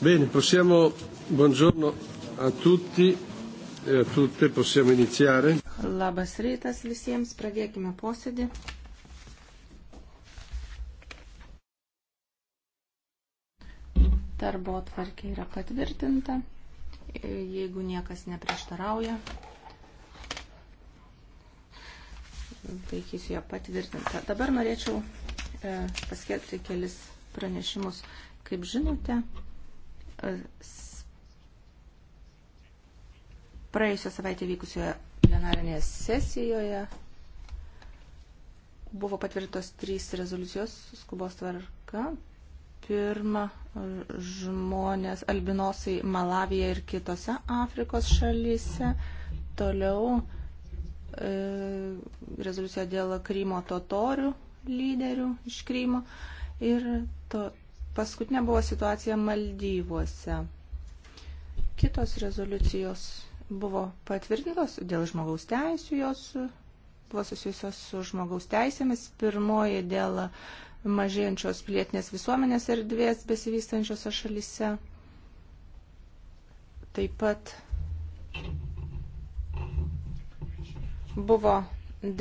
Bene, possiamo, buongiorno a tutti e a tutte, possiamo iniziare. Labas rytas visiems, pradėkime posėdį. Darbo atvarkė yra patvirtinta, jeigu niekas neprieštarauja. Laikysiu ją patvirtintą. Dabar norėčiau e, paskelbti kelis pranešimus. Kaip žinote, praėjusią savaitę vykusioje plenarinėje sesijoje buvo patvirtos trys rezoliucijos skubos tvarka. Pirma, žmonės albinosai Malavija ir kitose Afrikos šalyse. Toliau e, rezoliucija dėl Krymo totorių lyderių iš Krymo. E, Ir to, paskutinė buvo situacija Maldyvuose. Kitos rezoliucijos buvo patvirtintos dėl žmogaus teisų, jos buvo susijusios su žmogaus teisėmis. Pirmoji dėl mažėjančios pilietinės visuomenės erdvės besivystančiose šalise. Taip pat buvo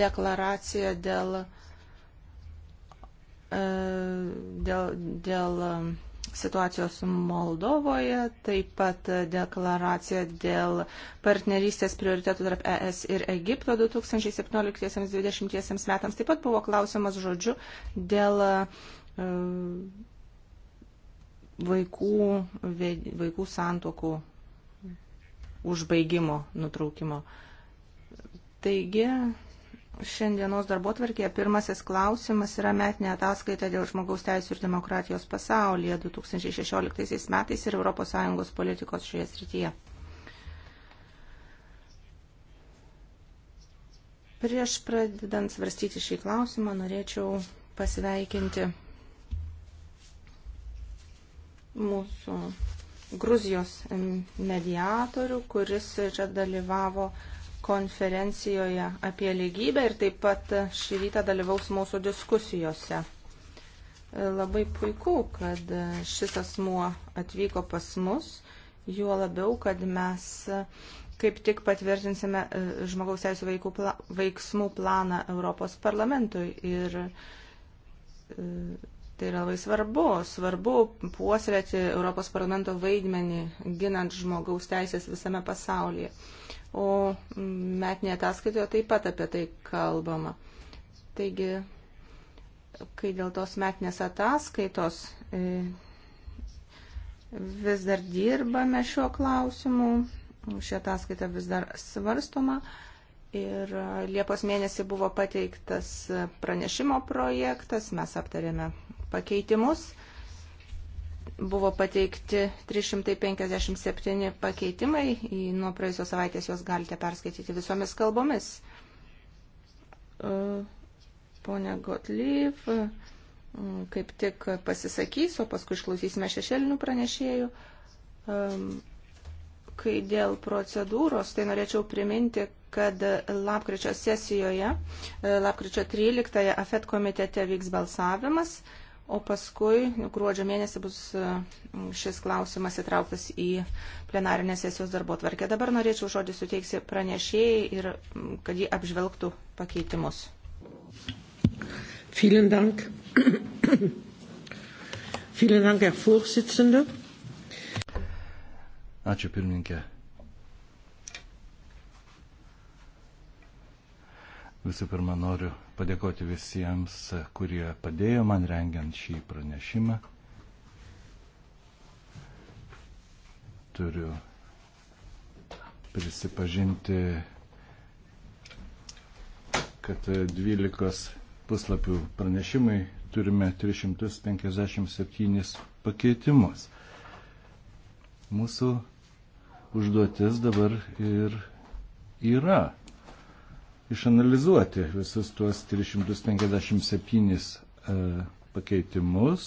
deklaracija dėl E, dėl, dėl e, situacijos Moldovoje, taip pat deklaracija dėl partnerystės prioritetų tarp ES ir Egipto 2017-2020 metams. Taip pat buvo klausimas žodžiu dėl e, vaikų, vaikų santokų užbaigimo, nutraukimo. Taigi, šiandienos darbotvarkėje pirmasis klausimas yra metinė ataskaita dėl žmogaus teisų ir demokratijos pasaulyje 2016 metais ir ES politikos šioje srityje. Prieš pradedant svarstyti šį klausimą, norėčiau pasveikinti mūsų Gruzijos mediatorių, kuris čia dalyvavo uh, konferencijoje apie lygybę ir taip pat šį rytą dalyvaus mūsų diskusijose. Labai puiku, kad šis asmuo atvyko pas mus, juo labiau, kad mes kaip tik patvirtinsime e, žmogaus teisų pla, veiksmų planą Europos parlamentui. Ir e, tai yra labai svarbu. Svarbu puoselėti Europos parlamento vaidmenį, ginant žmogaus teisės visame pasaulyje o metinėje ataskaitoje taip pat apie tai kalbama. Taigi, kai dėl tos metinės ataskaitos e, vis dar dirbame šiuo klausimu, ši ataskaita vis dar svarstoma. Ir Liepos mėnesį buvo pateiktas pranešimo projektas, mes aptarėme pakeitimus buvo pateikti 357 pakeitimai, nuo praėjusios savaitės juos galite perskaityti visomis kalbomis. E, pone Gotlyv, e, kaip tik pasisakys, o paskui išklausysime šešėlinių pranešėjų. E, kai dėl procedūros, tai norėčiau priminti, kad lapkričio sesijoje, lapkričio 13-ąją AFET komitete vyks balsavimas O paskui gruodžio mėnesį bus e, šis klausimas įtrauktas į plenarinę sesijos darbo tvarkę. Dabar norėčiau žodį suteiksi pranešėjai ir kad jį apžvelgtų pakeitimus. Vielen Dank. Vielen Dank, Herr Vorsitzende. Ačiū pirmininkė. Visų pirma, noriu padėkoti visiems, kurie padėjo man rengiant šį pranešimą. Turiu prisipažinti, kad 12 puslapių pranešimai turime 357 pakeitimus. Mūsų užduotis dabar ir yra išanalizuoti visus tuos 357 e, pakeitimus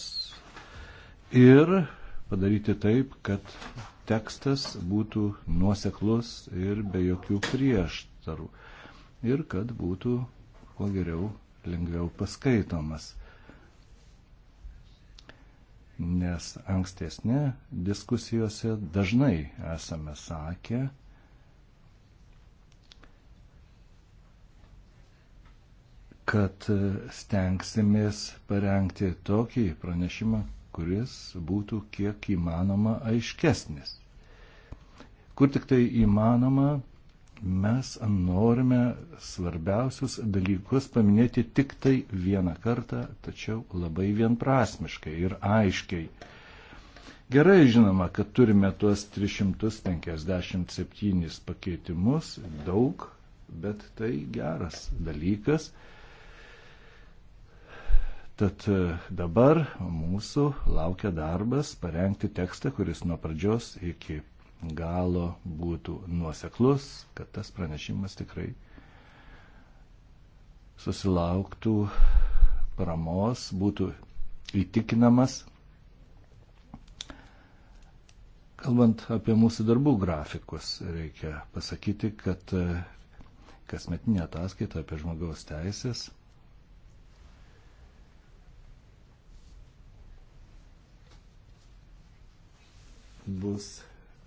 ir padaryti taip, kad tekstas būtų nuoseklus ir be jokių prieštarų ir kad būtų kuo geriau, lengviau paskaitomas. Nes ankstesnė diskusijose dažnai esame sakę, kad stengsimės parengti tokį pranešimą, kuris būtų kiek įmanoma aiškesnis. Kur tik tai įmanoma, mes norime svarbiausius dalykus paminėti tik tai vieną kartą, tačiau labai vienprasmiškai ir aiškiai. Gerai žinoma, kad turime tuos 357 pakeitimus, daug, bet tai geras dalykas. Tad e, dabar mūsų laukia darbas parengti tekstą, kuris nuo pradžios iki galo būtų nuoseklus, kad tas pranešimas tikrai susilauktų paramos, būtų įtikinamas. Kalbant apie mūsų darbų grafikus, reikia pasakyti, kad e, kasmetinė ataskaita apie žmogaus teisės bus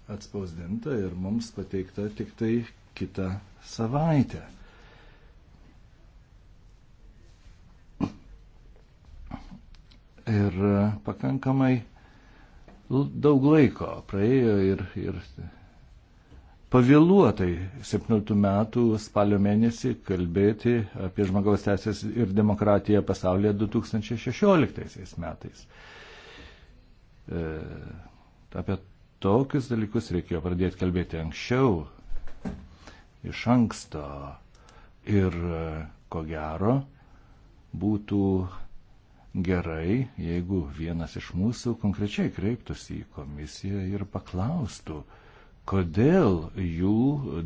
atspausdinta ir mums pateikta tik tai kitą savaitę. Ir pakankamai daug laiko praėjo ir, ir pavėluotai 17 metų spalio mėnesį kalbėti apie žmogaus teisės ir demokratiją pasaulyje 2016 metais. E, Apie tokius dalykus reikėjo pradėti kalbėti anksčiau, iš anksto. Ir e, ko gero būtų gerai, jeigu vienas iš mūsų konkrečiai kreiptųsi į komisiją ir paklaustų, kodėl jų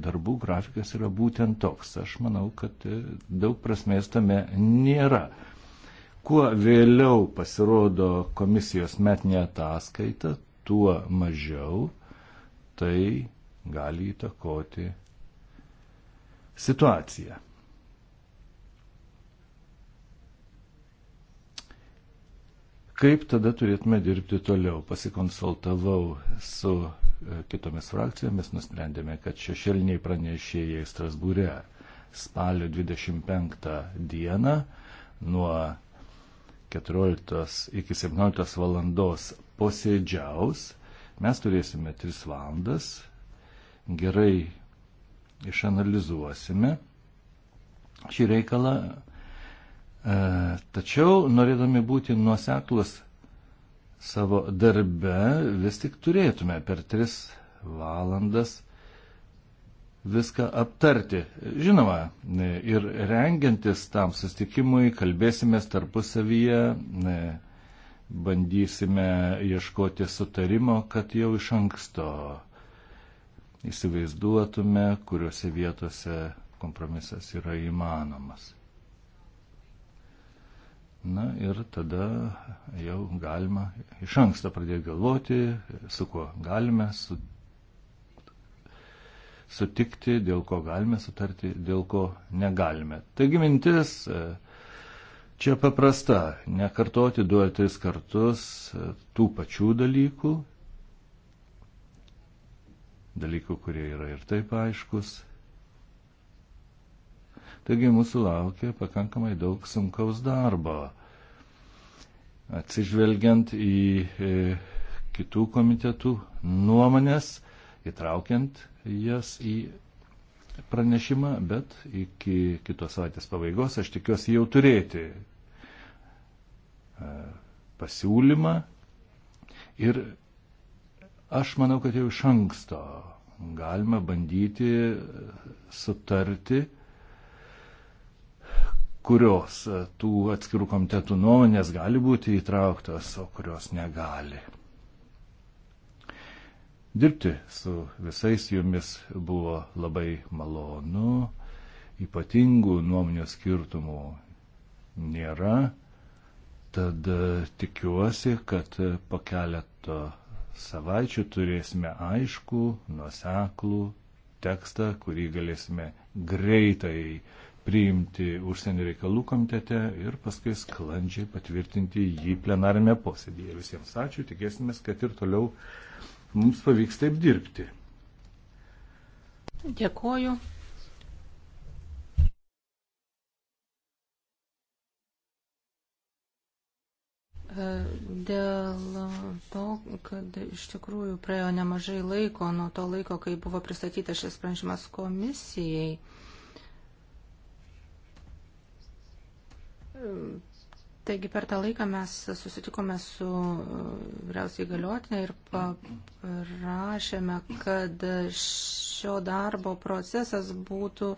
darbų grafikas yra būtent toks. Aš manau, kad e, daug prasmės tame nėra. Kuo vėliau pasirodo komisijos metinė ataskaita, tuo mažiau, tai gali įtakoti situaciją. Kaip tada turėtume dirbti toliau? Pasikonsultavau su e, kitomis frakcijomis, nusprendėme, kad šešėliniai pranešėjai Strasbūre spalio 25 dieną nuo 14 iki 17 valandos posėdžiaus. Mes turėsime 3 valandas, gerai išanalizuosime šį reikalą, e, tačiau norėdami būti nuoseklus savo darbe, vis tik turėtume per 3 valandas viską aptarti. Žinoma, ir rengiantis tam sustikimui, kalbėsime tarpusavyje, e, bandysime ieškoti sutarimo, kad jau iš anksto įsivaizduotume, kuriuose vietose kompromisas yra įmanomas. Na ir tada jau galima iš anksto pradėti galvoti, su kuo galime su, sutikti, dėl ko galime sutarti, dėl ko negalime. Taigi mintis, e, čia paprasta - nekartoti du ar tris kartus tų pačių dalykų, dalykų, kurie yra ir taip aiškus. Taigi mūsų laukia pakankamai daug sunkaus darbo. Atsižvelgiant į e, kitų komitetų nuomonės, įtraukiant jas į pranešimą, bet iki kitos savaitės pabaigos aš tikiuosi jau turėti E, pasiūlymą ir aš manau, kad jau iš anksto galima bandyti sutarti, kurios tų atskirų komitetų nuomonės gali būti įtrauktos, o kurios negali. Dirbti su visais jumis buvo labai malonu, ypatingų nuomonių skirtumų nėra. Tad e, tikiuosi, kad po keleto savaičių turėsime aišku, nuseklų tekstą, kurį galėsime greitai priimti užsienio reikalų komitete ir paskui sklandžiai patvirtinti jį plenarime posėdėje. Visiems ačiū, tikėsime, kad ir toliau mums pavyks taip dirbti. Dėkuoju. E, dėl to, kad iš tikrųjų praėjo nemažai laiko nuo to laiko, kai buvo pristatytas šis pranešimas komisijai, e, Taigi per tą laiką mes susitikome su uh, vyriausiai galiotinė ir paprašėme, kad šio darbo procesas būtų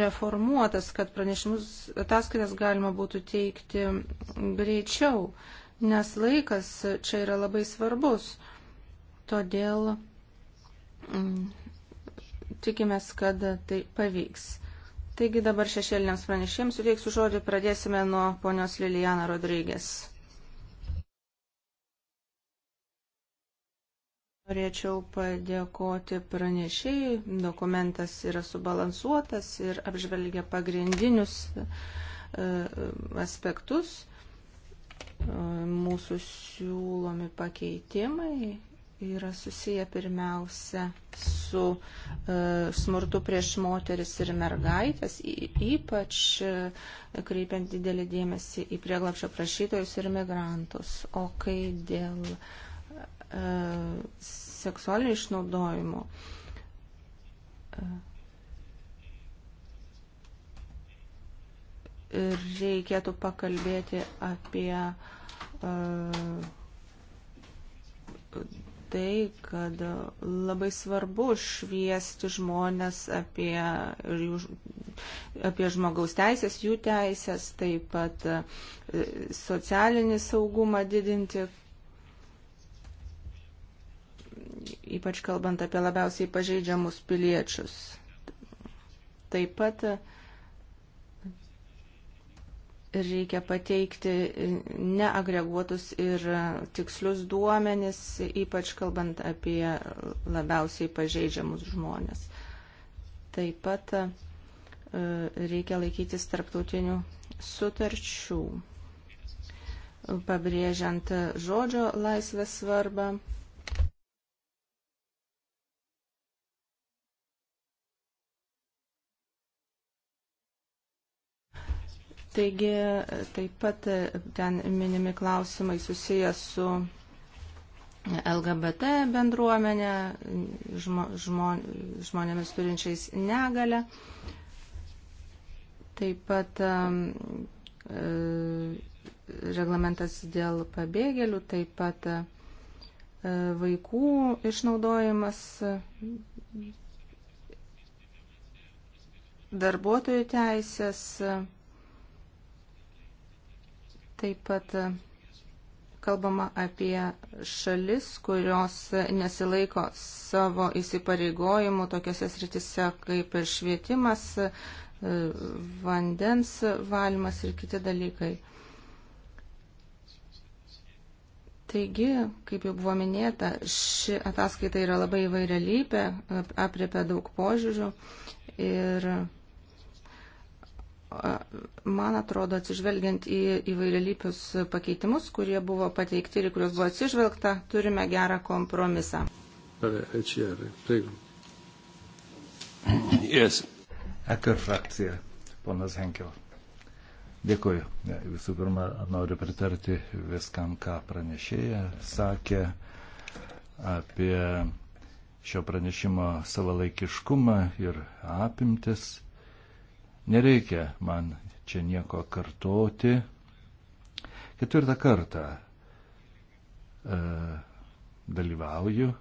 reformuotas, kad pranešimus ataskaitas galima būtų teikti greičiau, nes laikas čia yra labai svarbus. Todėl mm, tikimės, kad tai pavyks. Taigi dabar šešėliniams pranešėjams suteiksiu žodį, pradėsime nuo ponios Lilijana Rodrygės. Norėčiau padėkoti pranešėjai. Dokumentas yra subalansuotas ir apžvelgia pagrindinius e, aspektus. E, mūsų siūlomi pakeitimai yra susiję pirmiausia su e, smurtu prieš moteris ir mergaitės, y, ypač e, kreipiant didelį dėmesį į prieglapšio prašytojus ir migrantus. O kai dėl e, seksualinio išnaudojimo. E, Reikėtų pakalbėti apie uh, e, tai, kad labai svarbu šviesti žmonės apie, jų, apie žmogaus teisės, jų teisės, taip pat e, socialinį saugumą didinti, ypač kalbant apie labiausiai pažeidžiamus piliečius. Taip pat reikia pateikti neagreguotus ir tikslius duomenis, ypač kalbant apie labiausiai pažeidžiamus žmonės. Taip pat e, reikia laikytis tarptautinių sutarčių, pabrėžiant žodžio laisvės svarbą, Taigi taip pat ten minimi klausimai susijęs su LGBT bendruomenė, žmo, žmo, žmonėmis turinčiais negalę. Taip pat um, e, reglamentas dėl pabėgėlių, taip pat e, vaikų išnaudojimas darbuotojų teisės Taip pat e, kalbama apie šalis, kurios nesilaiko savo įsipareigojimų tokiuose sritise kaip ir švietimas, e, vandens valymas ir kiti dalykai. Taigi, kaip jau buvo minėta, ši ataskaita yra labai įvairialypė, apriepia daug požiūrių ir man atrodo, atsižvelgiant į įvairialypius pakeitimus, kurie buvo pateikti ir kuriuos buvo atsižvelgta, turime gerą kompromisą. Yes. Ekar frakcija, ponas Henkel. Dėkuoju. Visų pirma, noriu pritarti viskam, ką pranešėja sakė apie šio pranešimo savalaikiškumą ir apimtis Nereikia man čia nieko kartoti. Ketvirtą kartą e, dalyvauju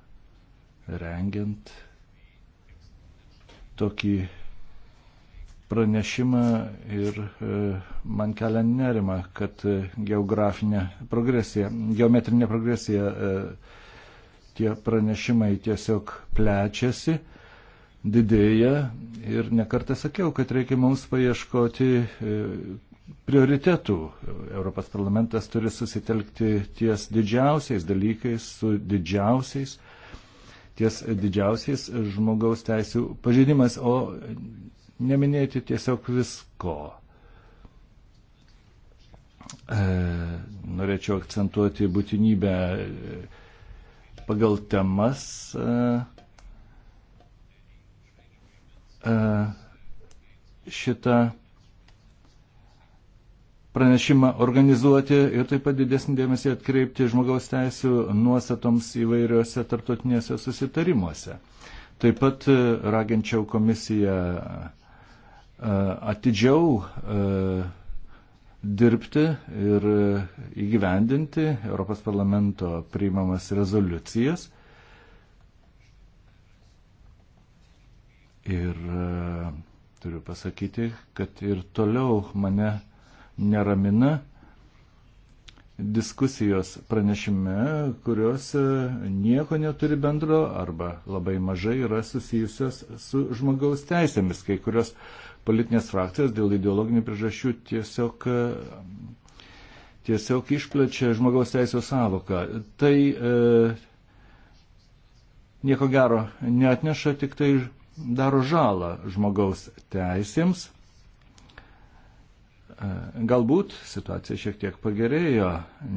rengiant tokį pranešimą ir e, man kelia nerima, kad geografinė progresija, geometrinė progresija e, tie pranešimai tiesiog plečiasi didėja ir nekartą sakiau, kad reikia mums paieškoti e, prioritetų. Europos parlamentas turi susitelkti ties didžiausiais dalykais, su didžiausiais, ties didžiausiais žmogaus teisų pažeidimas, o neminėti tiesiog visko. E, norėčiau akcentuoti būtinybę e, pagal temas. E, E, šitą pranešimą organizuoti ir taip pat didesnį dėmesį atkreipti žmogaus teisų nuostatoms įvairiuose tarptautinėse susitarimuose. Taip pat e, raginčiau komisiją e, atidžiau dirbti ir įgyvendinti Europos parlamento priimamas rezoliucijas Ir e, turiu pasakyti, kad ir toliau mane neramina diskusijos pranešime, kurios e, nieko neturi bendro arba labai mažai yra susijusios su žmogaus teisėmis. Kai kurios politinės frakcijos dėl ideologinių priežasčių tiesiog, e, tiesiog išplečia žmogaus teisų savoką. Tai e, nieko gero neatneša, tik tai daro žalą žmogaus teisėms. E, galbūt situacija šiek tiek pagerėjo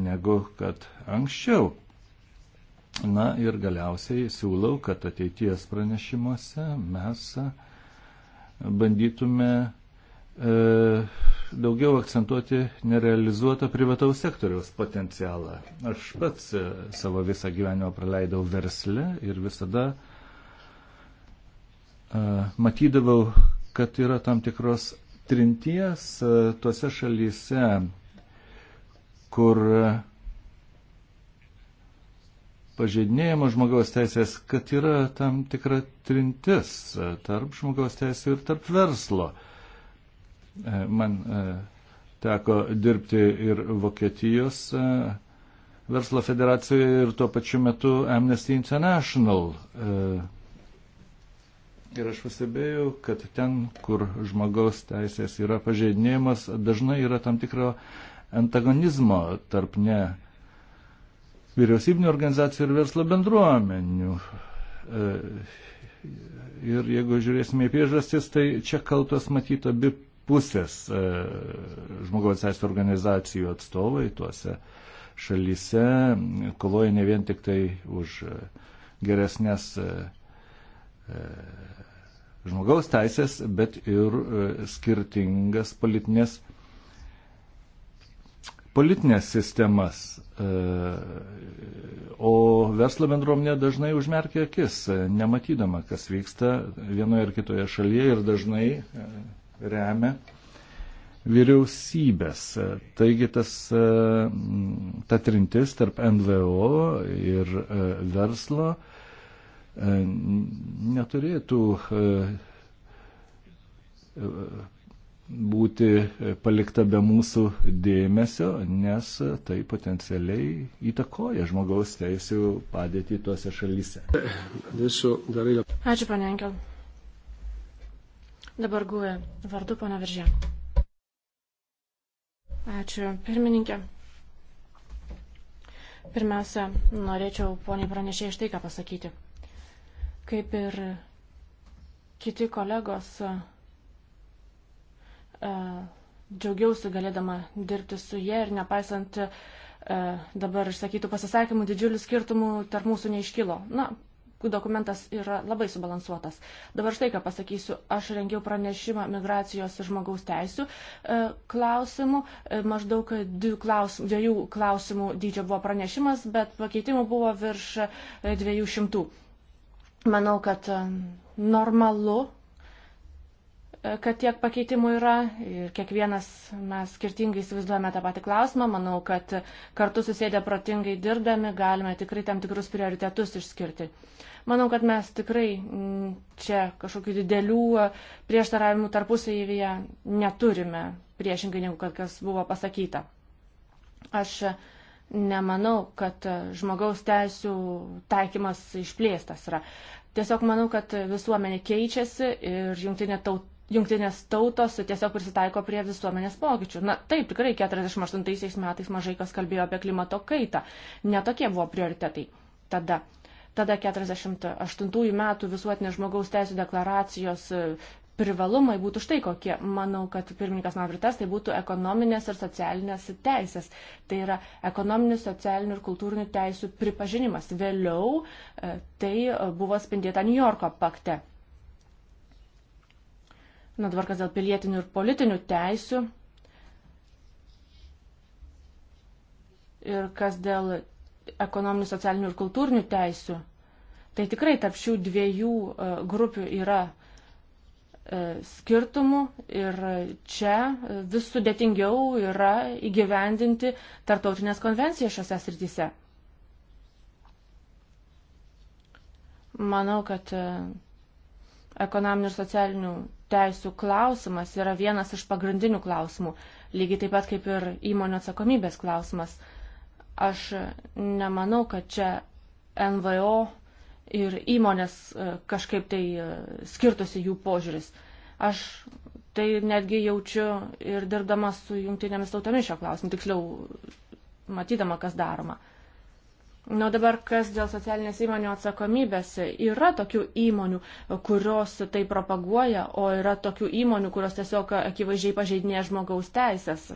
negu kad anksčiau. Na ir galiausiai siūlau, kad ateities pranešimuose mes bandytume e, daugiau akcentuoti nerealizuotą privataus sektoriaus potencialą. Aš pats e, savo visą gyvenimą praleidau versle ir visada e, matydavau, kad yra tam tikros trinties tose šalyse, kur pažeidinėjimo žmogaus teisės, kad yra tam tikra trintis tarp žmogaus teisų ir tarp verslo. Man teko dirbti ir Vokietijos verslo federacijoje ir tuo pačiu metu Amnesty International Ir aš pastebėjau, kad ten, kur žmogaus teisės yra pažeidinėjimas, dažnai yra tam tikro antagonizmo tarp ne vyriausybinio organizacijų ir verslo bendruomenių. E, ir jeigu žiūrėsime į priežastis, tai čia kaltas matyt abi pusės e, žmogaus teisų organizacijų atstovai tuose šalyse, kovoja ne vien tik tai už e, geresnės žmogaus teisės, bet ir e, skirtingas politinės, politinės sistemas. E, o verslo bendruomenė dažnai užmerkia akis, e, nematydama, kas vyksta vienoje ar kitoje šalyje ir dažnai remia vyriausybės. Taigi tas, ta trintis tarp NVO ir verslo E, neturėtų e, e, būti palikta be mūsų dėmesio, nes tai potencialiai įtakoja žmogaus teisų padėtį tuose šalyse. Ačiū, pane Enkel. Dabar guoja vardu, pana Viržė. Ačiū, pirmininkė. Pirmiausia, norėčiau poniai pranešėjai štai ką pasakyti. Kaip ir kiti kolegos, džiaugiausi galėdama dirbti su jie ir nepaisant dabar išsakytų pasisakymų, didžiulių skirtumų tarp mūsų neiškilo. Na, dokumentas yra labai subalansuotas. Dabar štai ką pasakysiu. Aš rengiau pranešimą migracijos ir žmogaus teisų klausimų. Maždaug klausimų, dviejų klausimų dydžio buvo pranešimas, bet pakeitimų buvo virš dviejų šimtų. Manau, kad normalu, e, kad tiek pakeitimų yra ir kiekvienas mes skirtingai įsivaizduojame tą patį klausimą. Manau, kad kartu susėdę protingai dirbdami galime tikrai tam tikrus prioritetus išskirti. Manau, kad mes tikrai čia kažkokių didelių e, prieštaravimų tarpusavyje neturime, priešingai negu kad kas buvo pasakyta. Aš nemanau, kad žmogaus teisų taikymas išplėstas yra. Tiesiog manau, kad visuomenė keičiasi ir jungtinė tauta. Jungtinės tautos tiesiog prisitaiko prie visuomenės pokyčių. Na taip, tikrai 48 metais mažai kas kalbėjo apie klimato kaitą. Netokie buvo prioritetai tada. Tada 48 metų visuotinės žmogaus teisų deklaracijos privalumai būtų štai kokie. Manau, kad pirmininkas Mavritas tai būtų ekonominės ir socialinės teisės. Tai yra ekonominių, socialinių ir kultūrinių teisų pripažinimas. Vėliau e, tai e, buvo spindėta New Yorko pakte. Na dabar kas dėl pilietinių ir politinių teisių. Ir kas dėl ekonominių, socialinių ir kultūrinių teisių. Tai tikrai tarp šių dviejų e, grupių yra E, skirtumų ir čia vis sudėtingiau yra įgyvendinti tartautinės konvencijas šiose srityse. Manau, kad e, ekonominių ir socialinių teisų klausimas yra vienas iš pagrindinių klausimų, lygiai taip pat kaip ir įmonių atsakomybės klausimas. Aš nemanau, kad čia NVO ir įmonės e, kažkaip tai e, skirtusi jų požiūris. Aš tai netgi jaučiu ir dirbdama su jungtinėmis tautomis šio klausimu, tiksliau matydama, kas daroma. Na dabar, kas dėl socialinės įmonių atsakomybės, yra tokių įmonių, kurios tai propaguoja, o yra tokių įmonių, kurios tiesiog akivaizdžiai pažeidinėja žmogaus teisės.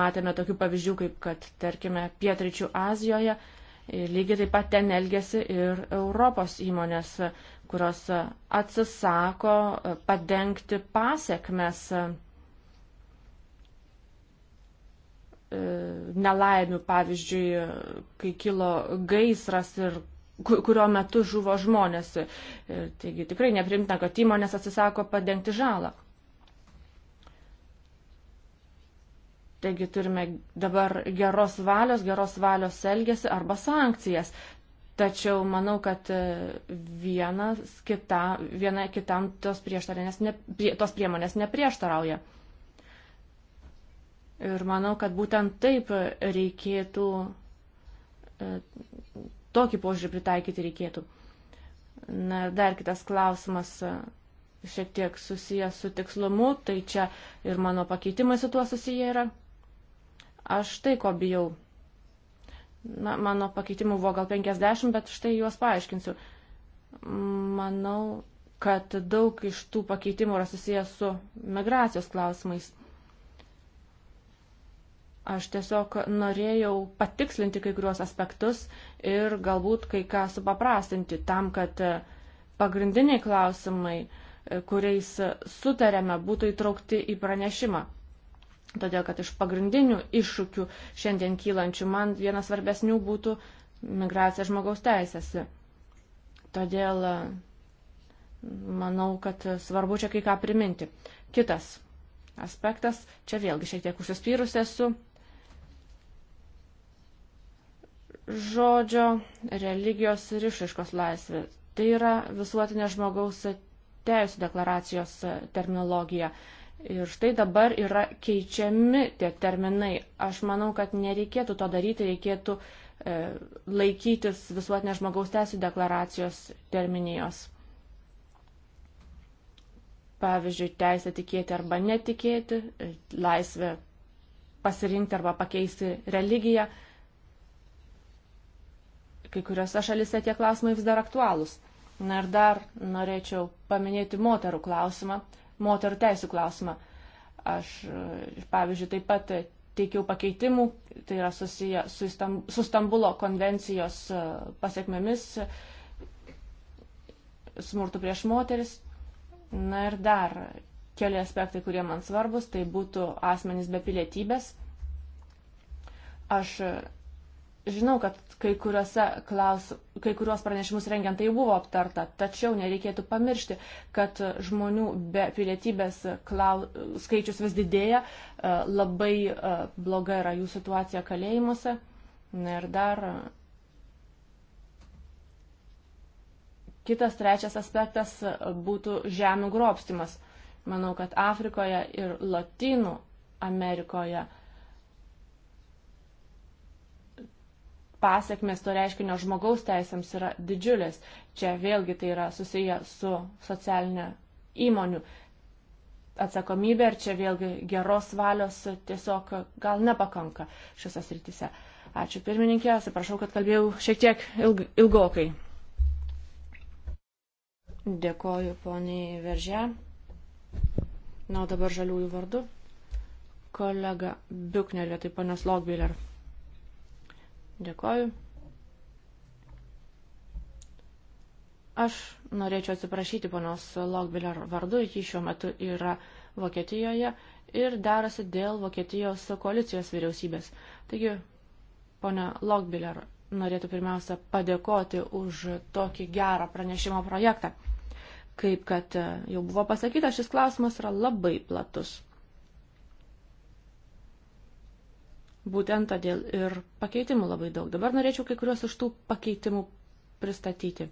Matėme tokių pavyzdžių, kaip kad, tarkime, Pietričių Azijoje Lygiai taip pat ten elgesi ir Europos įmonės, kurios atsisako padengti pasiekmes e, nelaimių, pavyzdžiui, kai kilo gaisras ir kurio metu žuvo žmonės. Ir, e, taigi tikrai neprimtina, kad įmonės atsisako padengti žalą. Taigi turime dabar geros valios, geros valios elgesį arba sankcijas. Tačiau manau, kad e, vienas kita, viena kitam tos, ne, prie, tos priemonės neprieštarauja. Ir manau, kad būtent taip reikėtų, e, tokį požiūrį pritaikyti reikėtų. Na ir dar kitas klausimas e, šiek tiek susijęs su tikslumu, tai čia ir mano pakeitimai su tuo susiję yra. Aš tai ko bijau. Na, mano pakeitimų buvo gal 50, bet štai juos paaiškinsiu. Manau, kad daug iš tų pakeitimų yra susijęs su migracijos klausimais. Aš tiesiog norėjau patikslinti kai kuriuos aspektus ir galbūt kai ką supaprastinti tam, kad pagrindiniai klausimai, kuriais sutarėme, būtų įtraukti į pranešimą. Todėl, kad iš pagrindinių iššūkių šiandien kylančių man vienas svarbesnių būtų migracija žmogaus teisės. Todėl manau, kad svarbu čia kai ką priminti. Kitas aspektas, čia vėlgi šiek tiek užsispyrus esu. Žodžio, religijos ir išaiškos laisvė. Tai yra visuotinė žmogaus teisų deklaracijos terminologija. Uh, Ir štai dabar yra keičiami tie terminai. Aš manau, kad nereikėtų to daryti, reikėtų e, laikytis visuotinės žmogaus teisų deklaracijos terminijos. Pavyzdžiui, teisė tikėti arba netikėti, e, laisvė pasirinkti arba pakeisti religiją. Kai kuriuose šalise tie klausimai vis dar aktualūs. Na ir dar norėčiau paminėti moterų klausimą. E, moterų teisų klausimą. Aš, e, pavyzdžiui, taip pat teikiau pakeitimų, tai yra susiję su, Istam, su Stambulo konvencijos e, pasiekmėmis smurtų prieš moteris. Na ir dar keli aspektai, kurie man svarbus, tai būtų asmenys be pilietybės. Aš e, Žinau, kad kai, klaus, kai kuriuos pranešimus rengiant tai buvo aptarta, tačiau nereikėtų pamiršti, kad žmonių be pilietybės klaus, skaičius vis didėja, e, labai e, bloga yra jų situacija kalėjimuose. Na ir dar e, kitas trečias aspektas būtų žemių grobstimas. Manau, kad Afrikoje ir Latinų Amerikoje uh, pasiekmes to reiškinio žmogaus teisėms yra didžiulis. Čia vėlgi tai yra susiję su socialinė įmonių atsakomybė ir čia vėlgi geros valios tiesiog gal nepakanka šiose srityse. Ačiū pirmininkė, atsiprašau, kad kalbėjau šiek tiek ilg ilgokai. Dėkoju poniai Veržė. Na, o dabar žaliųjų vardu. Kolega Biuknerė, tai panas Logbiller. Dėkoju. Aš norėčiau atsiprašyti ponios Lokbiller vardu, ji šiuo metu yra Vokietijoje ir derasi dėl Vokietijos koalicijos vyriausybės. Taigi, ponia Lokbiller, norėtų pirmiausia padėkoti už tokį gerą pranešimo projektą. Kaip kad jau buvo pasakyta, šis klausimas yra labai platus. Būtent todėl ir pakeitimų labai daug. Dabar norėčiau kai kuriuos iš tų pakeitimų pristatyti.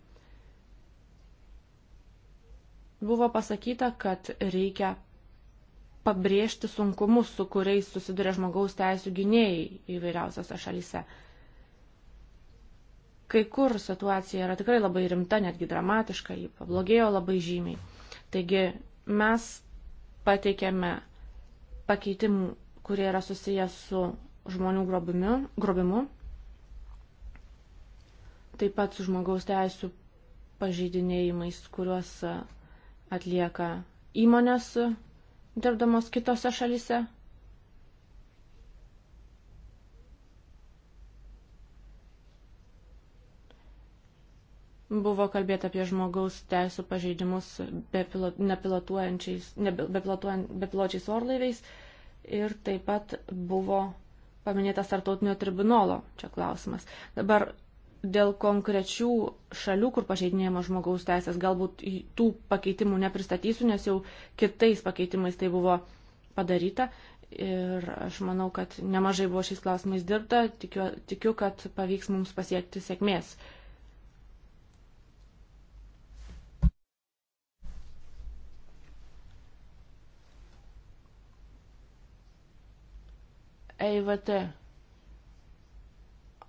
Buvo pasakyta, kad reikia pabrėžti sunkumus, su kuriais susiduria žmogaus teisų gynėjai įvairiausiose šalyse. Kai kur situacija yra tikrai labai rimta, netgi dramatiška, ji pablogėjo labai žymiai. Taigi mes pateikėme pakeitimų, kurie yra susijęs su žmonių grobimi, grobimu, taip pat su žmogaus teisų pažeidinėjimais, kuriuos atlieka įmonės dirbdamos kitose šalise. Buvo kalbėta apie žmogaus teisų pažeidimus bepilotuojančiais, ne, bepilotuojančiais orlaiviais ir taip pat buvo paminėtas tartautinio tribunolo čia klausimas. Dabar dėl konkrečių šalių, kur pažeidinėjama žmogaus teisės, galbūt tų pakeitimų nepristatysiu, nes jau kitais pakeitimais tai buvo padaryta. Ir aš manau, kad nemažai buvo šiais klausimais dirbta, tikiu, tikiu kad pavyks mums pasiekti sėkmės EIVT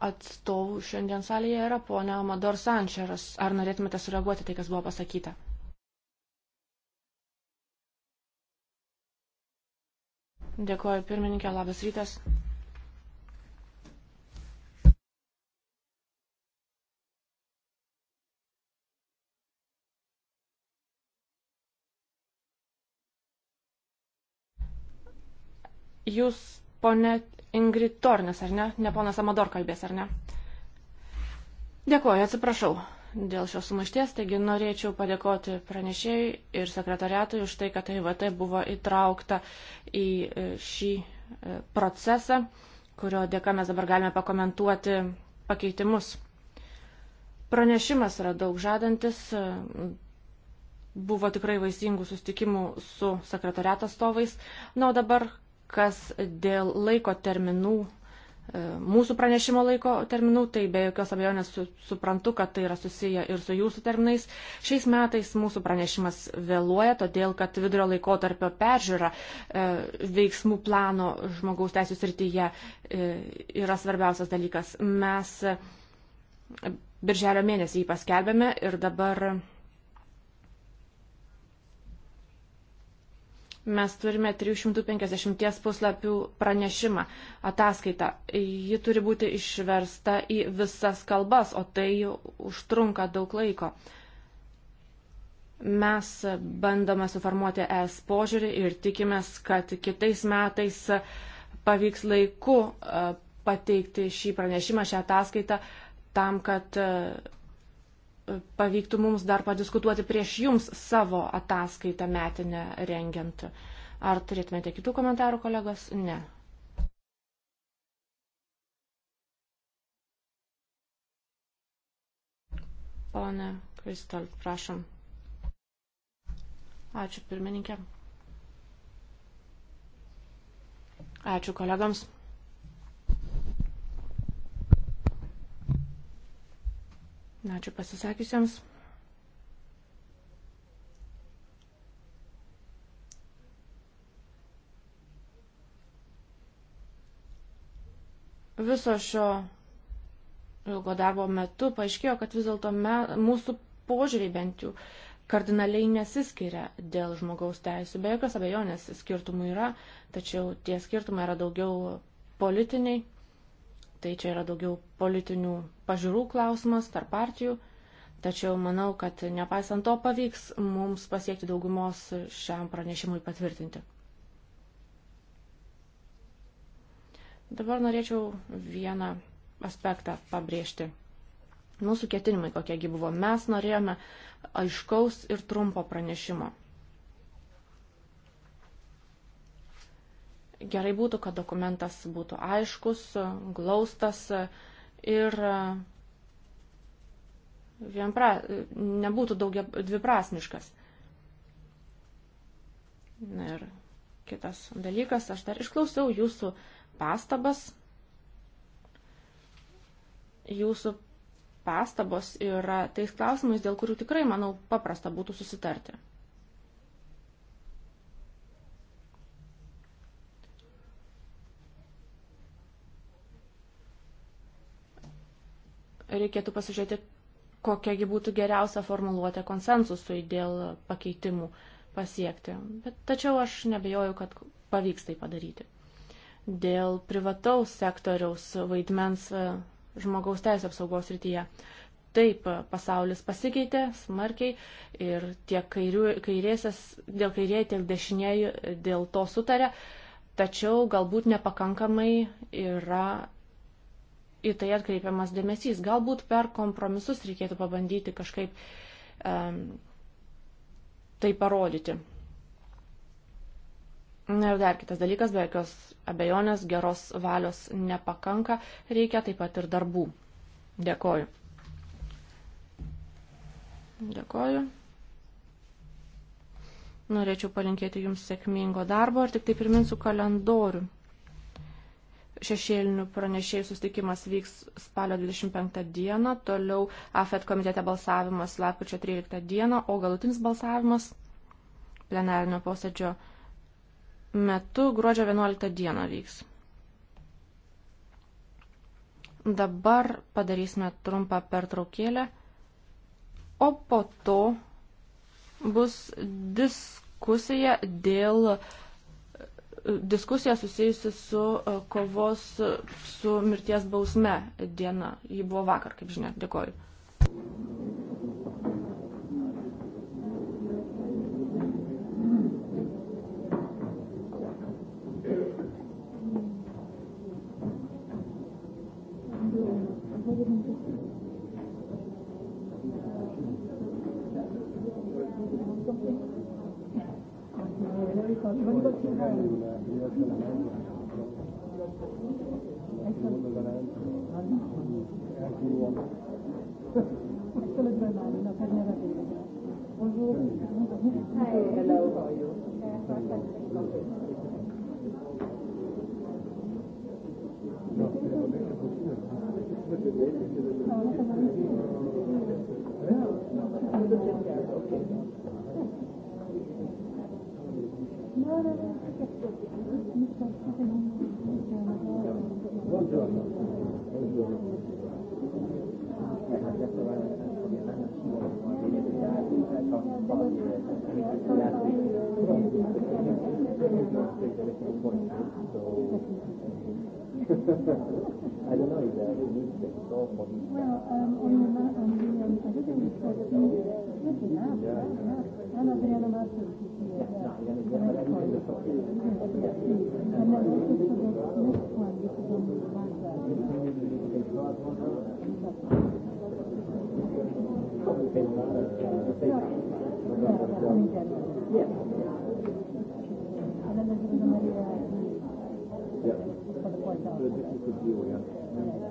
atstovų šiandien salėje yra ponia Amador Sančeras. Ar norėtumėte sureaguoti tai, kas buvo pasakyta? Dėkuoju pirmininkė, labas rytas. Jūs ponė Ingrid Tornis, ar ne? Ne ponas Amador kalbės, ar ne? Dėkuoju, atsiprašau dėl šios sumaišties, taigi norėčiau padėkoti pranešėjai ir sekretariatui už tai, kad EIVT buvo įtraukta į e, šį e, procesą, kurio dėka mes dabar galime pakomentuoti pakeitimus. Pranešimas yra daug žadantis, e, buvo tikrai vaisingų sustikimų su sekretariato atstovais. Na, o dabar kas dėl laiko terminų, e, mūsų pranešimo laiko terminų, tai be jokios abejonės su, suprantu, kad tai yra susiję ir su jūsų terminais. Šiais metais mūsų pranešimas vėluoja, todėl kad vidurio laiko tarpio peržiūra e, veiksmų plano žmogaus teisų srityje e, yra svarbiausias dalykas. Mes birželio mėnesį jį paskelbėme ir dabar Mes turime 350 puslapių pranešimą, ataskaitą. Ji turi būti išversta į visas kalbas, o tai užtrunka daug laiko. Mes bandome suformuoti ES požiūrį ir tikimės, kad kitais metais pavyks laiku e, pateikti šį pranešimą, šią ataskaitą, tam, kad e, pavyktų mums dar padiskutuoti prieš jums savo ataskaitą metinę rengiant. Ar turėtumėte kitų komentarų, kolegos? Ne. Pone Kristol, prašom. Ačiū pirmininkė. Ačiū kolegams. Ačiū pasisakiusiems. Viso šio ilgo darbo metu paaiškėjo, kad vis dėlto mūsų požiūriai bent jau kardinaliai nesiskiria dėl žmogaus teisų. Be jokios abejonės skirtumų yra, tačiau tie skirtumai yra daugiau politiniai Tai čia yra daugiau politinių pažiūrų klausimas tarp partijų. Tačiau manau, kad nepaisant to pavyks mums pasiekti daugumos šiam pranešimui patvirtinti. Dabar norėčiau vieną aspektą pabrėžti. Mūsų ketinimai kokiegi buvo. Mes norėjome aiškaus ir trumpo pranešimo. Gerai būtų, kad dokumentas būtų aiškus, glaustas ir e, vienpra, nebūtų daugia, dviprasmiškas. Na ir kitas dalykas, aš dar išklausiau jūsų pastabas. Jūsų pastabos yra tais klausimais, dėl kurių tikrai, manau, paprasta būtų susitarti. reikėtų pasižiūrėti, kokiagi būtų geriausia formuluotė konsensusui dėl pakeitimų pasiekti. Bet tačiau aš nebejoju, kad pavyks tai padaryti. Dėl privataus sektoriaus vaidmens e, žmogaus teisų apsaugos rytyje. Taip, e, pasaulis pasikeitė smarkiai ir tiek kairių, kairėsės, dėl kairieji, tiek dešinieji e, dėl to sutarė, tačiau galbūt nepakankamai yra į tai atkreipiamas dėmesys. Galbūt per kompromisus reikėtų pabandyti kažkaip um, tai parodyti. Na ir dar kitas dalykas, be jokios abejonės, geros valios nepakanka, reikia taip pat ir darbų. Dėkoju. Dėkoju. Norėčiau palinkėti Jums sėkmingo darbo ir tik tai priminsiu kalendorių šešėlinių pranešėjų sustikimas vyks spalio 25 dieną, toliau AFET komitete balsavimas lapkričio 13 dieną, o galutinis balsavimas plenarinio posėdžio metu gruodžio 11 dieną vyks. Dabar padarysime trumpą pertraukėlę, o po to bus diskusija dėl diskusija susijusi su e, kovos su mirties bausme diena. Ji buvo vakar, kaip žinia. Dėkoju. Hello, how are you? technical point. So I don't know if there are needs that solve for this. Well, um, on the ma- on the um, I think we said that we look at that. Yeah, yeah. And Adriana Martin. Yeah, yeah, yeah. yeah but I didn't the topic. And then this is for the next one, which is on the Mazda. Yeah. Yeah. the difficult deal, yeah.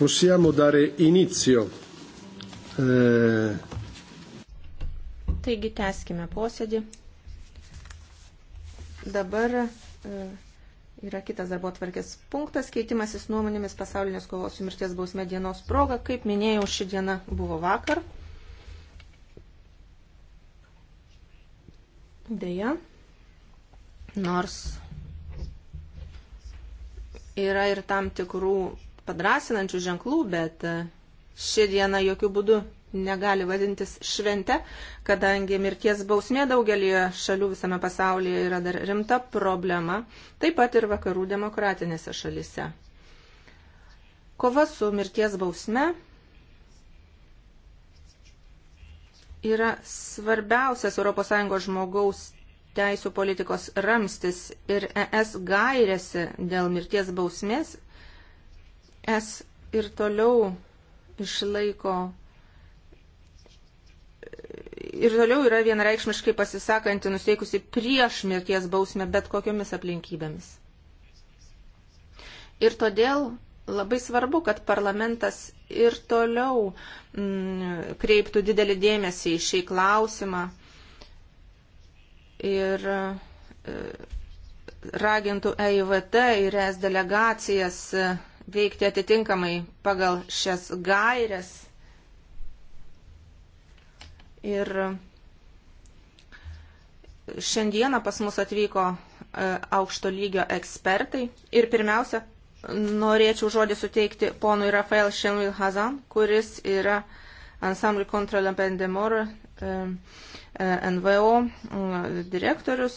possiamo dare inizio. E... Taigi tęskime posėdį. Dabar eh, yra kitas darbo tvarkės punktas, keitimasis nuomonėmis pasaulinės kovos su mirties bausme dienos proga. Kaip minėjau, ši diena buvo vakar. Deja, nors yra ir tam tikrų padrasinančių ženklų, bet e, ši diena jokių būdų negali vadintis švente, kadangi mirties bausmė daugelį šalių visame pasaulyje yra dar rimta problema, taip pat ir vakarų demokratinėse šalise. Kova su mirties bausme yra svarbiausias ES žmogaus teisų politikos ramstis ir ES gairėsi dėl mirties bausmės es ir toliau išlaiko ir toliau yra vienareikšmiškai pasisakanti nusteikusi prieš mirties bausmę bet kokiomis aplinkybėmis. Ir todėl labai svarbu, kad parlamentas ir toliau mm, kreiptų didelį dėmesį į šį klausimą ir e, ragintų EIVT ir ES delegacijas veikti atitinkamai pagal šias gairias. Ir šiandieną pas mus atvyko e, aukšto lygio ekspertai. Ir pirmiausia, norėčiau žodį suteikti ponui Rafael Šenvil Hazan, kuris yra ansamblį kontra Lampendemor e, e, NVO direktorius.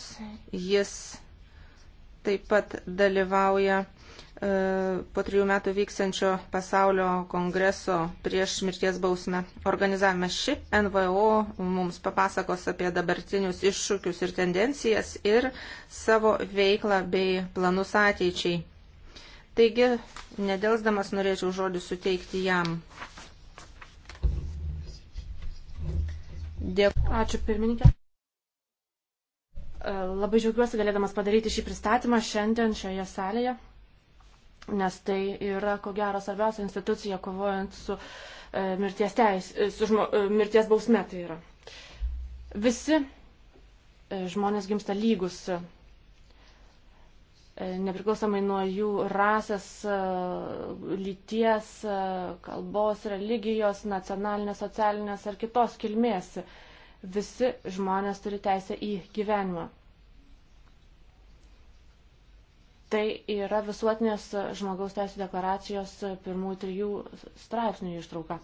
Jis taip pat dalyvauja E, po trijų metų vyksiančio pasaulio kongreso prieš mirties bausmę organizavimą. Ši NVO mums papasakos apie dabartinius iššūkius ir tendencijas ir savo veiklą bei planus ateičiai. Taigi, nedelsdamas norėčiau žodį suteikti jam. Dėkui. Ačiū pirmininkė. E, labai džiaugiuosi galėdamas padaryti šį pristatymą šiandien šioje salėje nes tai yra, ko gero, svarbiausia institucija kovojant su, e, mirties, teis, e, su žmo, e, mirties bausme. Tai yra. Visi e, žmonės gimsta lygus, e, nepriklausomai nuo jų rasės, e, lyties, e, kalbos, religijos, nacionalinės, socialinės ar kitos kilmės. Visi žmonės turi teisę į gyvenimą. Tai yra visuotinės žmogaus teisų deklaracijos pirmųjų trijų straipsnių ištrauka.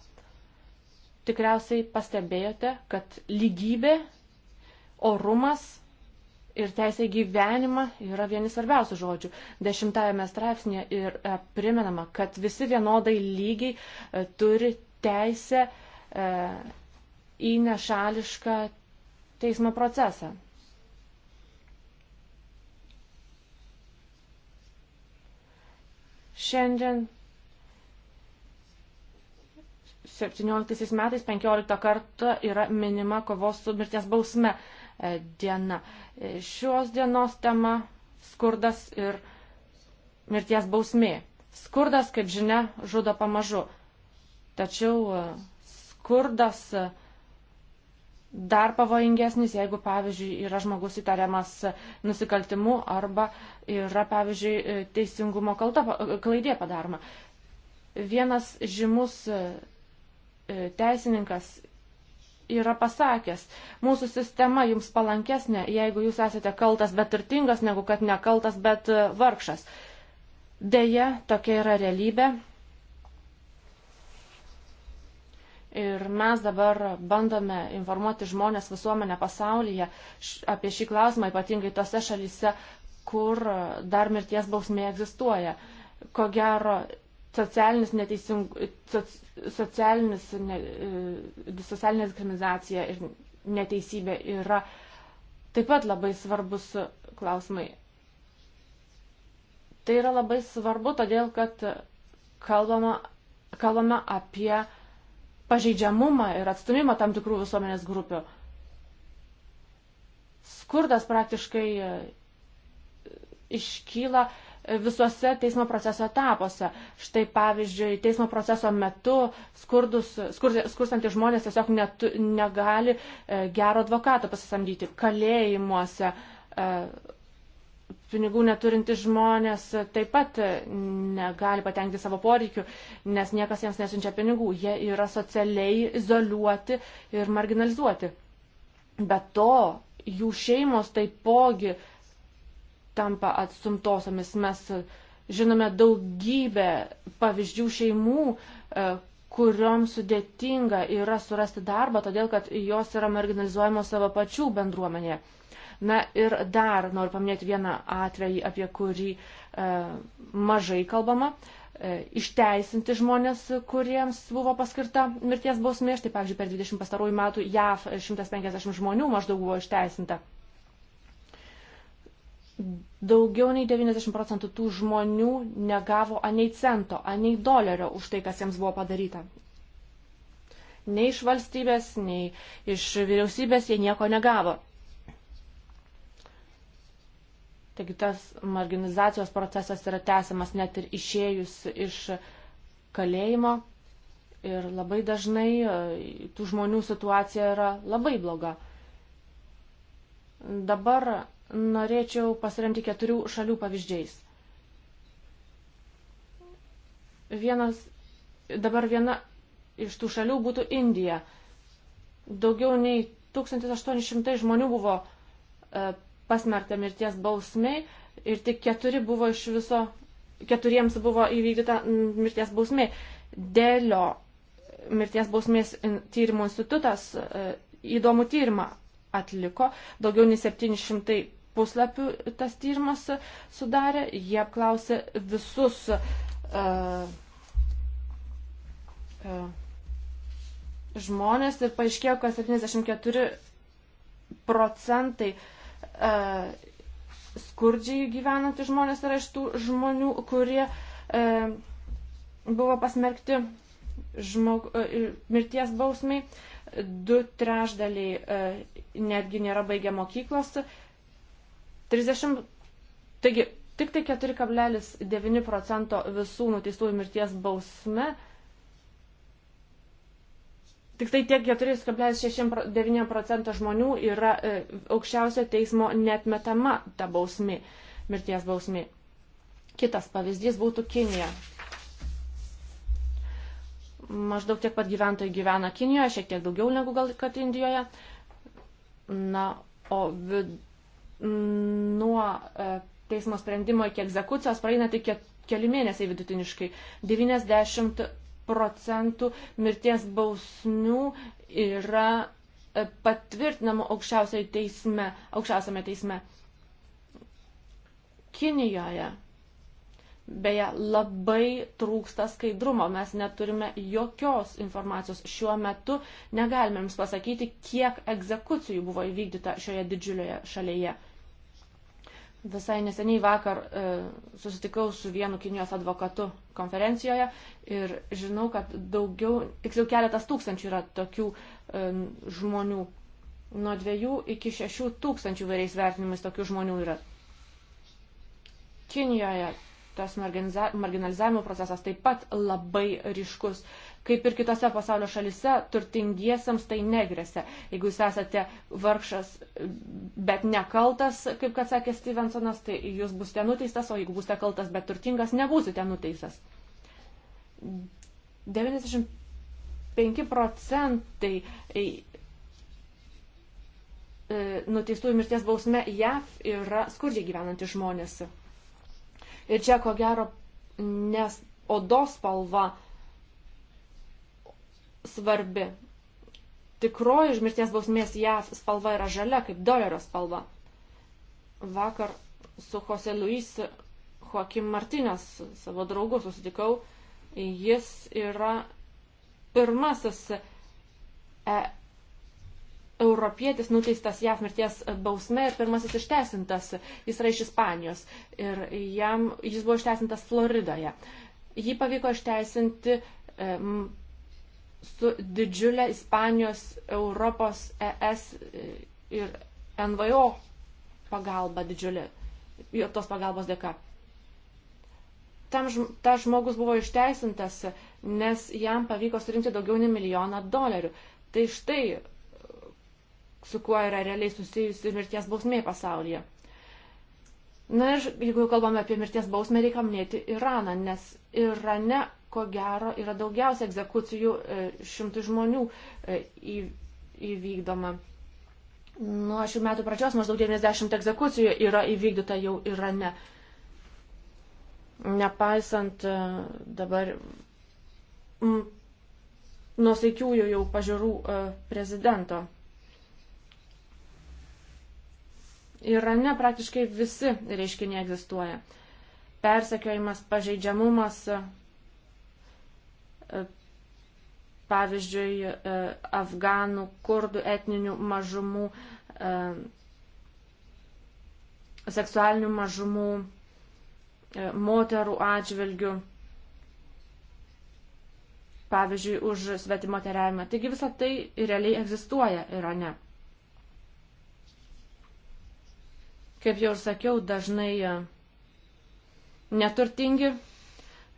Tikriausiai pastebėjote, kad lygybė, orumas ir teisė gyvenimą yra vieni svarbiausių žodžių. Dešimtajame straipsnėje ir e, primenama, kad visi vienodai lygiai e, turi teisę e, į nešališką teismo procesą. Šiandien 17 metais 15 kartą yra minima kovos su mirties bausme e, diena. E, šios dienos tema skurdas ir mirties bausmė. Skurdas, kaip žinia, žudo pamažu. Tačiau e, skurdas uh, dar pavojingesnis, jeigu, pavyzdžiui, yra žmogus įtariamas nusikaltimu arba yra, pavyzdžiui, teisingumo kalta, klaidė padaroma. Vienas žymus e, teisininkas yra pasakęs, mūsų sistema jums palankesnė, jeigu jūs esate kaltas, bet turtingas, negu kad nekaltas, bet e, vargšas. Deja, tokia yra realybė Ir mes dabar bandome informuoti žmonės visuomenę pasaulyje apie šį klausimą, ypatingai tose šalyse, kur dar mirties bausmė egzistuoja. Ko gero, socialinis neteising, socialinis, ne, e, socialinė diskriminacija ir neteisybė yra taip pat labai svarbus klausimai. Tai yra labai svarbu, todėl kad kalbama, kalbama apie pažeidžiamumą ir atstumimą tam tikrų visuomenės grupių. Skurdas praktiškai e, iškyla e, visuose teismo proceso etapuose. Štai pavyzdžiui, teismo proceso metu skurdus, skur, skurstantys žmonės tiesiog netu, negali e, gero advokato pasisamdyti kalėjimuose. E, pinigų neturinti žmonės taip pat negali patenkinti savo poreikių, nes niekas jiems nesinčia pinigų. Jie yra socialiai izoliuoti ir marginalizuoti. Be to, jų šeimos taipogi tampa atstumtosomis. Mes žinome daugybę pavyzdžių šeimų, e, kurioms sudėtinga yra surasti darbą, todėl kad jos yra marginalizuojamos savo pačių bendruomenėje. Na ir dar noriu paminėti vieną atvejį, apie kurį e, mažai kalbama. E, išteisinti žmonės, kuriems buvo paskirta mirties bausmė. Štai, pavyzdžiui, per 20 pastarųjų metų JAV 150 žmonių maždaug buvo išteisinta. Daugiau nei 90 procentų tų žmonių negavo anei cento, anei dolerio už tai, kas jiems buvo padaryta nei iš valstybės, nei iš vyriausybės jie nieko negavo. Taigi tas marginalizacijos procesas yra tęsiamas net ir išėjus iš kalėjimo. Ir labai dažnai e, tų žmonių situacija yra labai bloga. Dabar norėčiau pasiremti keturių šalių pavyzdžiais. Vienas, dabar viena iš tų šalių būtų Indija. Daugiau nei 1800 žmonių buvo e, pasmerkta mirties bausmiai ir tik keturi buvo iš viso, keturiems buvo įvykdyta mirties bausmė. Dėlio mirties bausmės tyrimo institutas e, įdomų tyrimą atliko, daugiau nei 700 puslapių tas tyrimas sudarė, jie apklausė visus uh, uh, žmonės ir paaiškėjo, kad 74 procentai uh, E, skurdžiai gyvenantys žmonės yra iš tų žmonių, kurie e, buvo pasmerkti žmog, e, mirties bausmiai, du trešdaliai e, netgi nėra baigę mokyklos, 30, taigi tik tai 4,9 procento visų nuteistųjų mirties bausme Tik tai tiek 4,69 procento žmonių yra e, aukščiausio teismo netmetama ta bausmi, mirties bausmi. Kitas pavyzdys būtų Kinija. Maždaug tiek pat gyventojų gyvena Kinijoje, šiek tiek daugiau negu gal kad Indijoje. Na, o vid, nuo e, teismo sprendimo iki egzekucijos praeina tik keli mėnesiai vidutiniškai. 90 procentų mirties bausmių yra e, patvirtinama teisme, aukščiausiame teisme. Kinijoje Beje, labai trūksta skaidrumo, mes neturime jokios informacijos šiuo metu, negalime jums pasakyti, kiek egzekucijų buvo įvykdyta šioje didžiulioje šalyje. Visai neseniai vakar e, susitikau su vienu Kinijos advokatu konferencijoje ir žinau, kad daugiau, tiksliau keletas tūkstančių yra tokių e, žmonių. Nuo dviejų iki šešių tūkstančių vairiais vertinimais tokių žmonių yra. Kinijoje tas marginalizavimo procesas taip pat labai ryškus. E, Kaip ir kitose pasaulio šalise, turtingiesiams tai negresia. Jeigu jūs esate vargšas, bet nekaltas, kaip kad sakė Stevensonas, tai jūs būsite nuteistas, o jeigu būsite kaltas, bet turtingas, nebūsite nuteistas. 95 procentai e, e, nuteistųjų mirties bausme JAV yra skurdžiai gyvenantys žmonės. Ir čia ko gero, nes odos spalva svarbi. Tikroji už mirties bausmės JAV spalva yra žalia, kaip dolerio spalva. Vakar su Jose Luis Joakim Martinės, savo draugu, susitikau. Jis yra pirmasis e, europietis nuteistas JAV mirties bausme ir pirmasis išteisintas. Jis yra iš Ispanijos ir jam, jis buvo išteisintas Floridoje. Jį pavyko išteisinti e, m, su didžiulė Ispanijos, Europos, ES ir NVO pagalba didžiulė, tos pagalbos dėka. Tam, ta žmogus buvo išteisintas, nes jam pavyko surinkti daugiau nei milijoną dolerių. Tai štai su kuo yra realiai susijusi mirties bausmė pasaulyje. Na ir jeigu kalbame apie mirties bausmę, reikia minėti Iraną, nes Irane ko gero yra daugiausia egzekucijų e, šimtų žmonių e, įvykdoma. Nuo šių metų pradžios maždaug 90 egzekucijų yra įvykdyta jau Irane. Nepaisant e, dabar nusaikiųjų jau pažiūrų prezidento. Irane praktiškai visi reiškiniai egzistuoja. Persekiojimas, pažeidžiamumas, pavyzdžiui, e, afganų, kurdų etninių mažumų, e, seksualinių mažumų, e, moterų atžvilgių, pavyzdžiui, už svetimo teriavimą. Taigi visą tai realiai egzistuoja Irane. Kaip jau ir sakiau, dažnai neturtingi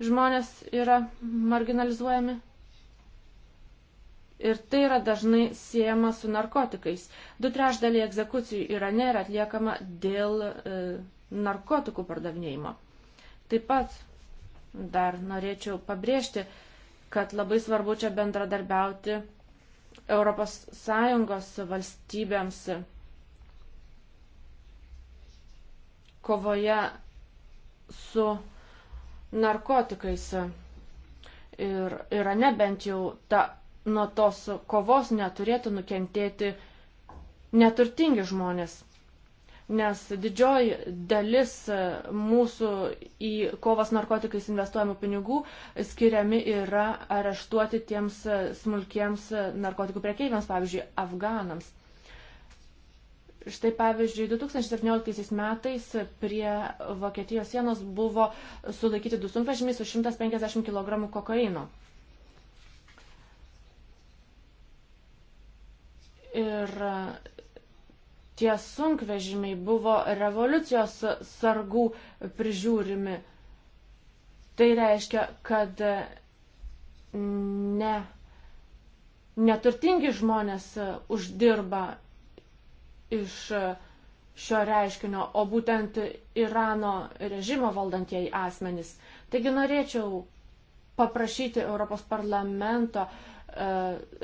žmonės yra marginalizuojami. Ir tai yra dažnai siejama su narkotikais. Du trešdaliai egzekucijų Irane yra atliekama dėl e, narkotikų pardavinėjimo. Taip pat dar norėčiau pabrėžti, kad labai svarbu čia bendradarbiauti ES valstybėms kovoje su narkotikais. Ir Irane bent jau ta, nuo tos kovos neturėtų nukentėti neturtingi žmonės. Nes didžioji dalis mūsų į kovas narkotikais investuojamų pinigų skiriami yra areštuoti tiems smulkiems narkotikų prekeiviams, pavyzdžiui, afganams. Štai pavyzdžiui, 2017 metais prie Vokietijos sienos buvo sulaikyti du sunkvežimiai su 150 kg kokaino. Ir tie sunkvežimiai buvo revoliucijos sargų prižiūrimi. Tai reiškia, kad ne, neturtingi žmonės uždirba iš šio reiškinio, o būtent Irano režimo valdantieji asmenys. Taigi norėčiau paprašyti Europos parlamento e,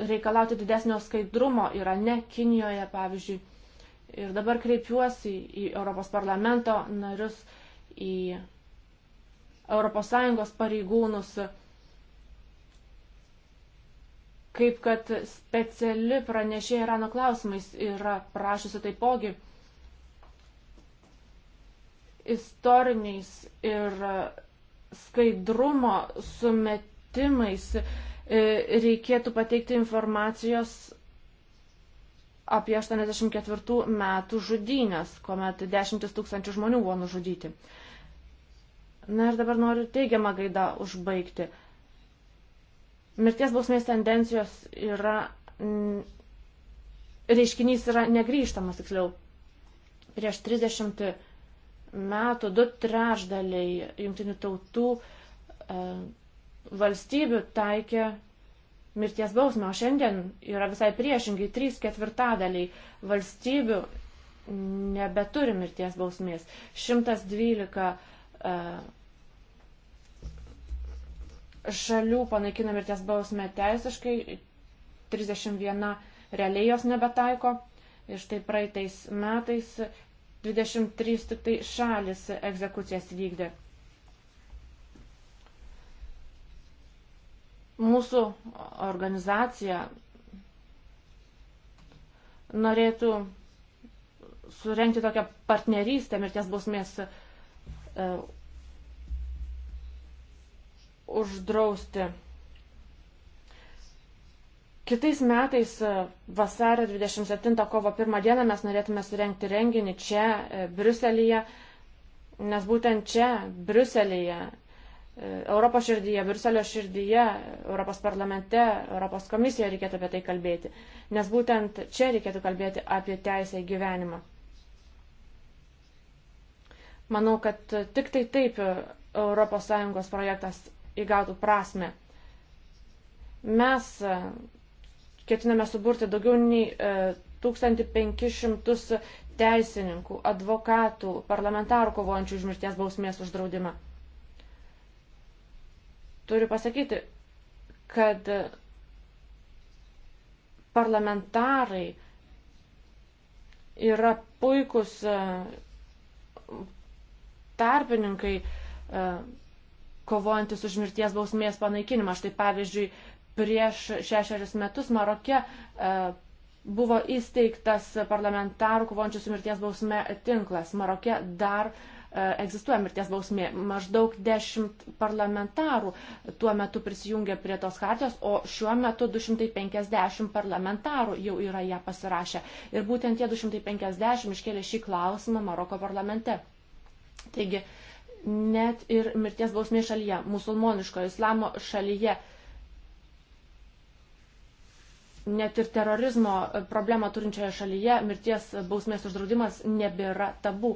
reikalauti didesnio skaidrumo Irane, Kinijoje, pavyzdžiui. Ir dabar kreipiuosi į Europos parlamento narius, į ES pareigūnus kaip kad speciali pranešė Irano klausimais yra prašusi taipogi istoriniais ir skaidrumo sumetimais e, reikėtų pateikti informacijos apie 84 metų žudynės, kuomet dešimtis tūkstančių žmonių buvo nužudyti. Na ir dabar noriu teigiamą gaidą užbaigti mirties bausmės tendencijos yra, reiškinys yra negryžtamas, tiksliau. Prieš 30 metų du trešdaliai jungtinių tautų e, valstybių taikė mirties bausmę, o šiandien yra visai priešingai, 3 ketvirtadaliai valstybių nebeturi mirties bausmės. 112 e, žalių panaikino mirties bausmę teisiškai, 31 realiai jos nebetaiko. Ir štai praeitais metais 23 tik tai šalis egzekucijas vykdė. Mūsų organizacija norėtų surenkti tokią partnerystę mirties bausmės e, uždrausti. Kitais metais e, vasario 27 kovo 1 dieną mes norėtume surenkti renginį čia, e, Briuselyje, nes būtent čia, Briuselyje, e, Europos širdyje, Briuselio širdyje, Europos parlamente, Europos komisijoje reikėtų apie tai kalbėti, nes būtent čia reikėtų kalbėti apie teisę į gyvenimą. Manau, kad tik tai taip ES projektas įgautų prasme. Mes e, ketiname suburti daugiau nei 1500 e, teisininkų, advokatų, parlamentarų kovojančių už mirties bausmės uždraudimą. Turiu pasakyti, kad parlamentarai yra puikus e, tarpininkai kovojantis už mirties bausmės panaikinimą. Štai pavyzdžiui, prieš šešerius metus Marokė e, buvo įsteigtas parlamentarų kovojančių su mirties bausme tinklas. Marokė dar e, egzistuoja mirties bausmė. Maždaug dešimt parlamentarų tuo metu prisijungė prie tos hartijos, o šiuo metu 250 parlamentarų jau yra ją pasirašę. Ir būtent tie 250 iškėlė šį klausimą Maroko parlamente. Taigi, uh, net ir mirties bausmė šalyje, musulmoniško islamo šalyje, net ir terorizmo problemą turinčioje šalyje mirties bausmės uždraudimas nebėra tabu.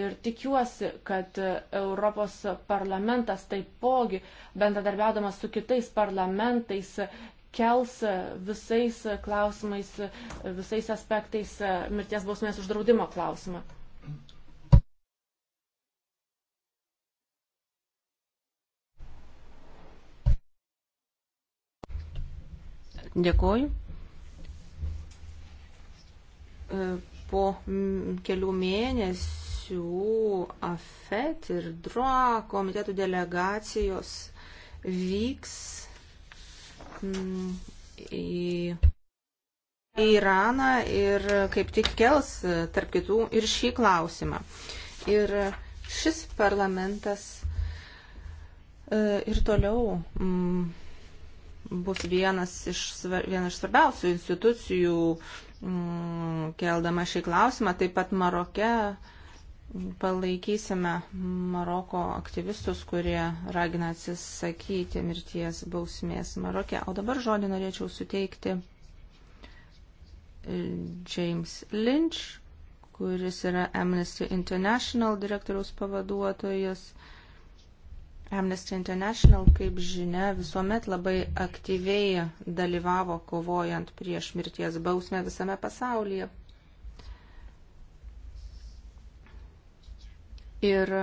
Ir tikiuosi, kad Europos parlamentas taipogi, bendradarbiaudamas su kitais parlamentais, kels visais klausimais, visais aspektais mirties bausmės uždraudimo klausimą. Dėkoju. E, po kelių mėnesių AFET ir DROA komitetų delegacijos vyks į Iraną ir kaip tik kels, tarp kitų, ir šį klausimą. Ir šis parlamentas e, ir toliau bus vienas iš, vienas iš svarbiausių institucijų m, mm, keldama šį klausimą. Taip pat Maroke palaikysime Maroko aktyvistus, kurie ragina atsisakyti mirties bausmės Maroke. O dabar žodį norėčiau suteikti James Lynch, kuris yra Amnesty International direktoriaus pavaduotojas. Amnesty International, kaip žinia, visuomet labai aktyviai dalyvavo kovojant prieš mirties bausmę visame pasaulyje. Ir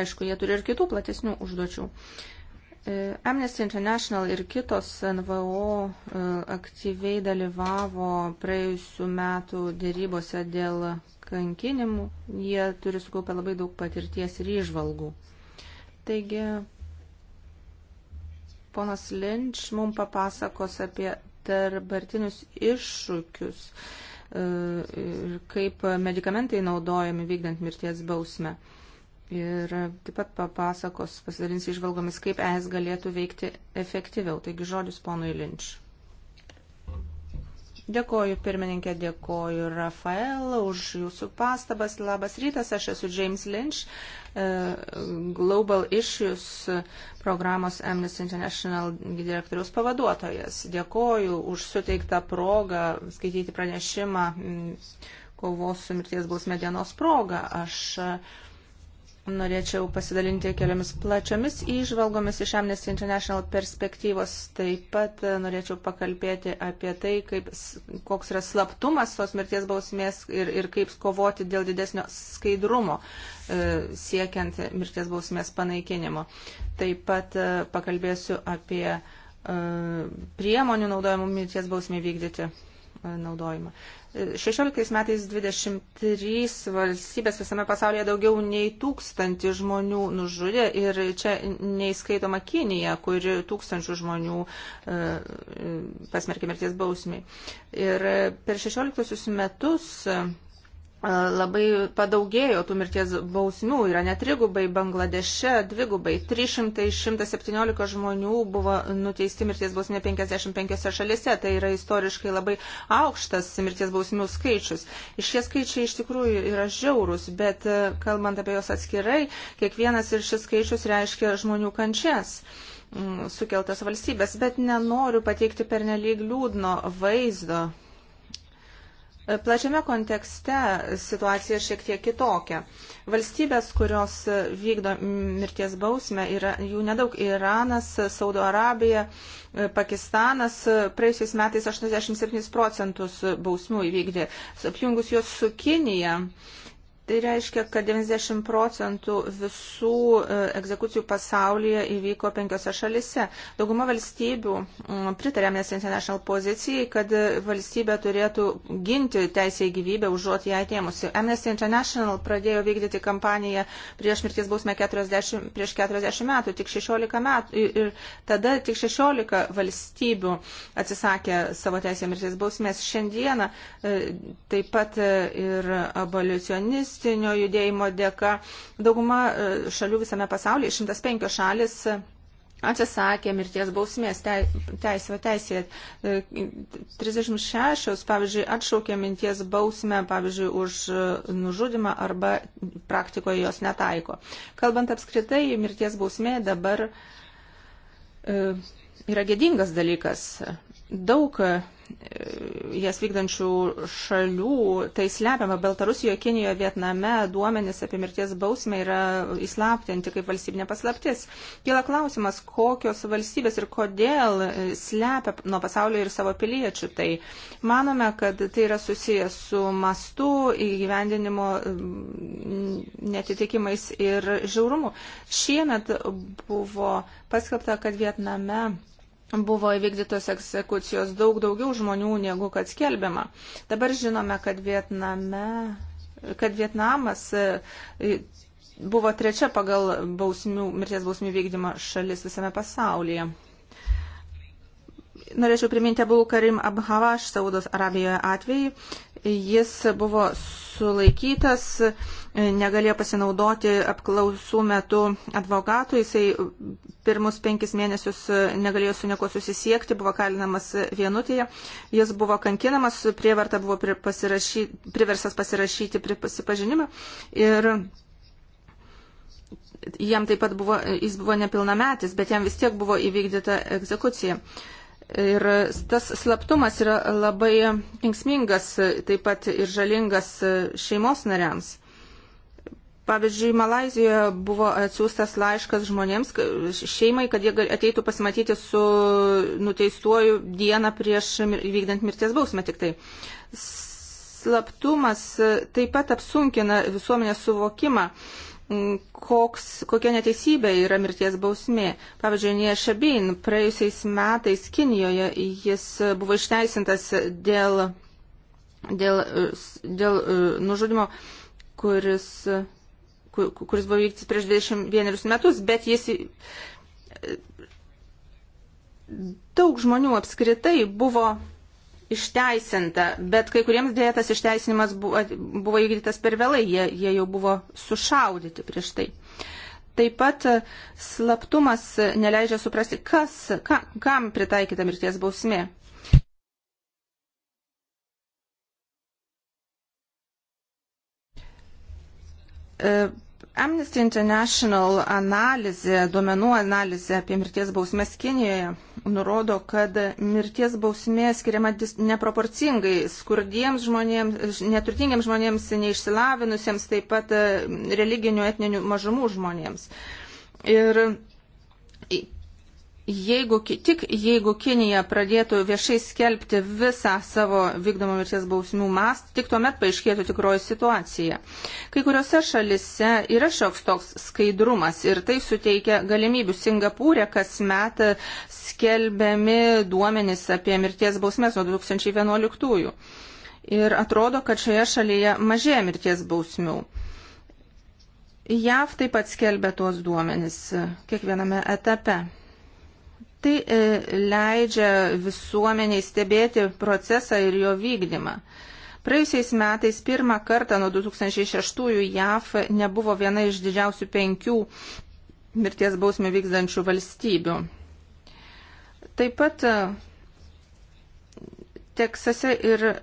aišku, jie turi ir kitų platesnių užduočių. E, Amnesty International ir kitos NVO e, aktyviai dalyvavo praėjusių metų dėrybose dėl kankinimų. Jie turi sukaupę labai daug patirties ir išvalgų. Taigi, ponas Lynch mums papasakos apie tarbartinius iššūkius e, ir kaip medikamentai naudojami vykdant mirties bausmę ir taip pat papasakos, pasidalins išvalgomis, kaip ES galėtų veikti efektyviau. Taigi žodis ponui Linč. Dėkoju pirmininkė, dėkoju Rafael už jūsų pastabas. Labas rytas, aš esu James Lynch, e, Global Issues programos Amnesty International direktoriaus pavaduotojas. Dėkoju už suteiktą progą skaityti pranešimą kovos su mirties bausmė dienos progą. Aš Norėčiau pasidalinti keliomis plačiomis įžvalgomis iš Amnesty International perspektyvos. Taip pat e, norėčiau pakalbėti apie tai, kaip, koks yra slaptumas tos mirties bausmės ir, ir kaip kovoti dėl didesnio skaidrumo e, siekiant mirties bausmės panaikinimo. Taip pat e, pakalbėsiu apie priemonių naudojimų mirties bausmė vykdyti. E, naudojimą. 16 e, metais 23 valstybės visame pasaulyje daugiau nei tūkstantį žmonių nužudė ir čia neįskaitoma Kinija, kuri tūkstančių žmonių e, pasmerkė mirties bausmiai. Ir per 16 metus labai padaugėjo tų mirties bausmių, yra net trigubai Bangladeše, dvigubai, 317 žmonių buvo nuteisti mirties bausmė 55 šalise, tai yra istoriškai labai aukštas mirties bausmių skaičius. Ir šie skaičiai iš tikrųjų yra žiaurūs, bet kalbant apie jos atskirai, kiekvienas ir šis skaičius reiškia žmonių kančias sukeltas valstybės, bet nenoriu pateikti pernelyg liūdno vaizdo Plačiame kontekste situacija šiek tiek kitokia. Valstybės, kurios vykdo mirties bausmę, yra, jų nedaug - Iranas, Saudo Arabija, Pakistanas praėjusiais metais 87 procentus bausmių įvykdė. Apjungus juos su Kinija, Tai reiškia, kad 90 procentų visų e, egzekucijų pasaulyje įvyko penkiose šalise. Dauguma valstybių pritarė Amnesty International pozicijai, kad valstybė turėtų ginti teisę į gyvybę užuot ją atėmusi. Amnesty International pradėjo vykdyti kampaniją prieš mirties bausmę 40, prieš 40 metų, tik 16 metų. Ir tada tik 16 valstybių atsisakė savo teisę mirties bausmės. Šiandieną e, taip pat e, ir abolicionistų turistinio judėjimo dėka dauguma e, šalių visame pasaulyje, 105 šalis e, atsisakė mirties bausmės teisė, teisė. 36, e, pavyzdžiui, atšaukė minties bausmę, pavyzdžiui, už nužudimą arba praktikoje jos netaiko. Kalbant apskritai, mirties bausmė dabar yra gėdingas dalykas. Daug jas vykdančių šalių, tai slepiama. Baltarusijoje, Kinijoje, Vietname duomenys apie mirties bausmę yra įslaptinti kaip valstybinė paslaptis. Kila klausimas, kokios valstybės ir kodėl slepia nuo pasaulio ir savo piliečių. Tai manome, kad tai yra susijęs su mastu įgyvendinimo mm, netitikimais ir žiaurumu. Šiemet buvo paskelbta, kad Vietname buvo įvykdytos egzekucijos daug daugiau žmonių, negu kad skelbiama. Dabar žinome, kad, Vietname, kad Vietnamas e, buvo trečia pagal bausmių, mirties bausmių vykdymą šalis visame pasaulyje. Norėčiau priminti abu Karim Abhavaš Saudos Arabijoje atvejį. Jis buvo sulaikytas negalėjo pasinaudoti apklausų metu advokatų, jisai pirmus penkis mėnesius negalėjo su nieko susisiekti, buvo kalinamas vienutėje, jis buvo kankinamas, prievarta buvo pasirašy, priversas pasirašyti prie pasipažinimą ir jam taip pat buvo, jis buvo nepilnametis, bet jam vis tiek buvo įvykdyta egzekucija. Ir tas slaptumas yra labai kenksmingas, taip pat ir žalingas šeimos nariams. Pavyzdžiui, Malazijoje buvo atsiųstas laiškas žmonėms, šeimai, kad jie ateitų pasimatyti su nuteistuoju dieną prieš vykdant mirties bausmę tik tai. Slaptumas taip pat apsunkina visuomenės suvokimą, koks, kokia neteisybė yra mirties bausmė. Pavyzdžiui, Nie Šabin praėjusiais metais Kinijoje jis buvo išteisintas dėl, dėl, dėl e, nužudimo kuris kuris buvo vykdytas prieš 21 metus, bet jis daug žmonių apskritai buvo išteisinta, bet kai kuriems dėja tas išteisinimas buvo, buvo įvykdytas per vėlai, jie, jie jau buvo sušaudyti prieš tai. Taip pat e, slaptumas neleidžia suprasti, kas, ka, kam pritaikyta mirties bausmė. E, Amnesty International analizė, duomenų analizė apie mirties bausmės Kinijoje nurodo, kad mirties bausmė skiriama neproporcingai skurdiems žmonėms, neturtingiems žmonėms, neišsilavinusiems, taip pat e, religinių etninių mažumų žmonėms. Ir Jeigu, tik jeigu Kinija pradėtų viešai skelbti visą savo vykdomą mirties bausmių mastą, tik tuomet paaiškėtų tikroji situacija. Kai kuriuose šalise yra šioks toks skaidrumas ir tai suteikia galimybių. Singapūrė kasmet skelbiami duomenys apie mirties bausmės nuo 2011. -ųjų. Ir atrodo, kad šioje šalyje mažėja mirties bausmių. JAV taip pat skelbia tuos duomenys kiekviename etape. Tai e, leidžia visuomeniai stebėti procesą ir jo vykdymą. Praėjusiais metais pirmą kartą nuo 2006 JAF nebuvo viena iš didžiausių penkių mirties bausmę vykdančių valstybių. Taip pat e, Teksase ir e,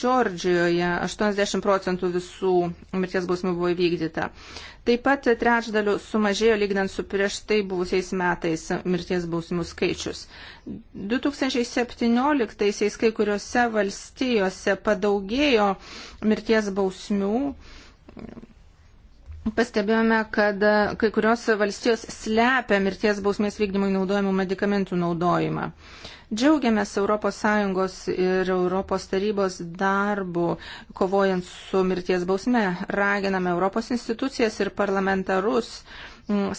Džordžijoje 80 procentų visų mirties bausmių buvo įvykdyta. Taip pat trečdaliu sumažėjo lygnant su prieš tai buvusiais metais mirties bausmių skaičius. 2017-aisiais kai kuriuose valstijose padaugėjo mirties bausmių. Pastebėjome, kad kai kurios valstijos slepia mirties bausmės vykdymui naudojimų medikamentų naudojimą. Uh, Džiaugiamės ES ir ES tarybos darbu, kovojant su mirties bausme. Raginame Europos institucijas ir parlamentarus mm,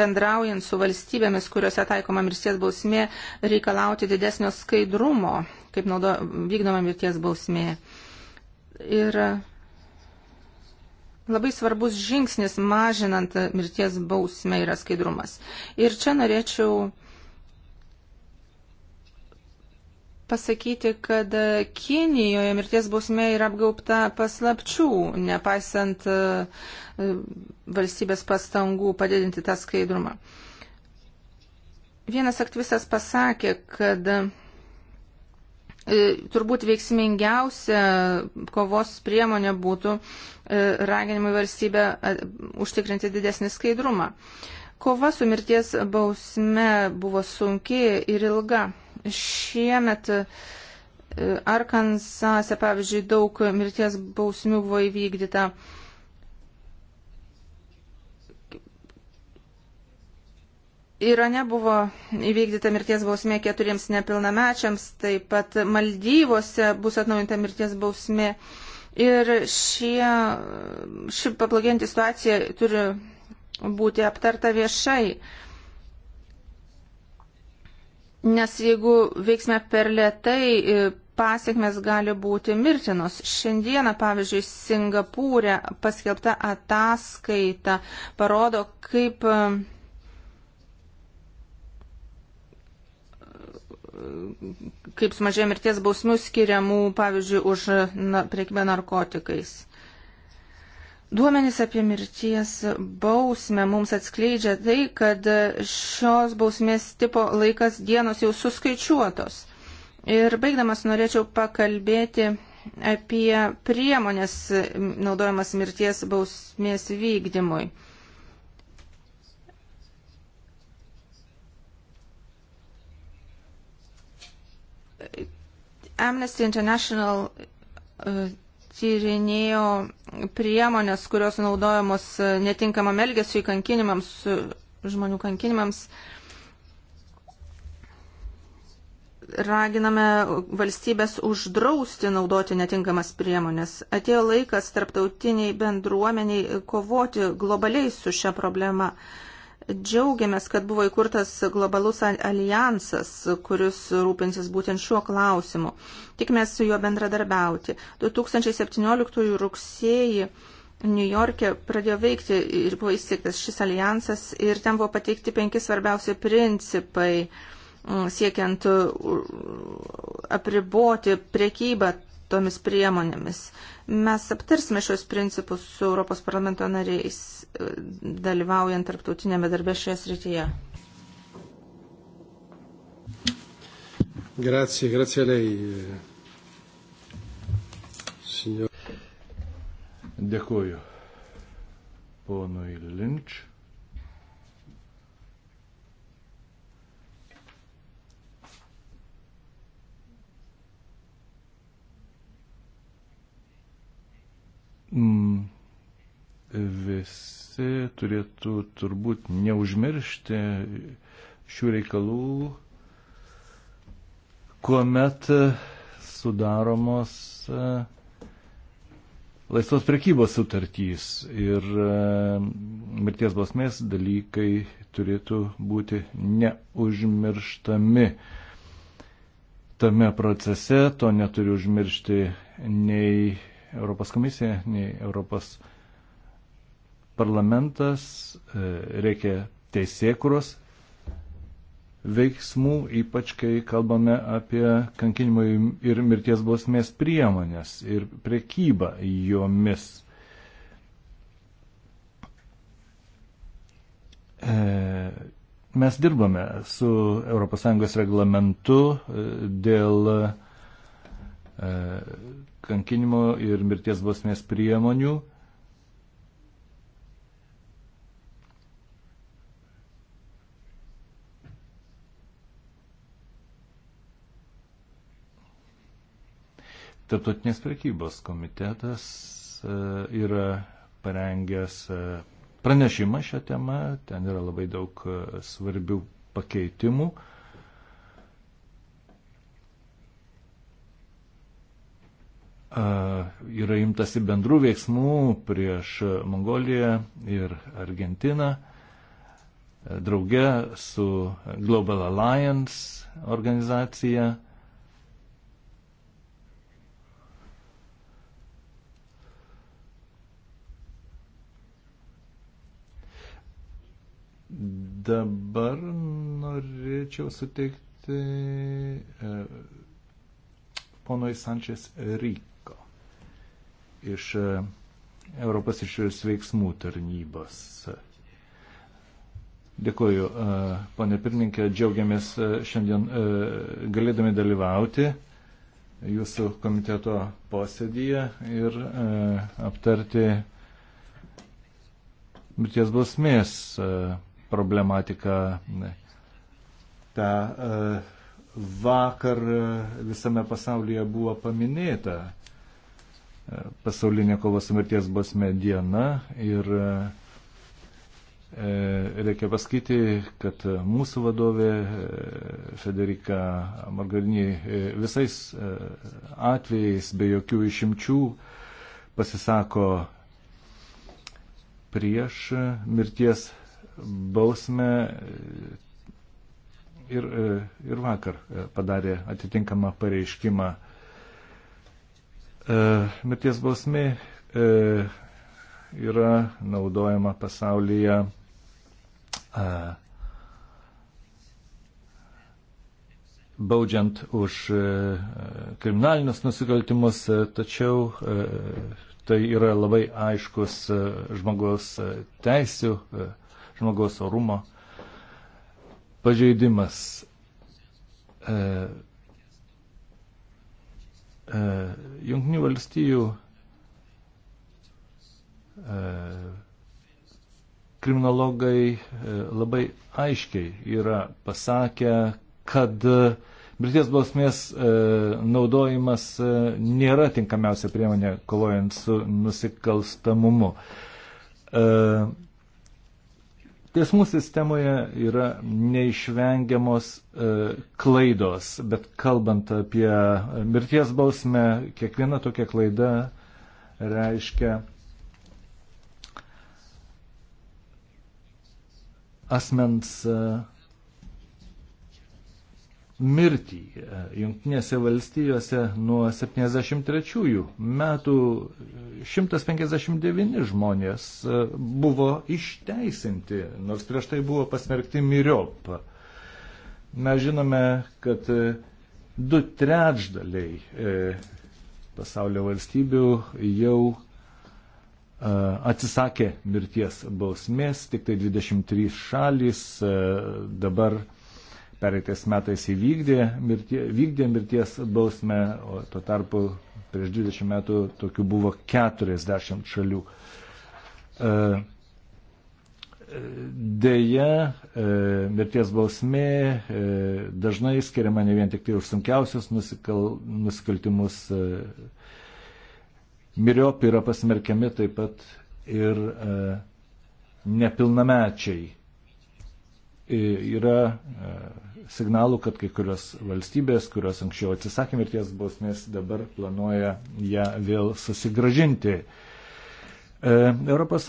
bendraujant su valstybėmis, kuriuose taikoma mirties bausmė, reikalauti didesnio skaidrumo, kaip naudo, vykdoma mirties bausmė. Ir labai svarbus žingsnis mažinant mirties bausmę yra skaidrumas. Ir čia norėčiau pasakyti, kad Kinijoje mirties bausmė yra apgaupta paslapčių, nepaisant e, e, valstybės pastangų padidinti tą skaidrumą. Vienas aktyvistas pasakė, kad e, turbūt veiksmingiausia kovos priemonė būtų raginimai valstybę užtikrinti didesnį skaidrumą. Kova su mirties bausme buvo sunki ir ilga. Šiemet e, Arkansase, pavyzdžiui, daug mirties bausmių buvo įvykdyta. Irane buvo įvykdyta mirties bausmė keturiems nepilnamečiams, taip pat Maldyvose bus atnaujinta mirties bausmė. Ir šie, ši pablogėjanti situacija turi būti aptarta viešai. Nes jeigu veiksime per lietai, e, pasiekmes gali būti mirtinos. Šiandieną, pavyzdžiui, Singapūrė paskelbta ataskaita parodo, kaip e, kaip sumažėjo mirties bausmių skiriamų, pavyzdžiui, už na, priekybę narkotikais. Duomenys apie mirties bausmę mums atskleidžia tai, kad šios bausmės tipo laikas dienos jau suskaičiuotos. Ir baigdamas norėčiau pakalbėti apie priemonės naudojamas mirties bausmės vykdymui. Amnesty International tyrinėjo priemonės, kurios naudojamos netinkamam elgesiu įkankinimams, žmonių kankinimams. Raginame valstybės uždrausti naudoti netinkamas priemonės. Atėjo laikas tarptautiniai bendruomeniai kovoti globaliai su šia problema. Džiaugiamės, kad buvo įkurtas globalus alijansas, kuris rūpinsis būtent šiuo klausimu. Tikimės su juo bendradarbiauti. 2017 rugsėjį New York'e pradėjo veikti ir buvo įsteigtas šis alijansas ir ten buvo pateikti penki svarbiausi principai mm, siekiant apriboti priekybą tomis priemonėmis. Mes aptarsime šios principus su Europos parlamento nariais, e, dalyvaujant tarptautinėme darbe šioje srityje. Grazie, grazie lei. E, signor... Dėkuoju ponui Linč. mm, visi turėtų turbūt neužmiršti šių reikalų, kuomet sudaromos e, laisvos prekybos sutartys ir e, mirties bausmės dalykai turėtų būti neužmirštami. Tame procese to neturi užmiršti nei Europos komisija, nei Europos parlamentas. E, reikia teisėkuros veiksmų, ypač kai kalbame apie kankinimo ir mirties bausmės priemonės ir prekybą jomis. E, mes dirbame su ES reglamentu e, dėl E, kankinimo ir mirties bausmės priemonių. Tarptautinės prekybos komitetas e, yra parengęs e, pranešimą šią temą, ten yra labai daug svarbių pakeitimų. yra imtasi bendrų veiksmų prieš Mongoliją ir Argentiną, drauge su Global Alliance organizacija. Dabar norėčiau suteikti ponui Sančias Ryk iš e, Europos išorės veiksmų tarnybos. Dėkuoju, e, ponė pirmininkė, džiaugiamės e, šiandien galėdami dalyvauti jūsų komiteto posėdyje ir aptarti mirties bausmės problematiką. Ta vakar visame pasaulyje buvo paminėta pasaulinė kovos su mirties bausmė diena ir e, reikia pasakyti, kad mūsų vadovė e, Federika Margarinė e, visais atvejais be jokių išimčių pasisako prieš mirties bausmę ir, ir vakar padarė atitinkamą pareiškimą E, mirties bausmė e, yra naudojama pasaulyje e, baudžiant už kriminalinius nusikaltimus, tačiau tai yra labai aiškus žmogaus teisių, žmogaus orumo pažeidimas. E, Junktinių valstijų e, kriminologai e, labai aiškiai yra pasakę, kad mirties bausmės naudojimas nėra tinkamiausia priemonė kovojant su nusikalstamumu. Teismų sistemoje yra neišvengiamos e, klaidos, bet kalbant apie mirties bausmę, kiekviena tokia klaida reiškia asmens e, mirtį. E, Junktinėse valstijose nuo 73 metų 159 e, žmonės e, buvo išteisinti, nors prieš tai buvo pasmerkti miriop. Mes žinome, kad du trečdaliai pasaulio valstybių jau atsisakė mirties bausmės, tik tai 23 šalis dabar pereitais metais įvykdė mirtie, vykdė mirties bausmę, o tuo tarpu prieš 20 metų tokių buvo 40 šalių. E, deja, e, mirties bausmė e, dažnai skiriama ne vien tik tai už sunkiausius nusikal, nusikaltimus. Miriop yra pasmerkiami taip pat ir nepilnamečiai yra e, signalų, kad kai kurios valstybės, kurios anksčiau atsisakė mirties bausmės, dabar planuoja ją vėl susigražinti. ES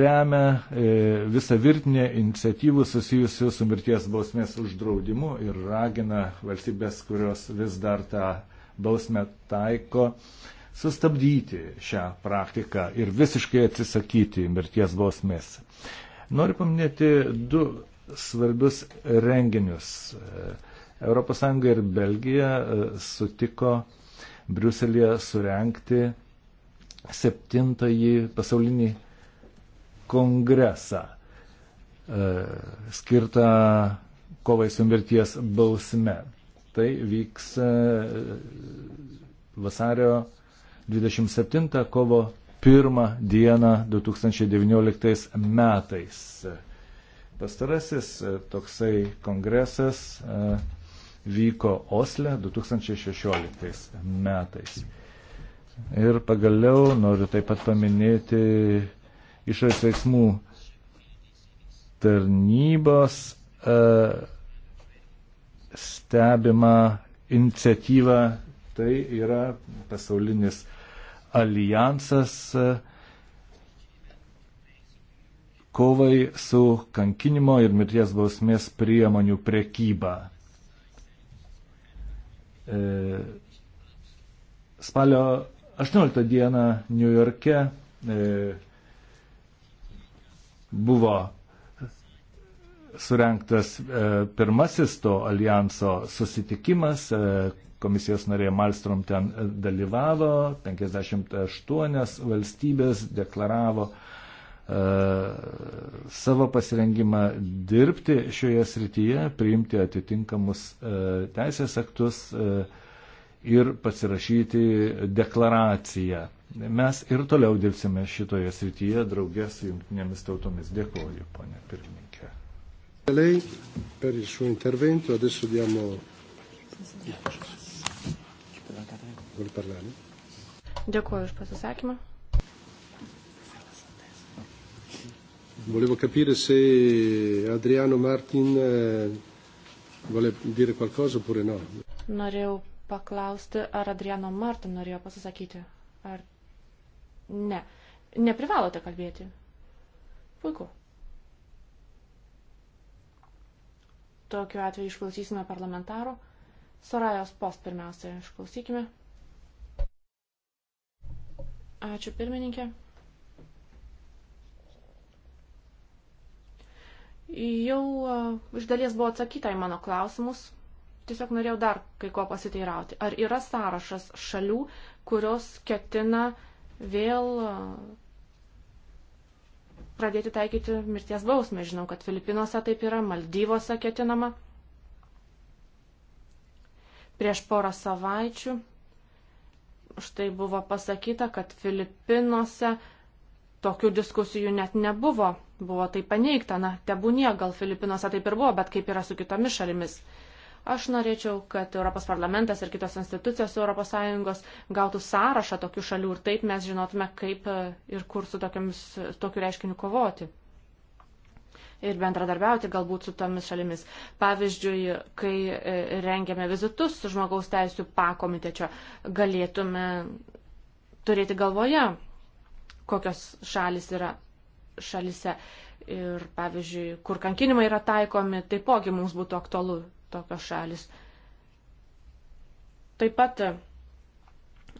remia e, visą virtinę iniciatyvų susijusių su mirties bausmės uždraudimu ir ragina valstybės, kurios vis dar tą bausmę taiko, sustabdyti šią praktiką ir visiškai atsisakyti mirties bausmės. Noriu paminėti du svarbius renginius. ES ir Belgija e, sutiko Briuselėje surenkti septintąjį pasaulinį kongresą e, skirtą kovai su mirties bausme. Tai vyks e, vasario 27 kovo 1 dieną 2019 metais. Pastarasis e, toksai kongresas e, vyko Osle 2016 metais. Ir pagaliau noriu taip pat paminėti išorės veiksmų tarnybos e, stebimą iniciatyvą. Tai yra pasaulinis alijansas uh, kovai su kankinimo ir mirties bausmės priemonių prekyba. E, spalio 18 dieną New York'e e, buvo surenktas e, pirmasis to alijanso susitikimas, e, komisijos narė Malstrom ten dalyvavo, 58 valstybės deklaravo E, savo pasirengimą dirbti šioje srityje, priimti atitinkamus e, teisės aktus e, ir pasirašyti deklaraciją. Mes ir toliau dirbsime šitoje srityje draugės su jungtinėmis tautomis. Dėkuoju, ponė pirmininkė. Lei per il suo intervento adesso diamo. Vuole parlare? Dėkuoju už pasisakymą. Volevo capire se Adriano Martin eh, vuole dire qualcosa oppure no. Norėjau paklausti, ar Adriano Martin norėjo pasisakyti. Ar ne. Neprivalote kalbėti. Puiku. Tokiu atveju išklausysime parlamentaro. Sarajos post pirmiausia išklausykime. Ačiū pirmininkė. Jau iš dalies buvo atsakyta į mano klausimus. Tiesiog norėjau dar kai ko pasiteirauti. Ar yra sąrašas šalių, kurios ketina vėl pradėti taikyti mirties bausmę? Žinau, kad Filipinuose taip yra, Maldyvose ketinama. Prieš porą savaičių štai buvo pasakyta, kad Filipinuose tokių diskusijų net nebuvo buvo tai paneigta, na, tebūnie, gal Filipinuose taip ir buvo, bet kaip yra su kitomis šalimis. Aš norėčiau, kad Europos parlamentas ir kitos institucijos ES gautų sąrašą tokių šalių ir taip mes žinotume, kaip e, ir kur su tokiamis, tokiu reiškiniu kovoti. Ir bendradarbiauti galbūt su tomis šalimis. Pavyzdžiui, kai e, rengiame vizitus žmogaus teisų pakomitečio, galėtume turėti galvoje, kokios šalis yra šalise. Ir pavyzdžiui, kur kankinimai yra taikomi, taipogi mums būtų aktualu tokios šalis. Taip pat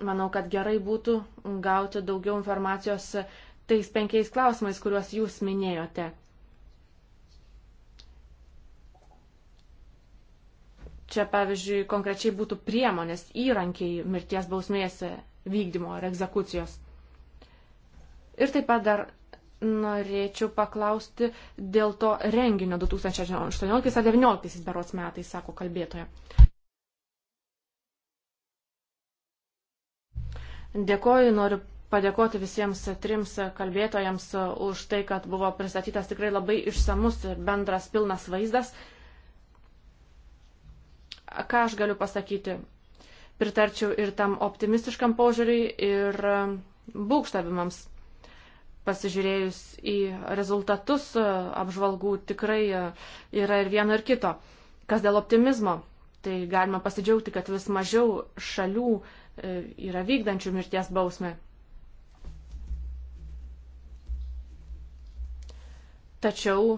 manau, kad gerai būtų gauti daugiau informacijos tais penkiais klausimais, kuriuos jūs minėjote. Čia, pavyzdžiui, konkrečiai būtų priemonės, įrankiai mirties bausmės vykdymo ar egzekucijos. Ir taip pat dar norėčiau paklausti dėl to renginio 2018 ar 2019 berots metais, sako kalbėtoja. Dėkoju, noriu padėkoti visiems trims kalbėtojams už tai, kad buvo pristatytas tikrai labai išsamus ir bendras pilnas vaizdas. Ką aš galiu pasakyti? Pritarčiau ir tam optimistiškam požiūriui, ir būkštavimams pasižiūrėjus į rezultatus e, apžvalgų, tikrai e, yra ir vieno ir kito. Kas dėl optimizmo, tai galima pasidžiaugti, kad vis mažiau šalių e, yra vykdančių mirties bausmę. Tačiau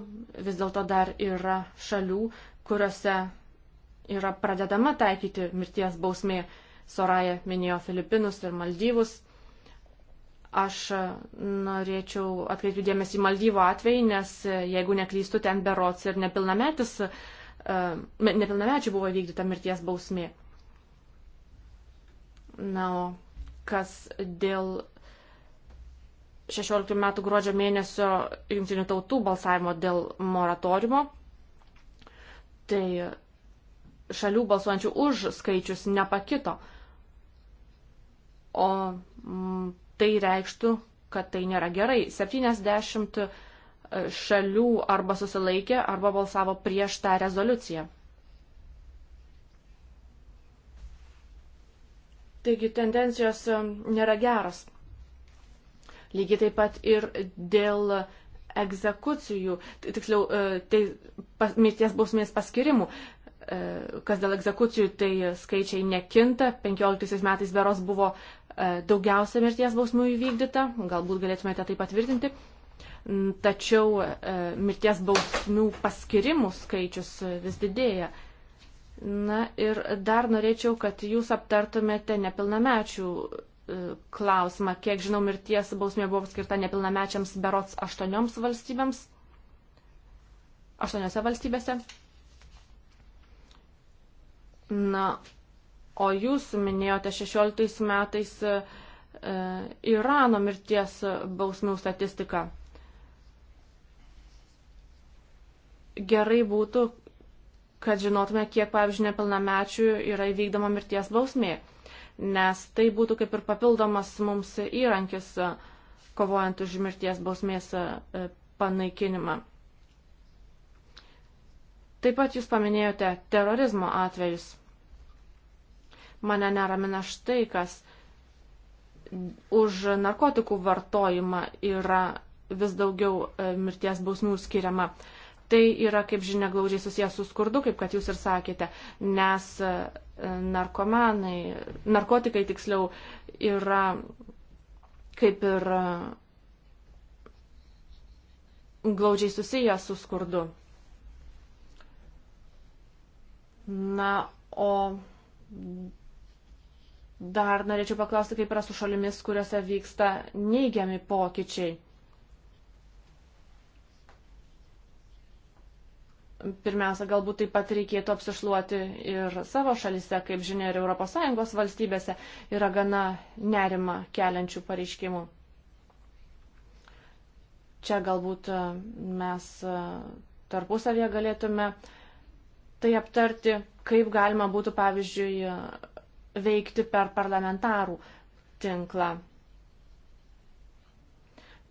vis dėlto dar yra šalių, kuriuose yra pradedama taikyti mirties bausmė. Soraja minėjo Filipinus ir Maldyvus. Aš norėčiau atkreipti dėmesį į Maldyvo atvejį, nes e, jeigu neklystu, ten berots ir nepilnametis, e, nepilnamečiai buvo vykdyta mirties bausmė. Na, o kas dėl 16 metų gruodžio mėnesio jungtinių tautų balsavimo dėl moratoriumo, tai šalių balsuojančių už skaičius nepakito. O tai reikštų, kad tai nėra gerai. 70 šalių arba susilaikė, arba balsavo prieš tą rezoliuciją. Taigi tendencijos um, nėra geros. Lygiai taip pat ir dėl egzekucijų, tiksliau, e, tai pas, mirties bausmės paskirimų. E, kas dėl egzekucijų, tai skaičiai nekinta. 15 metais veros buvo E, daugiausia mirties bausmų įvykdyta, galbūt galėtumėte tai patvirtinti. Tačiau e, mirties bausmių paskirimų skaičius e, vis didėja. Na ir dar norėčiau, kad jūs aptartumėte nepilnamečių klausimą. Kiek žinau, mirties bausmė buvo skirta nepilnamečiams berots aštuonioms valstybėms. Aštuoniose valstybėse. Na, O jūs minėjote 16 metais e, e, Irano mirties bausmių statistiką. Gerai būtų, kad žinotume, kiek, pavyzdžiui, nepilnamečių yra įvykdoma mirties bausmė, nes tai būtų kaip ir papildomas mums įrankis e, kovojant už mirties bausmės e, panaikinimą. Taip pat jūs paminėjote terorizmo atvejus. Mane neramina štai kas. Už narkotikų vartojimą yra vis daugiau e, mirties bausmių skiriama. Tai yra, kaip žinia, glaudžiai susijęs su skurdu, kaip kad jūs ir sakėte, nes e, narkomanai, narkotikai tiksliau yra kaip ir e, glaudžiai susiję su skurdu. Na, o Dar norėčiau paklausti, kaip yra su šalimis, kuriuose vyksta neigiami pokyčiai. Pirmiausia, galbūt taip pat reikėtų apsišluoti ir savo šalise, kaip žinia, ir ES valstybėse yra gana nerima keliančių pareiškimų. Čia galbūt e, mes e, tarpusavėje galėtume tai aptarti, kaip galima būtų, pavyzdžiui, veikti per parlamentarų tinklą.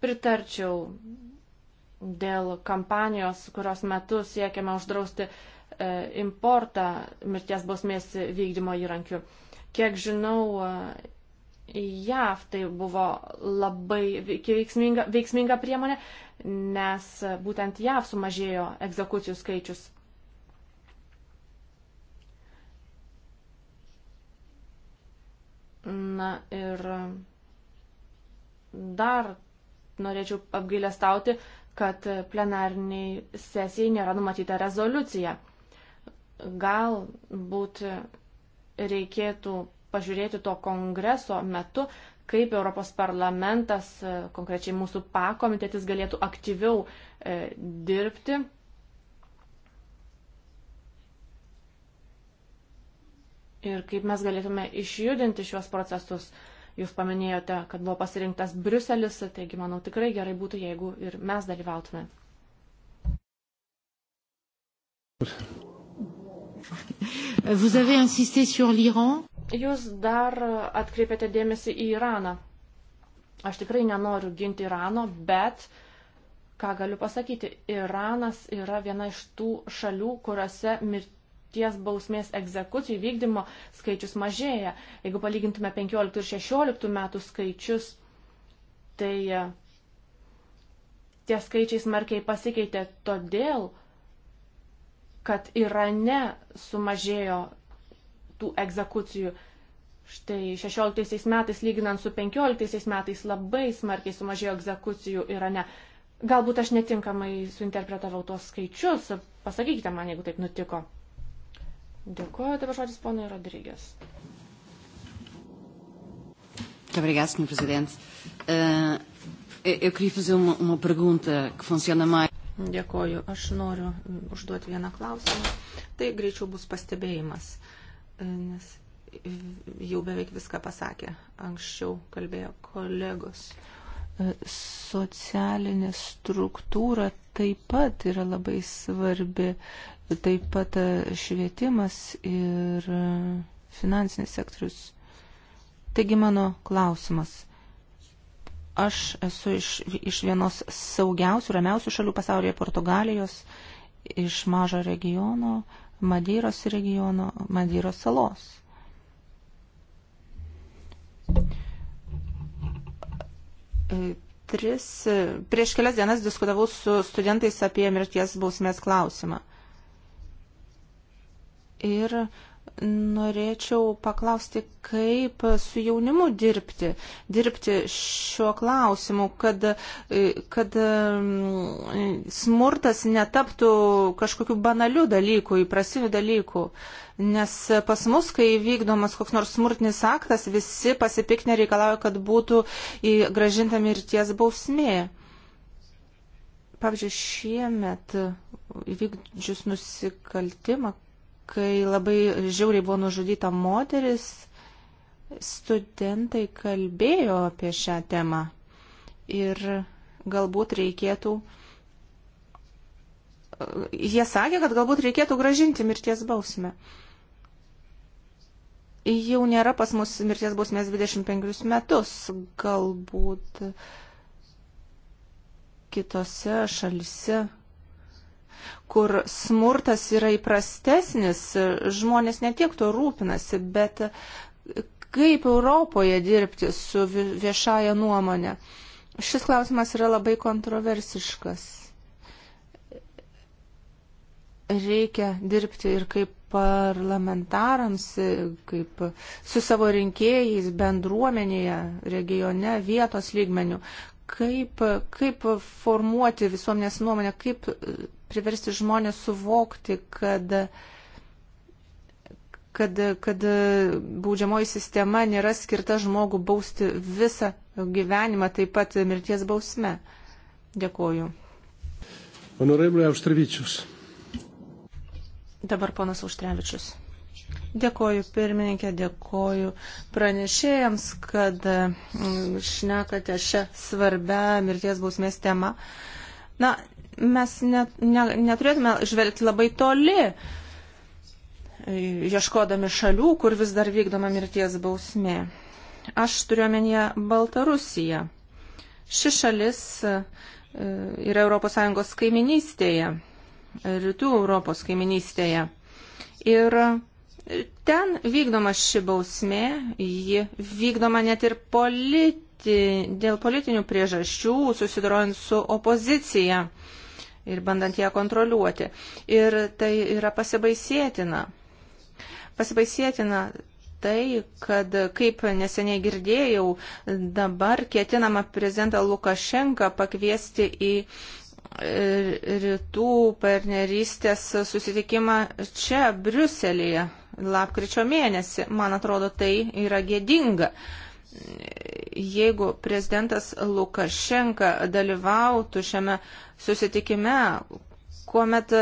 Pritarčiau dėl kampanijos, kurios metu siekiama uždrausti e, importą mirties bausmės vykdymo įrankių. Kiek žinau, e, JAV tai buvo labai veiksminga, veiksminga priemonė, nes būtent JAV sumažėjo egzekucijų skaičius. Na ir dar norėčiau apgailestauti, kad plenariniai sesijai nėra numatyta rezoliucija. Galbūt reikėtų pažiūrėti to kongreso metu, kaip Europos parlamentas, konkrečiai mūsų pakomitetis, galėtų aktyviau e, dirbti ir kaip mes galėtume išjudinti šiuos procesus. Jūs paminėjote, kad buvo pasirinktas Briuselis, taigi manau tikrai gerai būtų, jeigu ir mes dalyvautume. Vous avez insisté sur l'Iran? Jūs dar atkreipėte dėmesį į Iraną. Aš tikrai nenoriu ginti Irano, bet ką galiu pasakyti, Iranas yra viena iš tų šalių, kuriuose mirtis mirties bausmės egzekucijų vykdymo skaičius mažėja. Jeigu palygintume 15 ir 16 metų skaičius, tai e, tie skaičiai smarkiai pasikeitė todėl, kad Irane sumažėjo tų egzekucijų. Štai 16 metais lyginant su 15 metais labai smarkiai sumažėjo egzekucijų Irane. Galbūt aš netinkamai suinterpretavau tuos skaičius, pasakykite man, jeigu taip nutiko. Dėkuoju, dabar žodis ponai Rodrygės. Muito obrigada, Sr. Presidente. Uh, eu queria fazer uma, uma pergunta que funciona mais. Dėkoju, aš noriu mm, užduoti vieną klausimą. Tai greičiau bus pastebėjimas, eh, nes jau beveik viską pasakė. Anksčiau kalbėjo kolegos. Eh, socialinė struktūra taip pat yra labai svarbi taip pat e, švietimas ir e, finansinis sektorius. Taigi mano klausimas. Aš esu iš, iš vienos saugiausių, ramiausių šalių pasaulyje - Portugalijos, iš mažo regiono, Madeiros regiono, Madeiros salos. E, tris, prieš kelias dienas diskutavau su studentais apie mirties bausmės klausimą. Ir norėčiau paklausti, kaip su jaunimu dirbti, dirbti šiuo klausimu, kad, kad mm, smurtas netaptų kažkokiu banaliu dalyku, įprasiniu dalyku. Nes pas mus, kai vykdomas koks nors smurtinis aktas, visi pasipiknė reikalauja, kad būtų gražinta mirties bausmė. Pavyzdžiui, šiemet įvykdžius nusikaltimą, kai labai žiauriai buvo nužudyta moteris, studentai kalbėjo apie šią temą. Ir galbūt reikėtų. Jie sakė, kad galbūt reikėtų gražinti mirties bausmę. Jau nėra pas mus mirties bausmės 25 metus. Galbūt kitose šalise kur smurtas yra įprastesnis, žmonės netiek to rūpinasi, bet kaip Europoje dirbti su viešaja nuomonė. Šis klausimas yra labai kontroversiškas. Reikia dirbti ir kaip parlamentarams, kaip su savo rinkėjais bendruomenėje, regione, vietos lygmenių, kaip, kaip formuoti visuomenės nuomonę, kaip priversti žmonės suvokti, kad, kad, kad baudžiamoji sistema nėra skirta žmogų bausti visą gyvenimą, taip pat mirties bausme. Dėkoju. Honorable Auštrevičius. Dabar ponas Auštrevičius. Dėkoju pirmininkė, dėkoju pranešėjams, kad mm, šnekate šią svarbę mirties bausmės temą. Na, mes net, ne, neturėtume žvelgti labai toli, e, ieškodami šalių, kur vis dar vykdoma mirties bausmė. Aš turiu omenyje Baltarusiją. Ši šalis e, yra ES kaiminystėje, rytų Europos kaiminystėje. Ir ten vykdoma ši bausmė, ji vykdoma net ir politi, dėl politinių priežasčių, susidorojant su opozicija ir bandant ją kontroliuoti. Ir tai yra pasibaisėtina. Pasibaisėtina tai, kad, kaip neseniai girdėjau, dabar ketinama prezidentą Lukašenką pakviesti į e, rytų partnerystės susitikimą čia, Briuselėje, lapkričio mėnesį. Man atrodo, tai yra gėdinga. Uh, jeigu prezidentas Lukašenka dalyvautų šiame susitikime, kuomet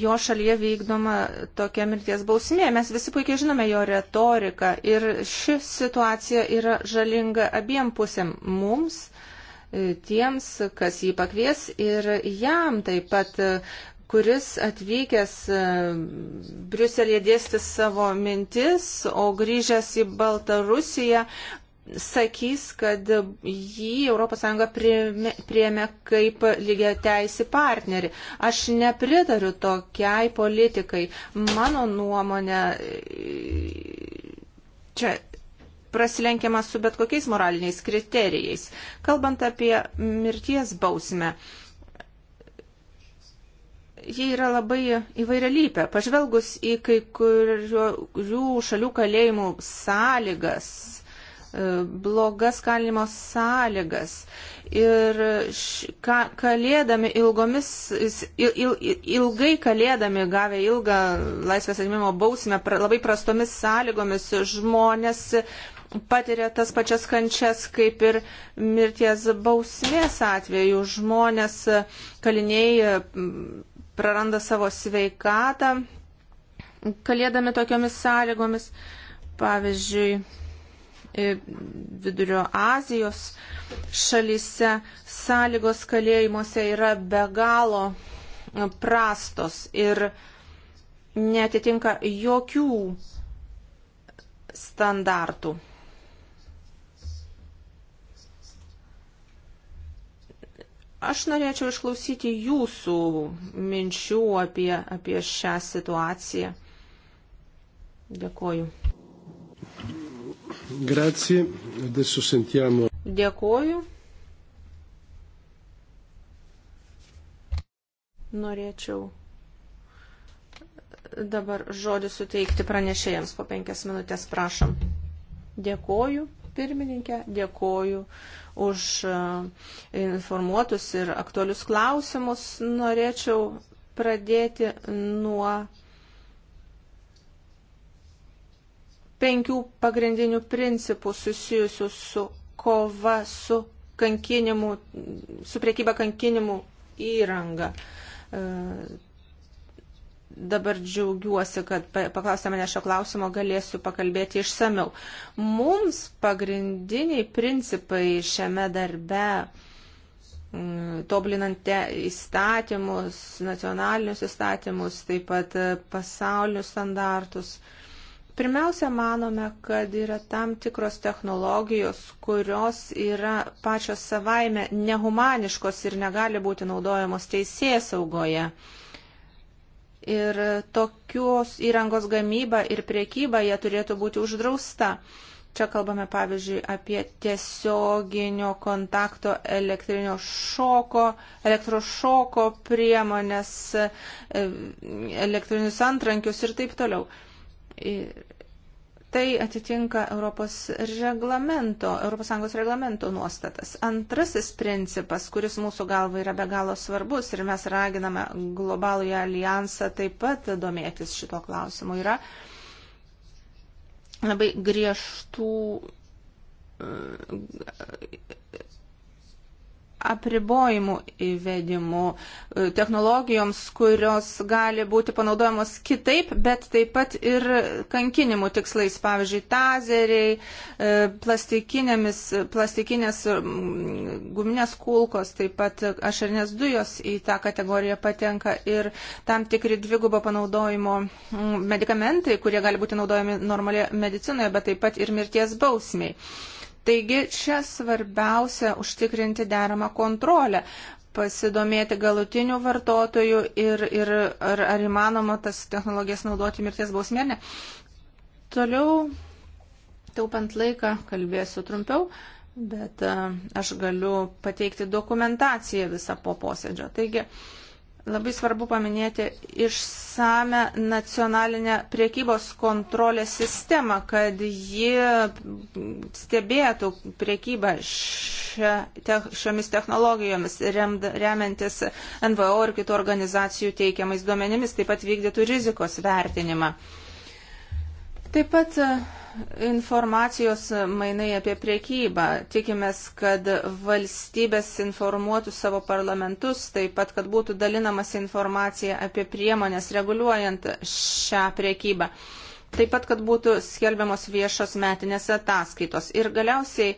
jo šalyje vykdoma tokia mirties bausmė. Mes visi puikiai žinome jo retoriką ir ši situacija yra žalinga abiem pusėm mums, tiems, kas jį pakvies ir jam taip pat kuris atvykęs e, Briuselėje dėstis savo mintis, o grįžęs į Baltarusiją sakys, kad jį ES priėmė kaip lygia teisi partnerį. Aš nepritariu tokiai politikai. Mano nuomonė čia prasilenkiama su bet kokiais moraliniais kriterijais. Kalbant apie mirties bausmę ji yra labai įvairialypė. Pažvelgus į kai kurių šalių kalėjimų sąlygas, E, blogas kalinimo sąlygas ir ka, kalėdami ilgomis, il, il, ilgai kalėdami gavę ilgą laisvės atimimo bausmę, pra, labai prastomis sąlygomis žmonės patiria tas pačias kančias kaip ir mirties bausmės atveju. Žmonės e, kaliniai e, praranda savo sveikatą kalėdami tokiomis sąlygomis. Pavyzdžiui, E, Vidurio Azijos šalyse sąlygos kalėjimuose yra be galo e, prastos ir netitinka jokių standartų. Aš norėčiau išklausyti jūsų minčių apie, apie šią situaciją. Dėkoju. Grazie, adesso sentiamo. Dėkoju. Norėčiau dabar žodį suteikti pranešėjams po penkias minutės, prašom. Dėkoju, pirmininkė, dėkoju už e, informuotus ir aktualius klausimus. Norėčiau pradėti nuo penkių pagrindinių principų susijusių su kova su kankinimu, su priekyba kankinimu įranga. E, dabar džiaugiuosi, kad paklausė mane šio klausimo, galėsiu pakalbėti išsameu. Mums pagrindiniai principai šiame darbe, mm, tobulinant įstatymus, nacionalinius įstatymus, taip pat e, pasaulinius standartus, Pirmiausia, manome, kad yra tam tikros technologijos, kurios yra pačios savaime nehumaniškos ir negali būti naudojamos teisės saugoje. Ir tokios įrangos gamyba ir priekyba jie turėtų būti uždrausta. Čia kalbame pavyzdžiui apie tiesioginio kontakto elektrinio šoko, elektrošoko priemonės, e, elektrinius antrankius ir taip toliau. Tai atitinka Europos reglamento, ES reglamento nuostatas. Antrasis principas, kuris mūsų galva yra be galo svarbus ir mes raginame globalųjį alijansą taip pat domėtis šito klausimu, yra labai griežtų apribojimų įvedimu e, technologijoms, kurios gali būti panaudojamos kitaip, bet taip pat ir kankinimų tikslais, pavyzdžiui, tazeriai, e, plastikinės guminės kulkos, taip pat ašarnės dujos į tą kategoriją patenka ir tam tikri dvigubo panaudojimo medikamentai, kurie gali būti naudojami normalioje medicinoje, bet taip pat ir mirties bausmiai. Taigi čia svarbiausia užtikrinti deramą kontrolę, pasidomėti galutinių vartotojų ir, ir ar, ar įmanoma tas technologijas naudoti mirties bausmė. Ne. Toliau, taupant laiką, kalbėsiu trumpiau. Bet aš galiu pateikti dokumentaciją visą po posėdžio. Taigi, uh, Labai svarbu paminėti išsame nacionalinę priekybos kontrolės sistemą, kad ji stebėtų priekybą šiomis technologijomis, remiantis NVO ir kitų organizacijų teikiamais duomenimis, taip pat vykdytų rizikos vertinimą. Taip pat e, informacijos mainai apie priekybą. Tikimės, kad valstybės informuotų savo parlamentus, taip pat, kad būtų dalinamas informacija apie priemonės reguliuojant šią priekybą. Taip pat, kad būtų skelbiamos viešos metinės ataskaitos. Ir galiausiai e,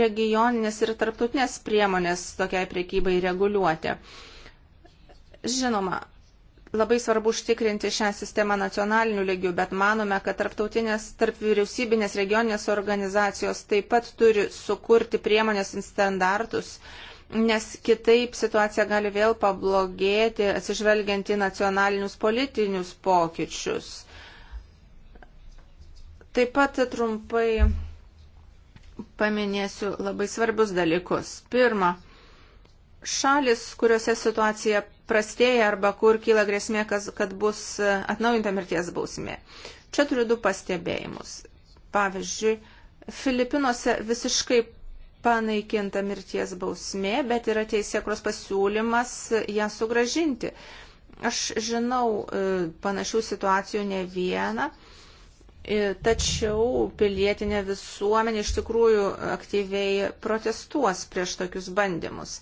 regioninės ir tarptautinės priemonės tokiai priekybai reguliuoti. Žinoma, Labai svarbu užtikrinti šią sistemą nacionaliniu lygiu, bet manome, kad tarptautinės, tarp vyriausybinės regioninės organizacijos taip pat turi sukurti priemonės standartus, nes kitaip situacija gali vėl pablogėti atsižvelgiant į nacionalinius politinius pokyčius. Taip pat trumpai paminėsiu labai svarbius dalykus. Pirma, šalis, kuriuose situacija prastėja arba kur kyla grėsmė, kad bus atnaujinta mirties bausmė. Čia turiu du pastebėjimus. Pavyzdžiui, Filipinuose visiškai panaikinta mirties bausmė, bet yra teisėkros pasiūlymas ją sugražinti. Aš žinau e, panašių situacijų ne vieną, e, tačiau pilietinė visuomenė iš tikrųjų aktyviai protestuos prieš tokius bandymus.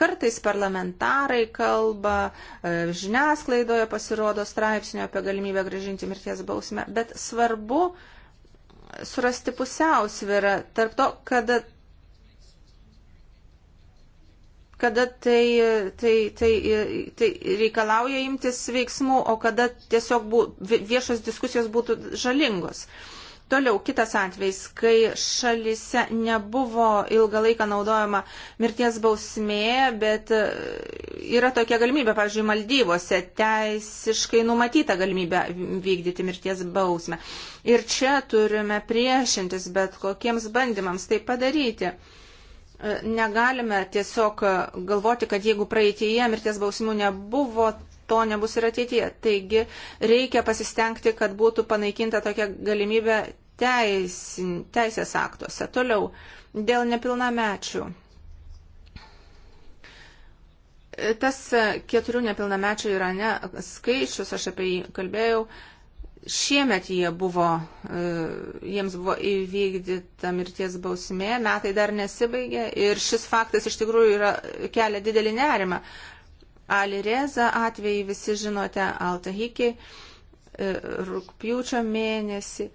Kartais parlamentarai kalba, e, žiniasklaidoje pasirodo straipsnio apie galimybę gražinti mirties bausmę, bet svarbu surasti pusiausvyrą tarp to, kada kada tai, tai, tai, tai reikalauja imtis veiksmų, o kada tiesiog bū, viešos diskusijos būtų žalingos. Uh, Toliau kitas atvejs, kai šalise nebuvo ilgą laiką naudojama mirties bausmė, bet e, yra tokia galimybė, pavyzdžiui, Maldyvose teisiškai numatyta galimybė vykdyti mirties bausmę. Ir čia turime priešintis bet kokiems bandymams tai padaryti. E, negalime tiesiog galvoti, kad jeigu praeitėje mirties bausmių nebuvo, to nebus ir ateityje. Taigi reikia pasistengti, kad būtų panaikinta tokia galimybė teisin, teisės aktuose. Toliau, dėl nepilnamečių. Tas keturių nepilnamečių yra ne skaičius, aš apie jį kalbėjau. Šiemet jie buvo, e, jiems buvo įvykdyta mirties bausmė, metai dar nesibaigė ir šis faktas iš tikrųjų yra, kelia didelį nerimą. Alireza atvejį visi žinote, Altahiki e, rūpjūčio mėnesį.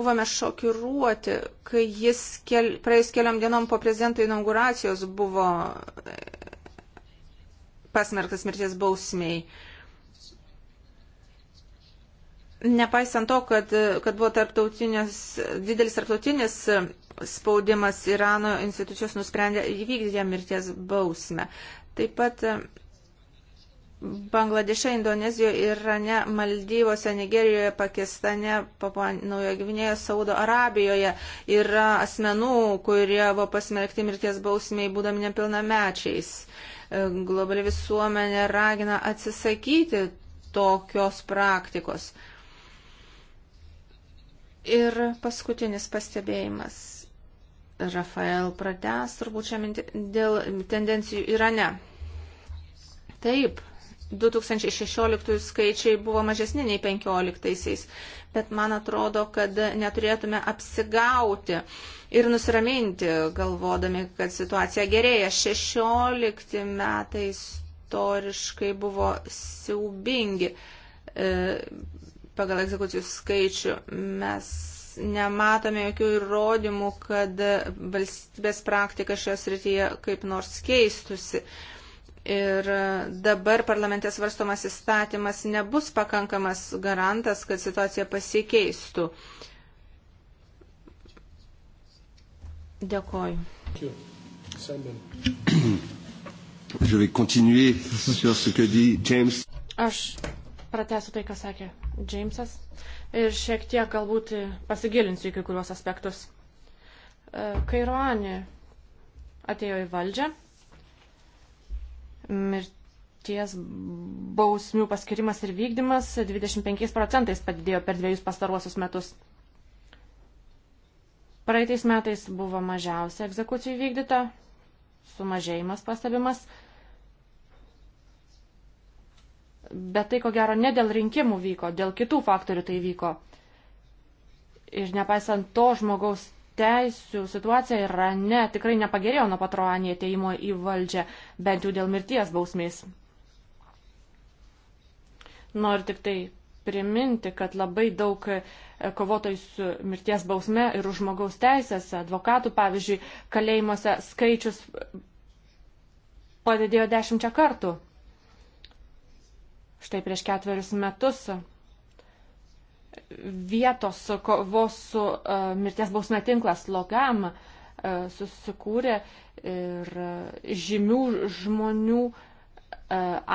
Buvome šokiruoti, kai jis kel, praėjus keliom dienom po prezidento inauguracijos buvo e, pasmerktas mirties bausmiai. Uh, Nepaisant to, kad, kad buvo tarptautinis, didelis tarptautinis spaudimas Irano institucijos nusprendė įvykdyti jam mirties bausmę. Taip pat e, Bangladeše, Indonezijoje, Irane, Maldyvose, Nigerijoje, Pakistane, Naujojo Gvinėje, Saudo Arabijoje yra asmenų, kurie buvo pasmerkti mirties bausmiai būdami nepilnamečiais. E, globali visuomenė ragina atsisakyti tokios praktikos. Ir paskutinis pastebėjimas. Rafael pratęs turbūt šią mintį dėl tendencijų Irane. Taip, 2016 skaičiai buvo mažesni nei 2015, bet man atrodo, kad neturėtume apsigauti ir nusiraminti, galvodami, kad situacija gerėja. 16 metai istoriškai buvo siaubingi. E, pagal egzekucijų skaičių. Mes nematome jokių įrodymų, kad valstybės praktika šioje srityje kaip nors keistusi. Ir dabar parlamentės varstomas įstatymas nebus pakankamas garantas, kad situacija pasikeistų. Dėkoju. Aš pratęsiu tai, ką sakė Džeimsas ir šiek tiek galbūt pasigilinsiu į kai kuriuos aspektus. E, kai Roani atėjo į valdžią, mirties bausmių paskirimas ir vykdymas 25 procentais padidėjo per dviejus pastaruosius metus. Praeitais metais buvo mažiausia egzekucijų vykdyta, sumažėjimas pastebimas bet tai ko gero ne dėl rinkimų vyko, dėl kitų faktorių tai vyko. Ir nepaisant to, žmogaus teisų situacija yra ne, tikrai nepagerėjo nuo patroanį ateimo į valdžią, bent jau dėl mirties bausmės. Noriu tik tai priminti, kad labai daug e, kovotojų su mirties bausme ir už žmogaus teisės, advokatų, pavyzdžiui, kalėjimuose skaičius padidėjo dešimčia kartų. Štai prieš ketverius metus vietos kovos su uh, mirties bausme tinklas Logam uh, susikūrė ir žymių žmonių uh,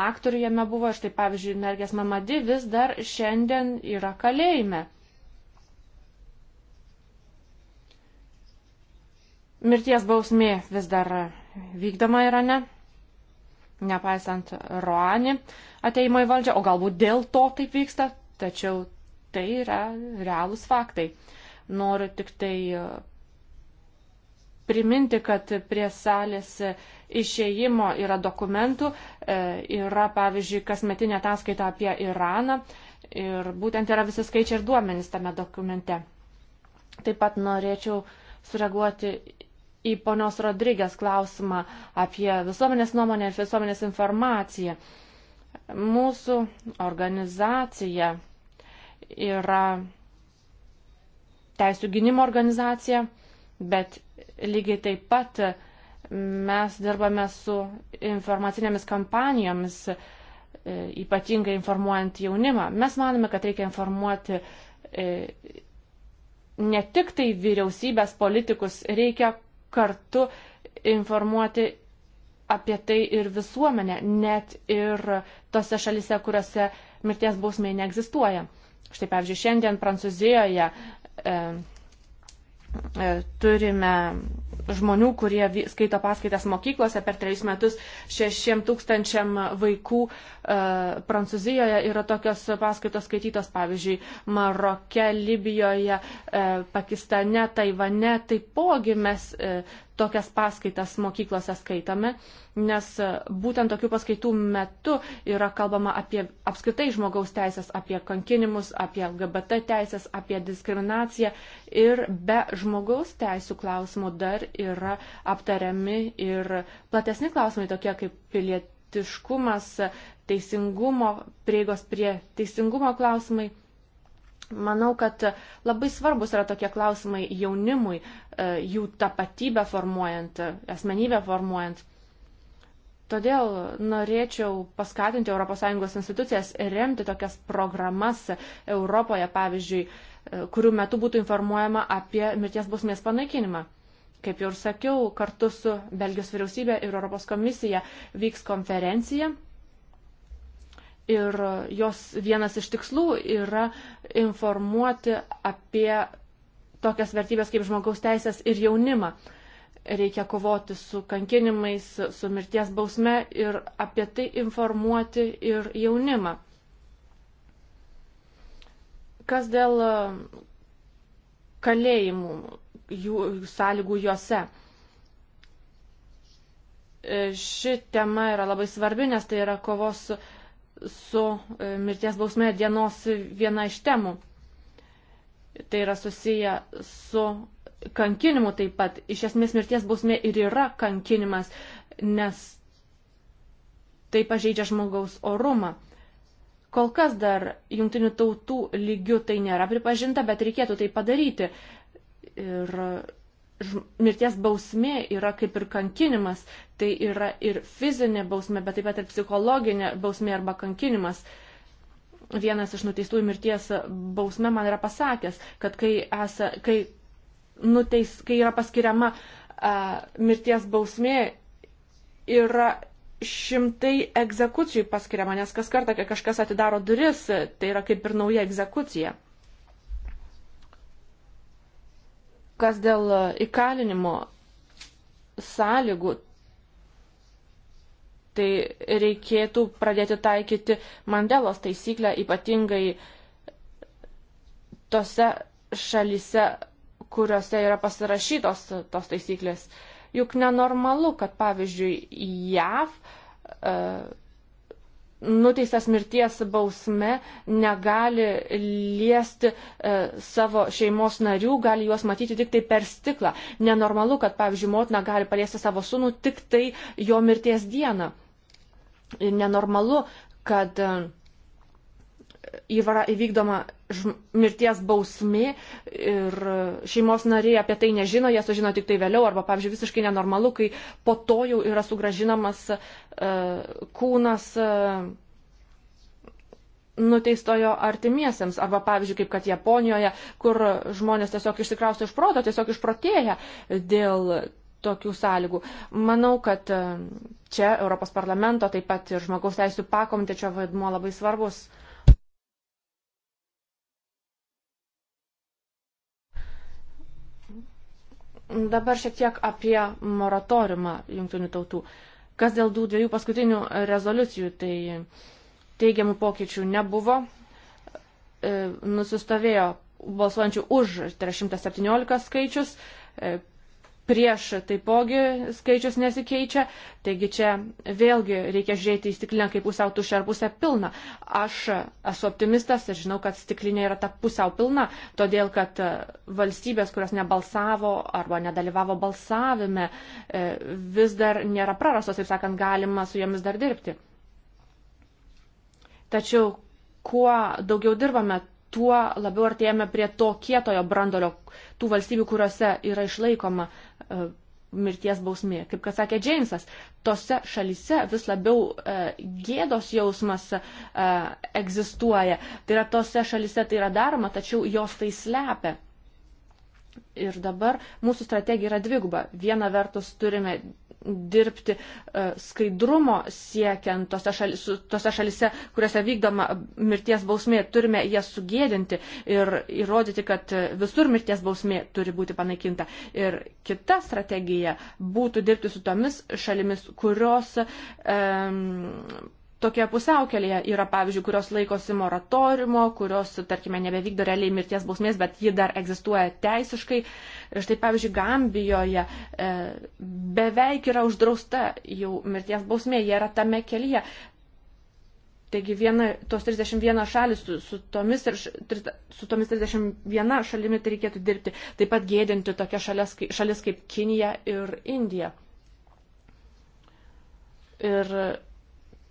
aktorių jame buvo. Štai pavyzdžiui, Mergės Mamadi vis dar šiandien yra kalėjime. Mirties bausmė vis dar vykdoma yra ne, nepaisant Roani. Uh, ateimo į valdžią, o galbūt dėl to taip vyksta, tačiau tai yra realūs faktai. Noriu tik tai e, priminti, kad prie salės išėjimo yra dokumentų, e, yra pavyzdžiui kasmetinė ataskaita apie Iraną ir būtent yra visi skaičiai ir duomenys tame dokumente. Taip pat norėčiau sureaguoti į ponios Rodrygės klausimą apie visuomenės nuomonę ir visuomenės informaciją. Uh, Mūsų organizacija yra teisų gynimo organizacija, bet lygiai taip pat mes dirbame su informacinėmis kampanijomis, e, ypatingai informuojant jaunimą. Mes manome, kad reikia informuoti e, ne tik tai vyriausybės politikus, reikia kartu informuoti apie tai ir visuomenė, net ir tose šalise, kuriuose mirties bausmė neegzistuoja. Štai pavyzdžiui, šiandien Prancūzijoje e, e, turime žmonių, kurie skaito paskaitas mokyklose per trejus metus šešiem tūkstančiam vaikų e, Prancūzijoje yra tokios paskaitos skaitytos, pavyzdžiui, Maroke, Libijoje, e, Pakistane, Taivane. Taipogi mes e, tokias paskaitas mokyklose skaitame, nes būtent tokių paskaitų metu yra kalbama apie apskritai žmogaus teisės, apie kankinimus, apie LGBT teisės, apie diskriminaciją ir be žmogaus teisų klausimų dar yra aptariami ir platesni klausimai tokie kaip pilietiškumas, teisingumo, prieigos prie teisingumo klausimai. Manau, kad labai svarbus yra tokie klausimai jaunimui, e, jų tapatybę formuojant, asmenybę formuojant. Todėl norėčiau paskatinti ES institucijas remti tokias programas Europoje, pavyzdžiui, e, kurių metu būtų informuojama apie mirties bausmės panaikinimą. Kaip jau ir sakiau, kartu su Belgijos vyriausybė ir Europos komisija vyks konferencija Ir jos vienas iš tikslų yra informuoti apie tokias vertybės kaip žmogaus teisės ir jaunimą. Reikia kovoti su kankinimais, su mirties bausme ir apie tai informuoti ir jaunimą. Kas dėl uh, kalėjimų, jų sąlygų juose? E, ši tema yra labai svarbi, nes tai yra kovos su su e, mirties bausme dienos viena iš temų. Tai yra susiję su kankinimu taip pat. Iš esmės mirties bausmė ir yra kankinimas, nes tai pažeidžia žmogaus orumą. Kol kas dar jungtinių tautų lygių tai nėra pripažinta, bet reikėtų tai padaryti. Ir mirties bausmė yra kaip ir kankinimas, tai yra ir fizinė bausmė, bet taip pat ir psichologinė bausmė arba kankinimas. Vienas iš nuteistųjų mirties bausme man yra pasakęs, kad kai, esa, kai, nuteis, kai yra paskiriama a, mirties bausmė, yra šimtai egzekucijų paskiriama, nes kas kartą, kai kažkas atidaro duris, tai yra kaip ir nauja egzekucija. kas dėl e, įkalinimo sąlygų, tai reikėtų pradėti taikyti Mandelos taisyklę ypatingai tose šalise, kuriuose yra pasirašytos tos taisyklės. Juk nenormalu, kad pavyzdžiui JAV uh, nuteistas mirties bausme negali liesti e, savo šeimos narių, gali juos matyti tik tai per stiklą. Nenormalu, kad, pavyzdžiui, motina gali paliesti savo sūnų tik tai jo mirties dieną. Ir nenormalu, kad e, įvykdoma mirties bausmė ir šeimos nariai apie tai nežino, jie sužino tik tai vėliau, arba, pavyzdžiui, visiškai nenormalu, kai po to jau yra sugražinamas e, kūnas e, nuteistojo artimiesiems, arba pavyzdžiui, kaip kad Japonijoje, kur žmonės tiesiog išsikrausto iš proto, tiesiog išprotėja dėl tokių sąlygų. Manau, kad e, čia Europos parlamento, taip pat ir žmogaus teisų pakomitečio vaidmuo labai svarbus. Uh, Dabar šiek tiek apie moratoriumą jungtinių tautų. Kas dėl tų dviejų paskutinių rezoliucijų, tai teigiamų pokyčių nebuvo. E, nusistovėjo balsuojančių už, tai yra 117 skaičius, e, prieš taipogi skaičius nesikeičia, taigi čia vėlgi reikia žiūrėti į stiklinę kaip pusiau tušę ar pusę pilną. Aš esu optimistas ir žinau, kad stiklinė yra ta pusiau pilna, todėl kad e, valstybės, kurios nebalsavo arba nedalyvavo balsavime, e, vis dar nėra prarastos, taip sakant, galima su jomis dar dirbti. Tačiau kuo daugiau dirbame, tuo labiau artėjame prie to kietojo brandolio tų valstybių, kuriuose yra išlaikoma E, mirties bausmė. Kaip kad sakė Džeimsas, tose šalise vis labiau e, gėdos jausmas e, egzistuoja. Tai yra tose šalise tai yra daroma, tačiau jos tai slepia. Ir dabar mūsų strategija yra dviguba. Viena vertus turime dirbti e, skaidrumo siekiant tose, šali, tose šalise, kuriuose vykdoma mirties bausmė, turime jas sugėdinti ir įrodyti, kad visur mirties bausmė turi būti panaikinta. Ir kita strategija būtų dirbti su tomis šalimis, kurios um, tokia pusiaukelėje yra, pavyzdžiui, kurios laikosi moratoriumo, kurios, tarkime, nebevykdo realiai mirties bausmės, bet ji dar egzistuoja teisiškai. Štai, pavyzdžiui, Gambijoje e, beveik yra uždrausta jau mirties bausmė, jie yra tame kelyje. Taigi viena, tos 31 šalis su, su, tomis ir, su tomis 31 šalimi tai reikėtų dirbti, taip pat gėdinti tokia šalis, šalis kaip Kinija ir Indija. Ir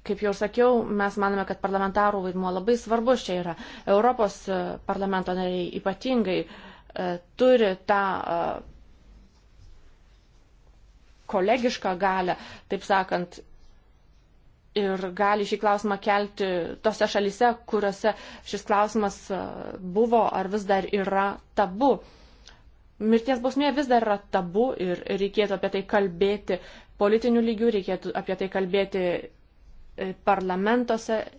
Kaip jau sakiau, mes manome, kad parlamentarų vaidmuo labai svarbus čia yra. Europos e, parlamento nariai ypatingai e, turi tą e, kolegišką galę, taip sakant, ir gali šį klausimą kelti tose šalise, kuriuose šis klausimas buvo ar vis dar yra tabu. Mirties bausmė vis dar yra tabu ir reikėtų apie tai kalbėti politinių lygių, reikėtų apie tai kalbėti E, parlamentuose.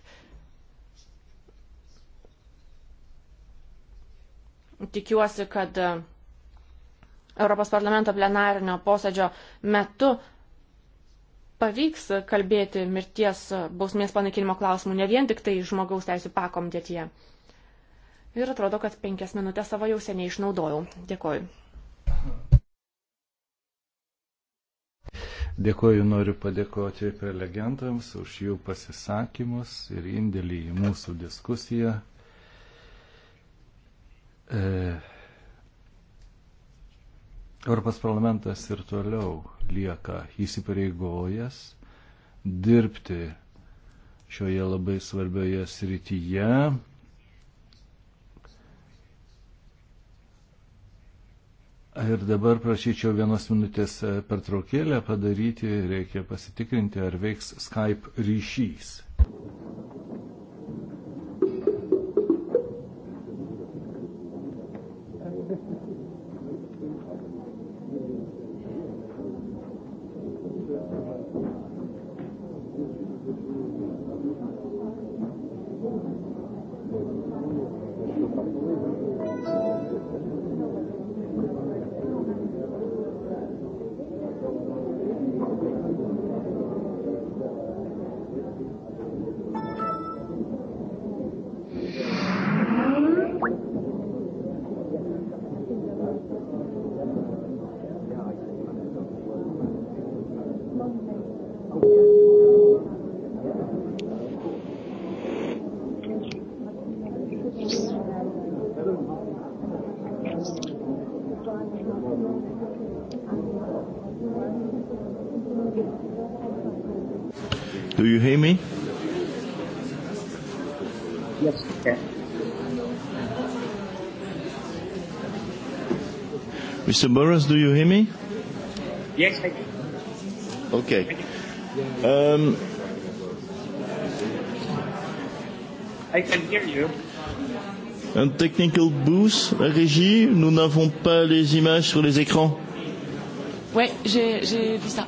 Tikiuosi, kad e, Europos parlamento plenarinio posėdžio metu pavyks kalbėti mirties bausmės panaikinimo klausimų ne vien tik tai žmogaus teisų pakomdėtyje. Ir atrodo, kad penkias minutės savo jau seniai išnaudojau. Dėkoju. Dėkoju, noriu padėkoti prelegentams už jų pasisakymus ir indėlį į mūsų diskusiją. E, Europos parlamentas ir toliau lieka įsipareigojęs dirbti šioje labai svarbioje srityje Ir dabar prašyčiau vienos minutės e, pertraukėlę padaryti, reikia pasitikrinti, ar veiks Skype ryšys. Thank you. Mr. Burris, do you hear me? Yes, I do. Okay. Um, I can hear you. Un technical boost, la régie, nous n'avons pas les images sur les écrans. Oui, j'ai vu ça.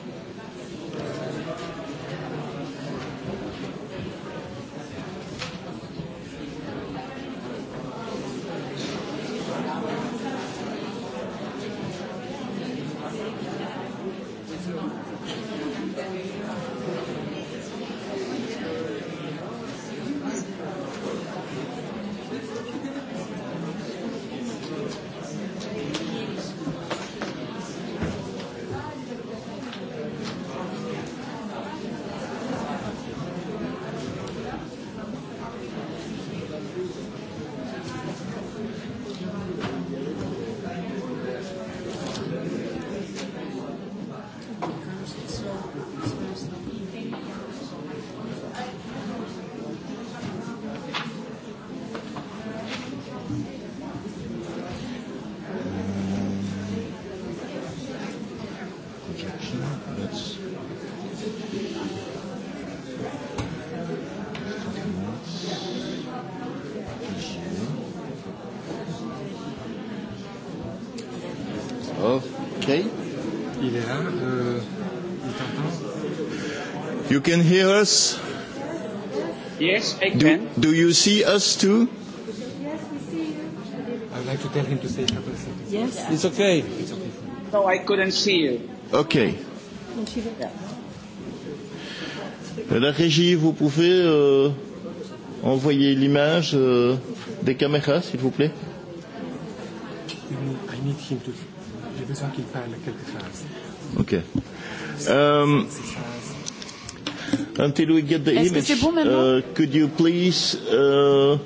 can hear us? Yes, I do, can. Do you see us too? Yes, we see you. I would like to tell him to say a couple of sentences. Yes. It's okay. It's okay. No, I couldn't see you. Okay. Yeah. La régie, vous pouvez euh, envoyer l'image euh, des caméras, s'il vous plaît. I need him to. J'ai besoin qu'il parle quelques phrases. Ok. Euh, um, until we get the image. Que bon uh, could you please uh,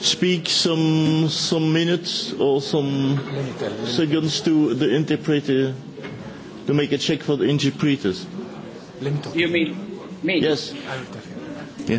speak some some minutes or some seconds to the interpreter to make a check for the interpreters? You mean me? Yes. Yeah.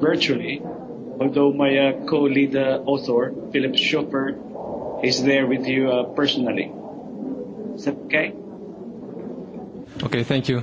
virtually, although my uh, co-lead uh, author, Philip Schopper, is there with you uh, personally. Is that okay? Okay, thank you.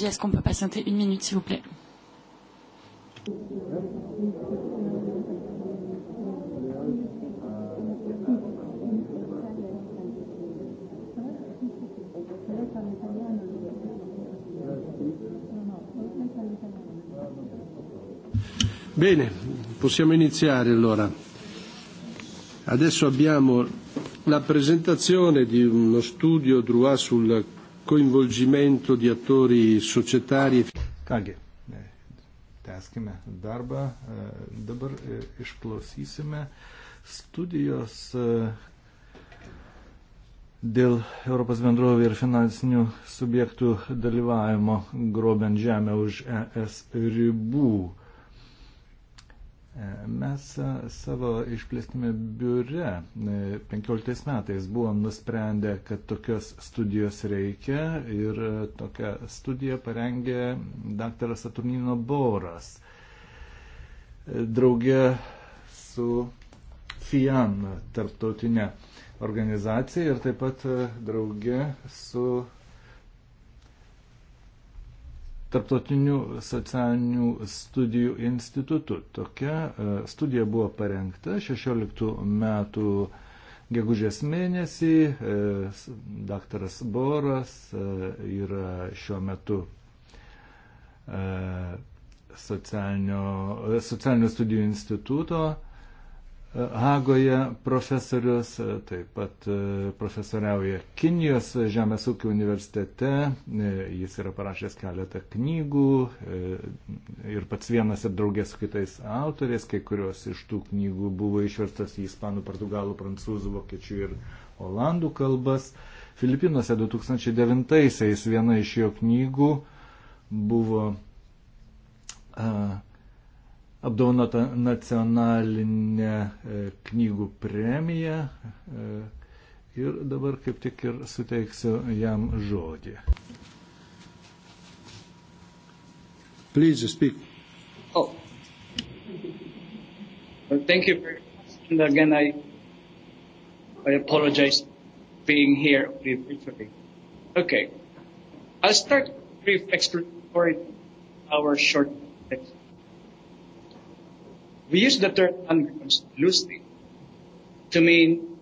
Engie. Est-ce qu'on peut patienter une minute, s'il vous plaît Bene, possiamo iniziare allora. Adesso abbiamo la presentazione di uno studio Drouat sul coinvolgimento di attori societari. E Kągi, tęskime darbą. E, dabar e, išklausysime studijos dėl Europos bendrovų ir finansinių subjektų dalyvavimo grobent žemę už ES ribų. Mes savo išplėstame biure 15 e, metais buvom nusprendę, kad tokios studijos reikia ir e, tokią studiją parengė daktaras Saturnino Boras. E, draugė su FIAN tarptautinė organizacija ir taip pat draugė su Tarptautinių socialinių studijų institutu. Tokia e, studija buvo parengta 16 metų gegužės mėnesį. E, daktaras Boras e, yra šiuo metu socialinių studijų instituto E, Hagoje profesorius, e, taip pat e, profesoriauja Kinijos Žemės ūkio universitete, jis yra parašęs keletą knygų ir pats vienas ir draugės su kitais autoriais, kai kurios iš tų knygų buvo išverstas į ispanų, portugalų, prancūzų, vokiečių ir olandų kalbas. Filipinuose 2009-aisiais viena iš jo knygų buvo a, apdovanota nacionalinė e, knygų premija. E, ir dabar kaip tik ir suteiksiu jam žodį. Please speak. Oh. Well, thank you very much. And again, I, I apologize being here virtually. Okay. I'll start with brief explanatory our short text. We use the term handguns loosely to mean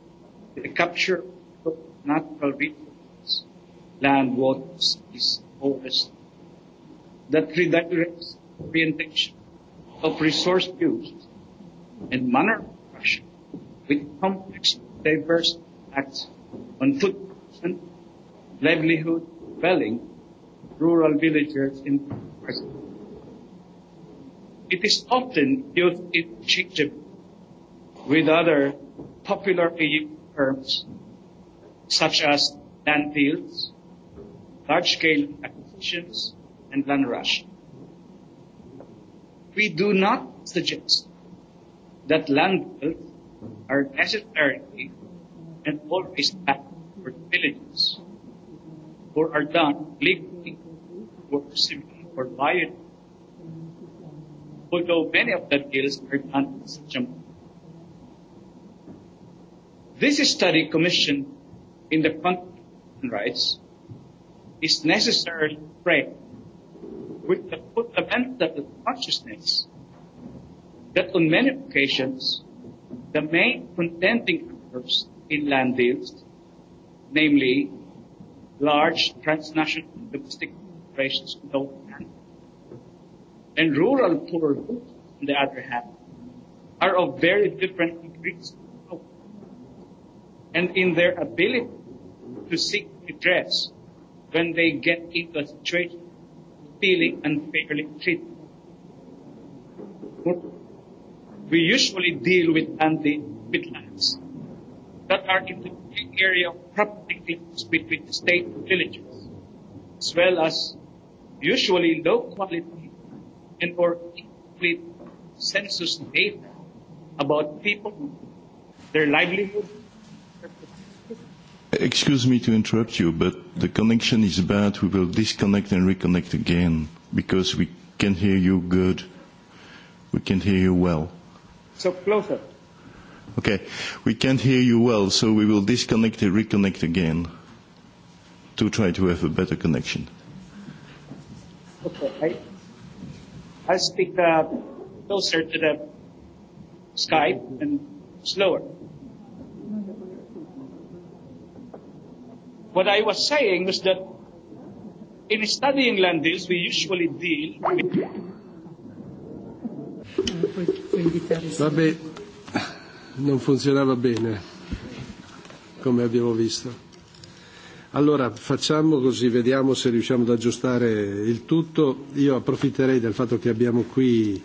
the capture of natural resources, land, waters, seas, forests, that redirects orientation of resource use and manner of action with complex, diverse impacts on food production, livelihood, dwelling, rural villagers in present It is often used interchangeably with other popular terms such as land deals, large-scale acquisitions, and land rush. We do not suggest that land deals are necessarily and always bad for villages or are done legally or simply for liability although many of the deals were done in such a manner. This study commissioned in the context of rights is necessary to pray with the fundamental consciousness that on many occasions the main contending actors in land deals, namely large transnational domestic corporations without and rural poor groups, on the other hand, are of very different degrees of power and in their ability to seek redress when they get into a situation feeling unfairly treated. We usually deal with anti midlands that are in the area of property claims between the state and villages, as well as usually low quality and or with census data about people, their livelihood. Excuse me to interrupt you, but the connection is bad. We will disconnect and reconnect again because we can hear you good. We can hear you well. So closer. Okay, we can't hear you well, so we will disconnect and reconnect again to try to have a better connection. Okay, I, I'll speak uh, closer to the Skype and slower. What I was saying was that in studying land deals, we usually deal with. Vabbè, non funzionava bene, come abbiamo visto. Allora facciamo così, vediamo se riusciamo ad aggiustare il tutto. Io approfitterei del fatto che abbiamo qui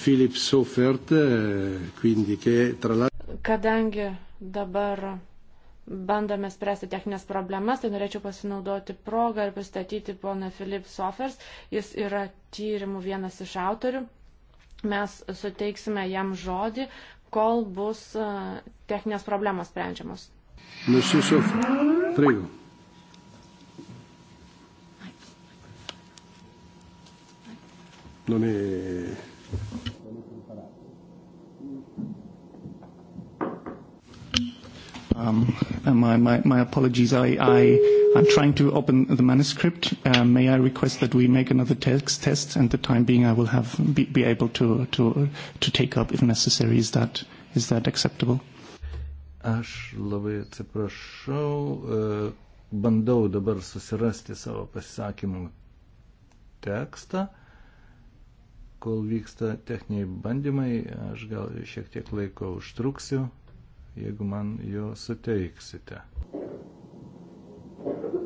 Philip Soffert, eh, quindi che tra l'altro. Kadangi dabar bandome spręsti techninės problemas, tai norėčiau pasinaudoti progą ir pristatyti poną Filip Sofers. Jis yra tyrimų vienas iš autorių. Mes suteiksime jam žodį, kol bus eh, techninės problemos sprendžiamos. Monsieur Sofer, prego. non è... Um, my, my, my apologies. I, I, I'm trying to open the manuscript. Uh, may I request that we make another text test? And the time being, I will have be, be able to, to, to take up if necessary. Is that, is that acceptable? Aš labai atsiprašau, e, bandau dabar susirasti savo pasisakymų tekstą kol vyksta techniniai bandymai, aš gal šiek tiek laiko užtruksiu, jeigu man jo suteiksite. Thank you.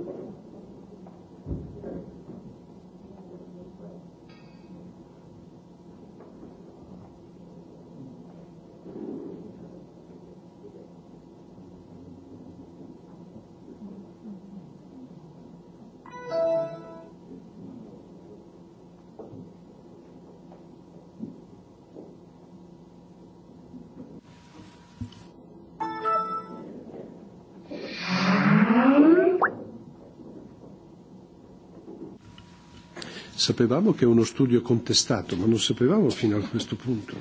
Sapevamo che è uno studio contestato, ma non sapevamo fino a questo punto.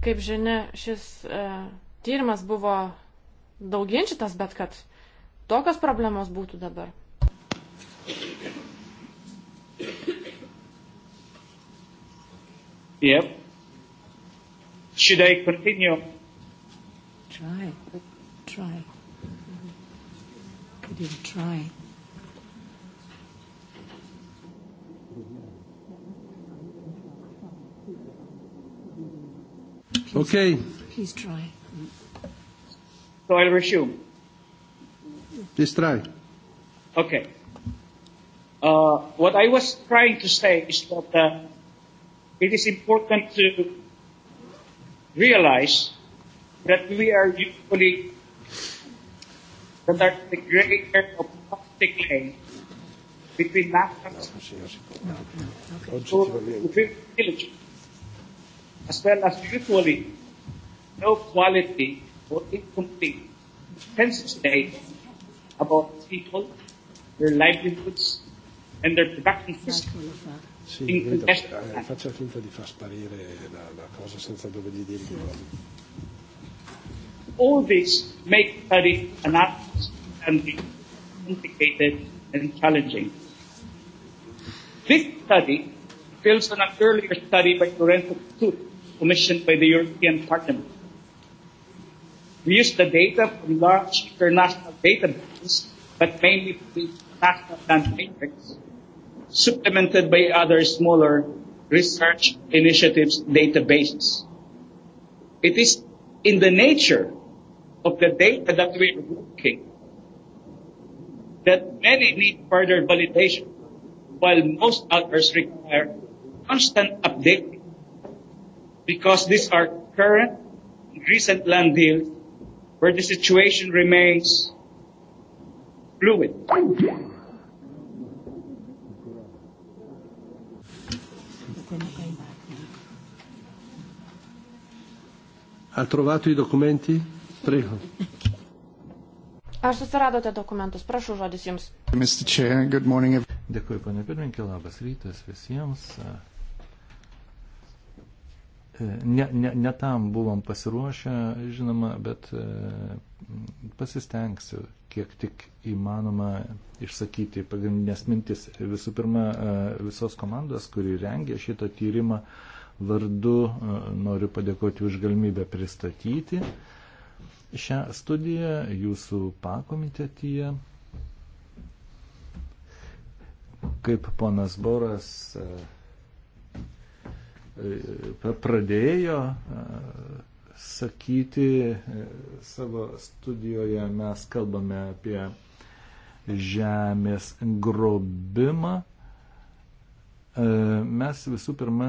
Kaip žinia, šis e, tyrimas buvo dauginčitas, bet kad tokios problemos būtų dabar. Yep. Should I continue? Try, but try. Could you try? Please, okay. Please try. So I'll resume. Please try. Okay. Uh, what I was trying to say is that uh, it is important to realize that we are usually that are the gray area of plastic lane between national no, no, no. okay. So, as well as usually no quality or incomplete census data about people, their livelihoods, and their production system. Sì, in vedo, eh, faccia finta di far sparire la, la cosa senza dovergli dire sì. cosa. All this make study analysis and be complicated and challenging. This study builds on an earlier study by Lorenzo Tutti commissioned by the European Parliament. We use the data from large international databases, but mainly from the International Land Matrix, supplemented by other smaller research initiatives databases. It is in the nature of the data that we are working that many need further validation, while most others require constant update because these are current recent land deals where the situation remains fluid. Ha trovato i documenti? Prego. Ar susiradote dokumentus? Prašau, žodis jums. Mr. Chair, good morning. Dėkui, panė pirmininkė, labas rytas visiems. Uh, E, ne, ne, ne tam buvom pasiruošę, žinoma, bet e, pasistengsiu, kiek tik įmanoma išsakyti pagrindinės mintis. Visų pirma, e, visos komandos, kuri rengė šitą tyrimą, vardu noriu padėkoti už galimybę pristatyti šią studiją jūsų pakomitetyje. Kaip ponas Boras E, pradėjo e, sakyti e, savo studijoje, mes kalbame apie žemės grobimą. Mes visų pirma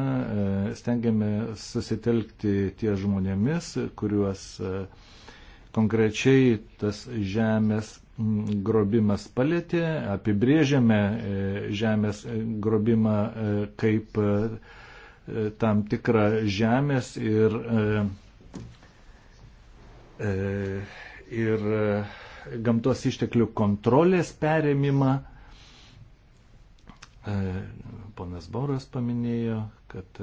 stengiame susitelkti tie žmonėmis, kuriuos konkrečiai tas žemės grobimas palėtė, apibrėžiame žemės grobimą kaip E, tam tikrą žemės ir, e, e, ir gamtos išteklių kontrolės perėmimą. Ponas Boras paminėjo, kad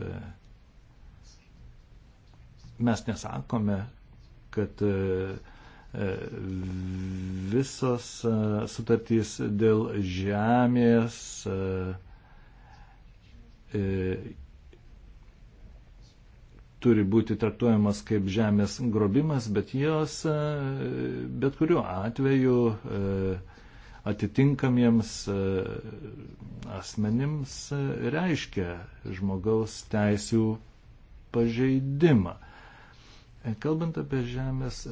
mes nesakome, kad visos sutartys dėl žemės turi būti traktuojamas kaip žemės grobimas, bet jos e, bet kuriuo atveju e, atitinkamiems e, asmenims reiškia žmogaus teisių pažeidimą. Kalbant apie žemės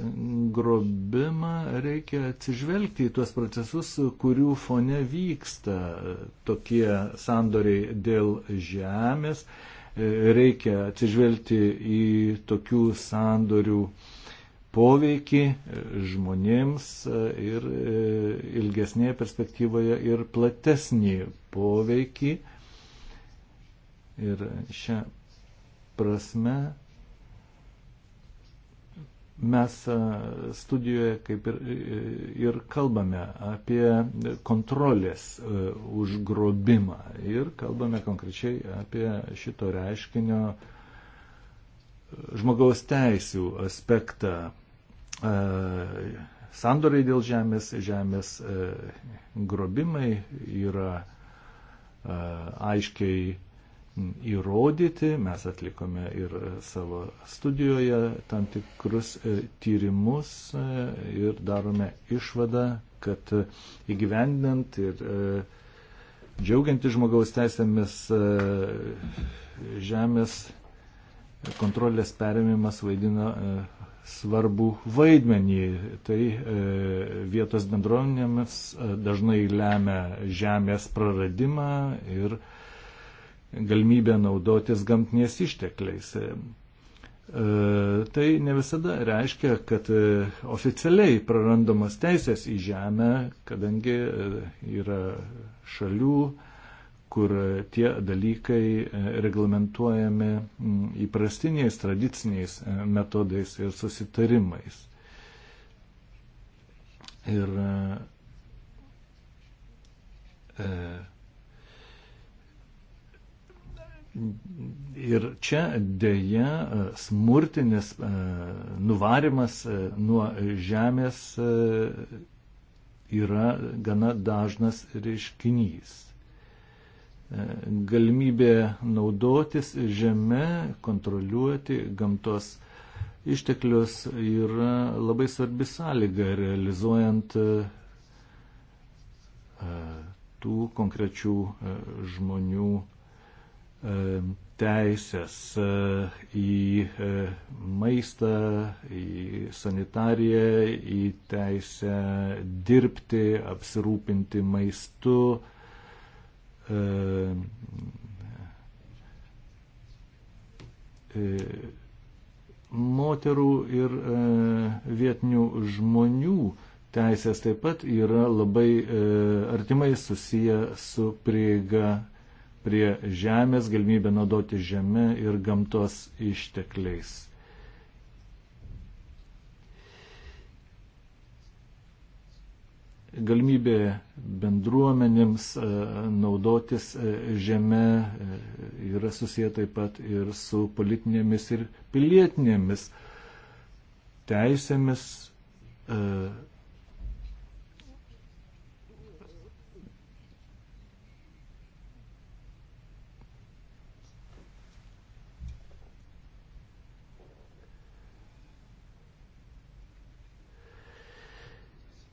grobimą, reikia atsižvelgti į tuos procesus, kurių fone vyksta tokie sandoriai dėl žemės. E, reikia atsižvelgti į tokių sandorių poveikį žmonėms ir e, ilgesnėje perspektyvoje ir platesnį poveikį. Ir šią prasme mes e, studijoje kaip ir, e, ir kalbame apie kontrolės e, užgrobimą ir kalbame konkrečiai apie šito reiškinio žmogaus teisų aspektą sandoriai dėl žemės, žemės grobimai yra aiškiai įrodyti. Mes atlikome ir savo studijoje tam tikrus e, tyrimus e, ir darome išvadą, kad įgyvendinant ir e, džiaugiantis žmogaus teisėmis žemės kontrolės perėmimas vaidina svarbų vaidmenį. Tai vietos bendruomenėmis dažnai lemia žemės praradimą ir e, galimybę naudotis gamtinės ištekliais. E, tai ne visada reiškia, kad e, oficialiai prarandamas teisės į žemę, kadangi e, yra šalių, kur tie dalykai reglamentuojami įprastiniais tradiciniais metodais ir susitarimais. Ir e, Ir čia dėja e, smurtinis e, nuvarimas e, nuo žemės yra gana dažnas reiškinys. Galimybė naudotis žemę, kontroliuoti gamtos išteklius yra labai svarbi sąlyga realizuojant tų konkrečių žmonių E, teisės e, į e, maistą, į sanitariją, į teisę dirbti, apsirūpinti maistu, moterų ir vietinių žmonių teisės taip pat yra labai artimai susiję su prieiga prie žemės, galimybę naudoti žemę ir gamtos ištekliais. Galimybė bendruomenėms e, naudotis e, žemę e, yra susiję taip pat ir su politinėmis ir pilietinėmis teisėmis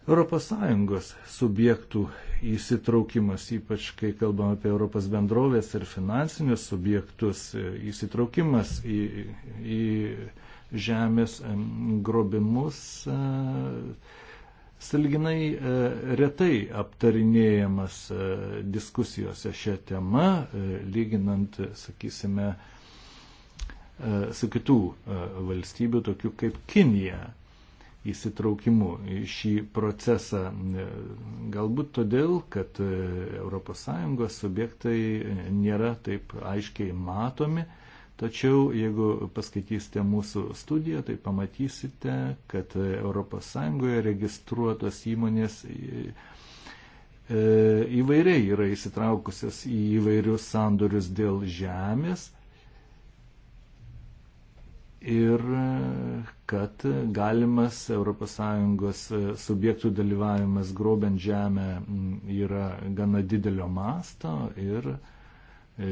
ES subjektų įsitraukimas, ypač kai kalbam apie Europos bendrovės ir finansinius subjektus, įsitraukimas į, į žemės grobimus e, salginai e, retai aptarinėjamas e, diskusijose šią temą, lyginant, sakysime, su kitų valstybių, tokių kaip Kinija įsitraukimu į šį procesą. Galbūt todėl, kad ES subjektai nėra taip aiškiai matomi, tačiau jeigu paskaitysite mūsų studiją, tai pamatysite, kad ES registruotos įmonės e, įvairiai yra įsitraukusios į įvairius sandorius dėl žemės ir kad galimas ES e, subjektų dalyvavimas grobent žemę yra gana didelio masto ir e,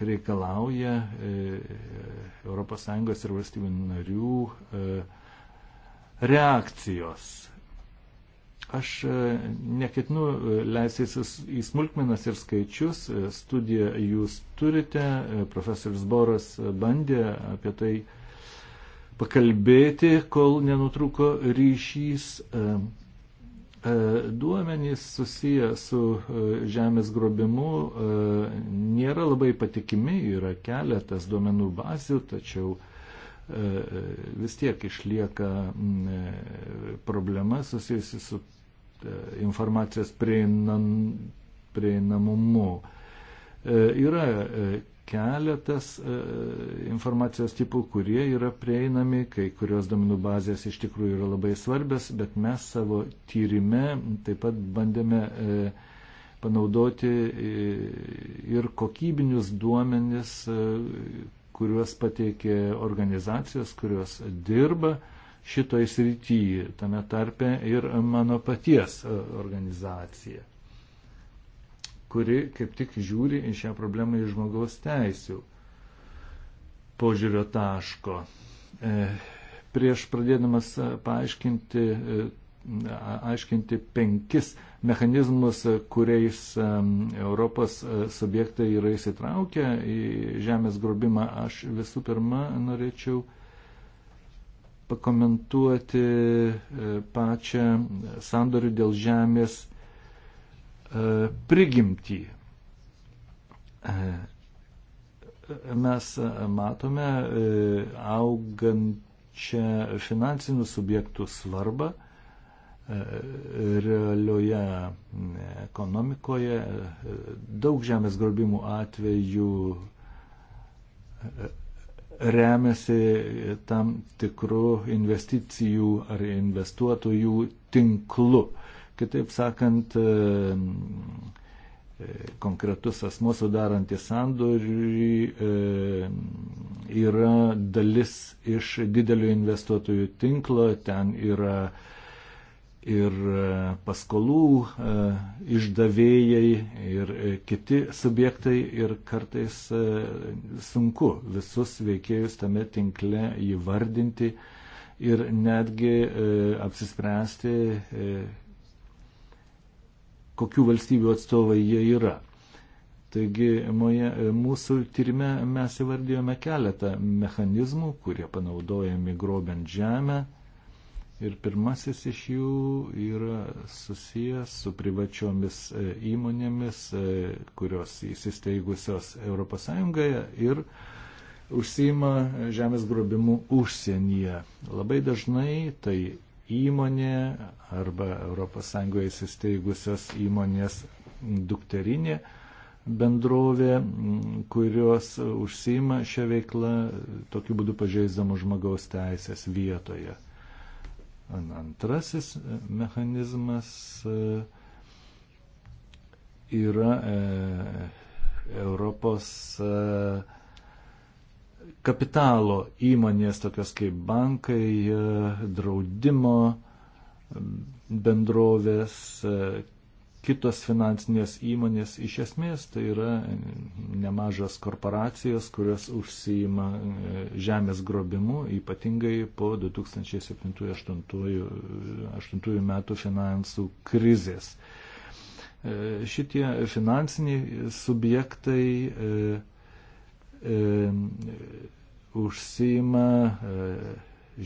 reikalauja ES ir valstybių narių e, reakcijos. Aš e, neketinu e, leistis į smulkmenas ir skaičius. E, studiją jūs turite. Profesorius Boras bandė apie tai pakalbėti, kol nenutruko ryšys. Duomenys susiję su žemės grobimu nėra labai patikimi, yra keletas duomenų bazių, tačiau vis tiek išlieka problema susijusi su E, informacijos prieinam, prieinamumu. E, yra e, keletas informacijos tipų, kurie yra prieinami, kai kurios domenų bazės iš tikrųjų yra labai svarbios, bet mes savo tyrime taip pat bandėme panaudoti ir kokybinius duomenis, kuriuos pateikė organizacijos, kurios dirba šitoje srityje, tame tarpe ir mano paties e, organizacija, kuri kaip tik žiūri į šią problemą iš žmogaus teisų požiūrio taško. E, prieš pradėdamas e, paaiškinti, aiškinti penkis mechanizmus, kuriais Europos subjektai yra įsitraukę į žemės grobimą, aš visų pirma norėčiau pakomentuoti e, pačią sandorių dėl žemės e, prigimtį. E, mes matome augančią finansinių subjektų svarbą realioje ekonomikoje. Daug žemės grobimų atvejų remiasi tam tikrų investicijų ar investuotojų tinklu. Kitaip sakant, e, e, konkretus asmo sudarantis sandorį e, yra dalis iš didelio investuotojų tinklo, ten yra ir e, paskolų e, išdavėjai ir e, kiti subjektai ir kartais sunku visus veikėjus tame tinkle įvardinti ir netgi apsispręsti, kokių valstybių atstovai jie yra. Taigi moje, mūsų tyrime mes įvardėjome keletą mechanizmų, kurie panaudojami grobiant žemę Ir pirmasis iš jų yra susijęs su privačiomis e, įmonėmis, e, kurios įsisteigusios ES ir užsima e, žemės grobimu užsienyje. Labai dažnai tai įmonė arba ES įsisteigusios įmonės dukterinė bendrovė, kurios užsima šią veiklą tokiu būdu pažeisdama žmogaus teisės vietoje. Antrasis e, mechanizmas e, yra e, Europos kapitalo įmonės, tokios kaip bankai, draudimo bendrovės, kitos finansinės įmonės iš esmės tai yra e, nemažas korporacijos, kurios užsijima e, žemės grobimu, ypatingai po 2007-2008 e, metų finansų krizės. Šitie finansiniai subjektai e, e, užsijima e,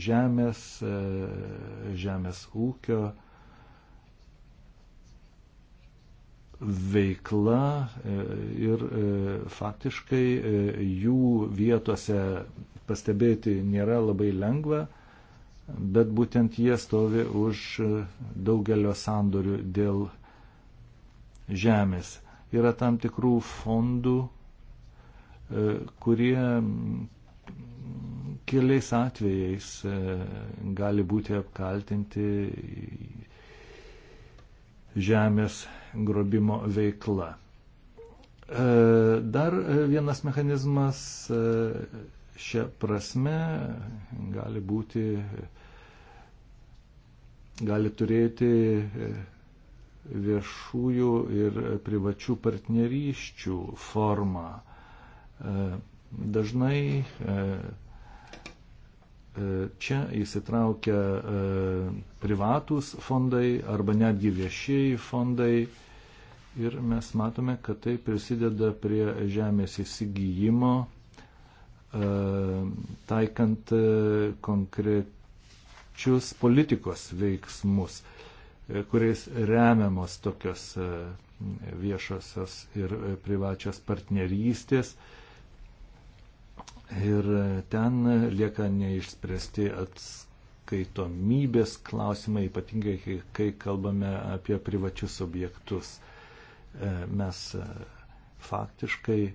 žemės, e, žemės ūkio, e, veikla e, ir e, faktiškai e, jų vietose pastebėti nėra labai lengva, bet būtent jie stovi už daugelio sandorių dėl žemės. Yra tam tikrų fondų, kurie keliais atvejais gali būti apkaltinti žemės grobimo veikla. E, dar vienas mechanizmas e, šią prasme gali būti, gali turėti e, viešųjų ir privačių partnerysčių formą. Dažnai Čia įsitraukia e, privatus fondai arba netgi viešieji fondai ir mes matome, kad tai prisideda prie žemės įsigijimo, e, taikant e, konkrečius politikos veiksmus, kuriais remiamos tokios viešosios ir privačios partnerystės. Ir ten lieka neišspręsti atskaitomybės klausimai, ypatingai kai kalbame apie privačius objektus. E, mes e, faktiškai e,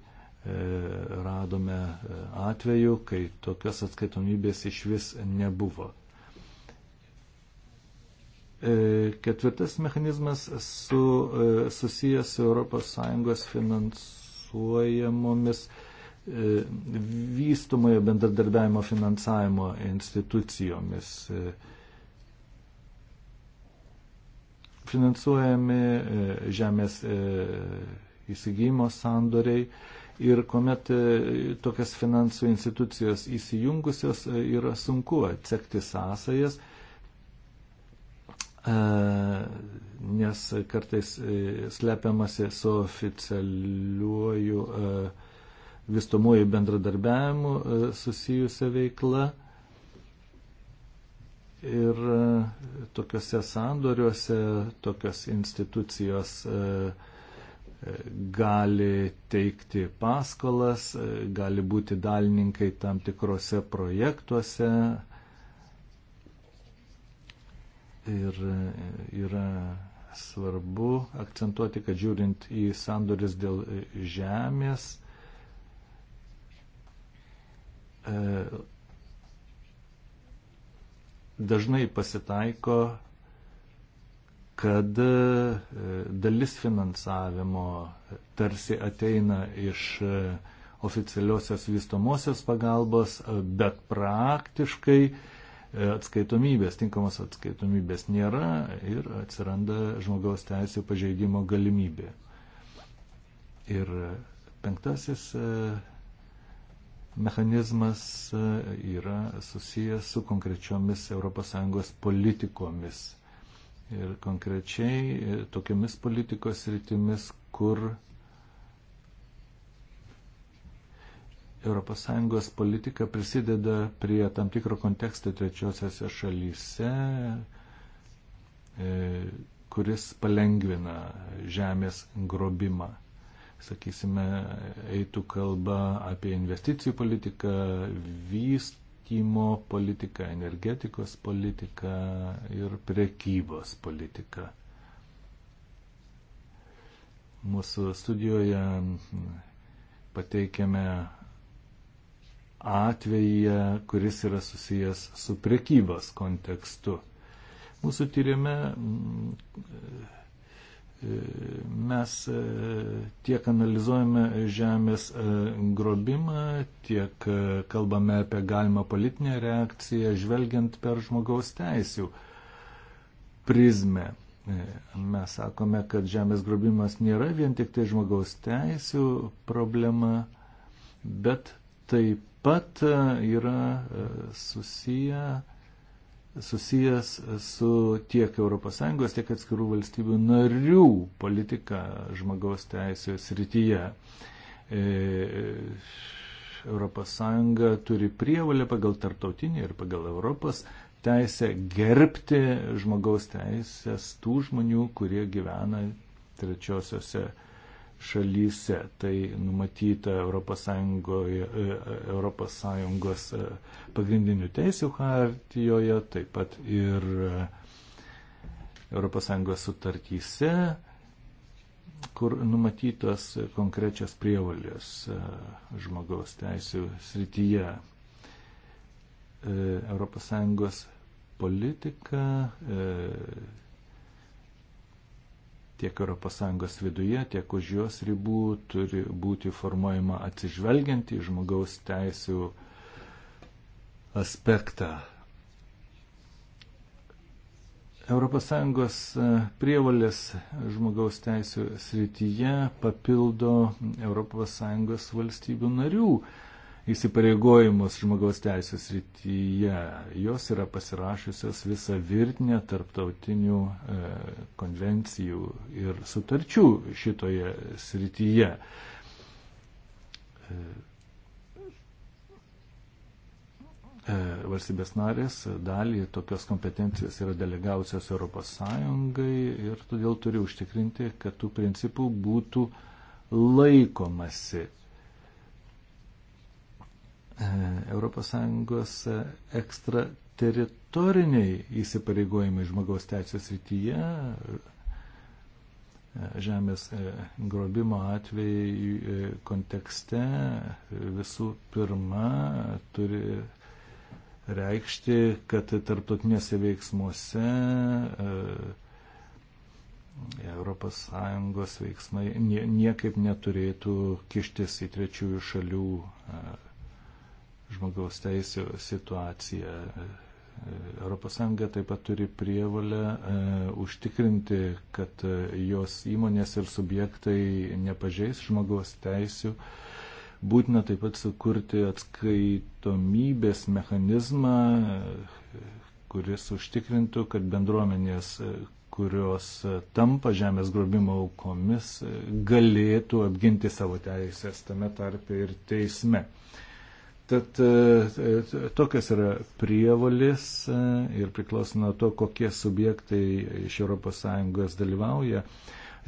radome atveju, kai tokios atskaitomybės iš vis nebuvo. Ketvirtas mechanizmas su, susijęs su ES finansuojamomis vystomojo bendradarbiavimo finansavimo institucijomis. Finansuojami e, žemės e, įsigymo sandoriai ir kuomet e, tokias finansų institucijos įsijungusios yra sunku atsekti sąsajas, nes kartais slepiamasi su oficialiuoju uh, vystomuoju bendradarbiavimu e, susijusią veiklą. Ir e, tokiuose sandoriuose tokios institucijos e, gali teikti paskolas, gali būti dalininkai tam tikrose projektuose. Ir yra svarbu akcentuoti, kad žiūrint į sandorius dėl žemės, E, dažnai pasitaiko, kad e, dalis finansavimo tarsi ateina iš e, oficialiosios vystomosios pagalbos, bet praktiškai atskaitomybės, tinkamos atskaitomybės nėra ir atsiranda žmogaus teisų pažeidimo galimybė. Ir penktasis mechanizmas e, yra susijęs su konkrečiomis ES politikomis ir konkrečiai e, tokiamis politikos rytimis, kur ES politika prisideda prie tam tikro konteksto trečiosiose šalyse, e, kuris palengvina žemės grobimą sakysime, eitų kalba apie investicijų politiką, vystymo politiką, energetikos politiką ir prekybos politiką. Mūsų studijoje pateikėme atvejį, kuris yra susijęs su prekybos kontekstu. Mūsų tyrimė Mes e, tiek analizuojame žemės e, grobimą, tiek e, kalbame apie galimą politinę reakciją, žvelgiant per žmogaus teisų prizmę. Mes sakome, kad žemės grobimas nėra vien tik tai žmogaus teisų problema, bet taip pat yra susiję susijęs su tiek ES, tiek atskirų valstybių narių politika žmogaus teisės rytyje. E, ES turi prievalę pagal tarptautinį ir pagal Europos teisę gerbti žmogaus teisės tų žmonių, kurie gyvena trečiosiose šalyse. Tai numatyta ES e, e, e, pagrindinių teisių hartijoje, taip pat ir ES sutartyse, kur numatytos konkrečios prievalės žmogaus teisų srityje. ES politika tiek ES viduje, tiek už jos ribų turi būti formuojama atsižvelgianti žmogaus teisų aspektą. ES prievalės žmogaus teisų srityje papildo ES valstybių narių įsipareigojimus žmogaus teisės rytyje. Jos yra pasirašiusios visą virtinę tarptautinių e, konvencijų ir sutarčių šitoje srityje. E, e, Varsybės narės dalį tokios kompetencijos yra delegavusios Europos Sąjungai ir todėl turi užtikrinti, kad tų principų būtų laikomasi ES ekstrateritoriniai įsipareigojimai žmogaus teisės rytyje, e, žemės e, grobimo atvejai e, kontekste visų pirma turi reikšti, kad tarptautinėse veiksmuose ES veiksmai niekaip neturėtų kištis į trečiųjų šalių žmogaus teisų situaciją. ES taip pat turi prievalę e, užtikrinti, kad e, jos įmonės ir subjektai nepažeis žmogaus teisų. Būtina taip pat sukurti atskaitomybės mechanizmą, kuris užtikrintų, kad bendruomenės, e, kurios tampa žemės grobimo aukomis, galėtų apginti savo teisės tame tarpe ir teisme. Uh, Tad e, e, tokios yra prievalis e, ir priklauso nuo to, kokie subjektai iš ES dalyvauja.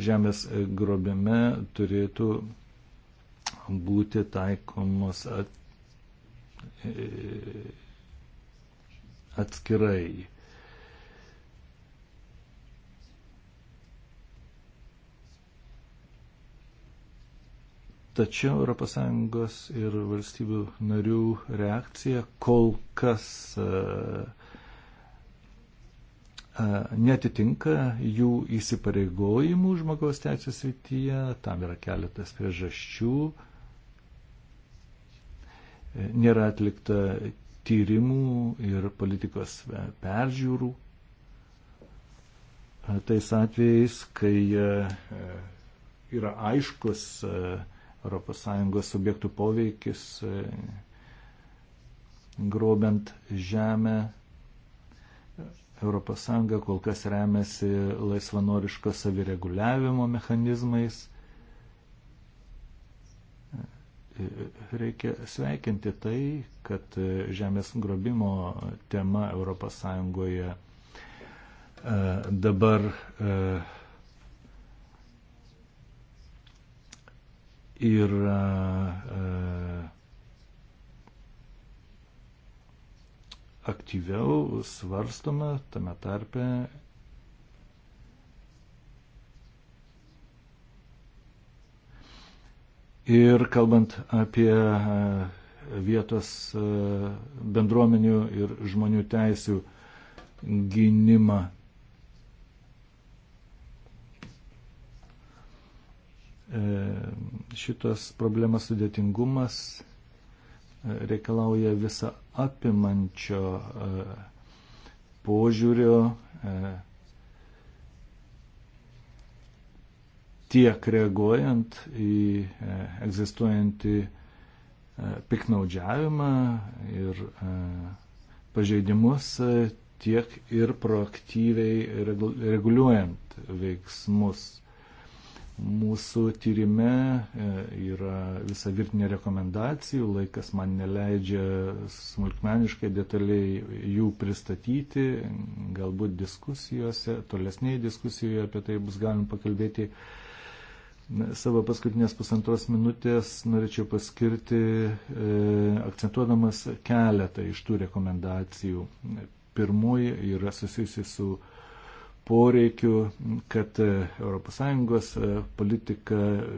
Žemės grobime turėtų būti taikomos at, atskirai. Tačiau ES ir valstybių narių reakcija kol kas e, e, netitinka jų įsipareigojimų žmogaus teisės rytyje, tam yra keletas priežasčių. E, nėra atlikta tyrimų ir politikos peržiūrų. Tais atvejais, kai yra aiškus uh, ES subjektų poveikis, e, grobent žemę. ES kol kas remiasi laisvanoriško savireguliavimo mechanizmais. E, reikia sveikinti tai, kad e, žemės grobimo tema ES dabar uh, yra e, e, aktyviau svarstoma tame tarpe ir kalbant apie e, vietos bendruomenių ir žmonių teisių gynimą E, šitos problemas sudėtingumas e, reikalauja visą apimančio e, požiūrio tiek reaguojant į egzistuojantį piknaudžiavimą ir pažeidimus, tiek ir proaktyviai reguliuojant veiksmus Mūsų tyrime e, yra visa virtinė rekomendacijų, laikas man neleidžia smulkmeniškai detaliai jų pristatyti, galbūt diskusijose, tolesnėje diskusijoje apie tai bus galima pakalbėti. Savo paskutinės pusantros minutės norėčiau paskirti, e, akcentuodamas keletą iš tų rekomendacijų. Pirmoji yra susijusi su e, poreikiu, kad ES e, politika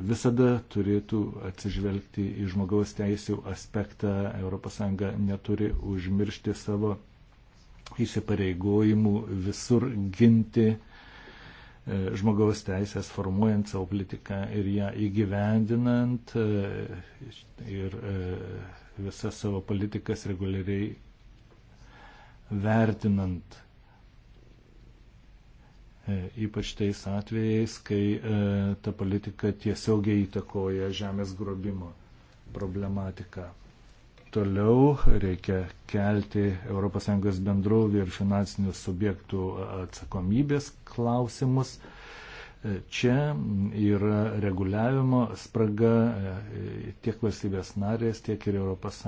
visada turėtų atsižvelgti į žmogaus teisų aspektą. ES neturi užmiršti savo įsipareigojimų visur ginti e, žmogaus teisės, formuojant savo politiką ir ją įgyvendinant e, ir visas savo politikas reguliariai vertinant. E, ypač tais atvejais, kai e, ta politika tiesiogiai įtakoja žemės grobimo problematiką. Toliau reikia kelti ES bendrovį ir finansinių subjektų atsakomybės klausimus. E, čia yra reguliavimo spraga tiek valstybės narės, tiek ir ES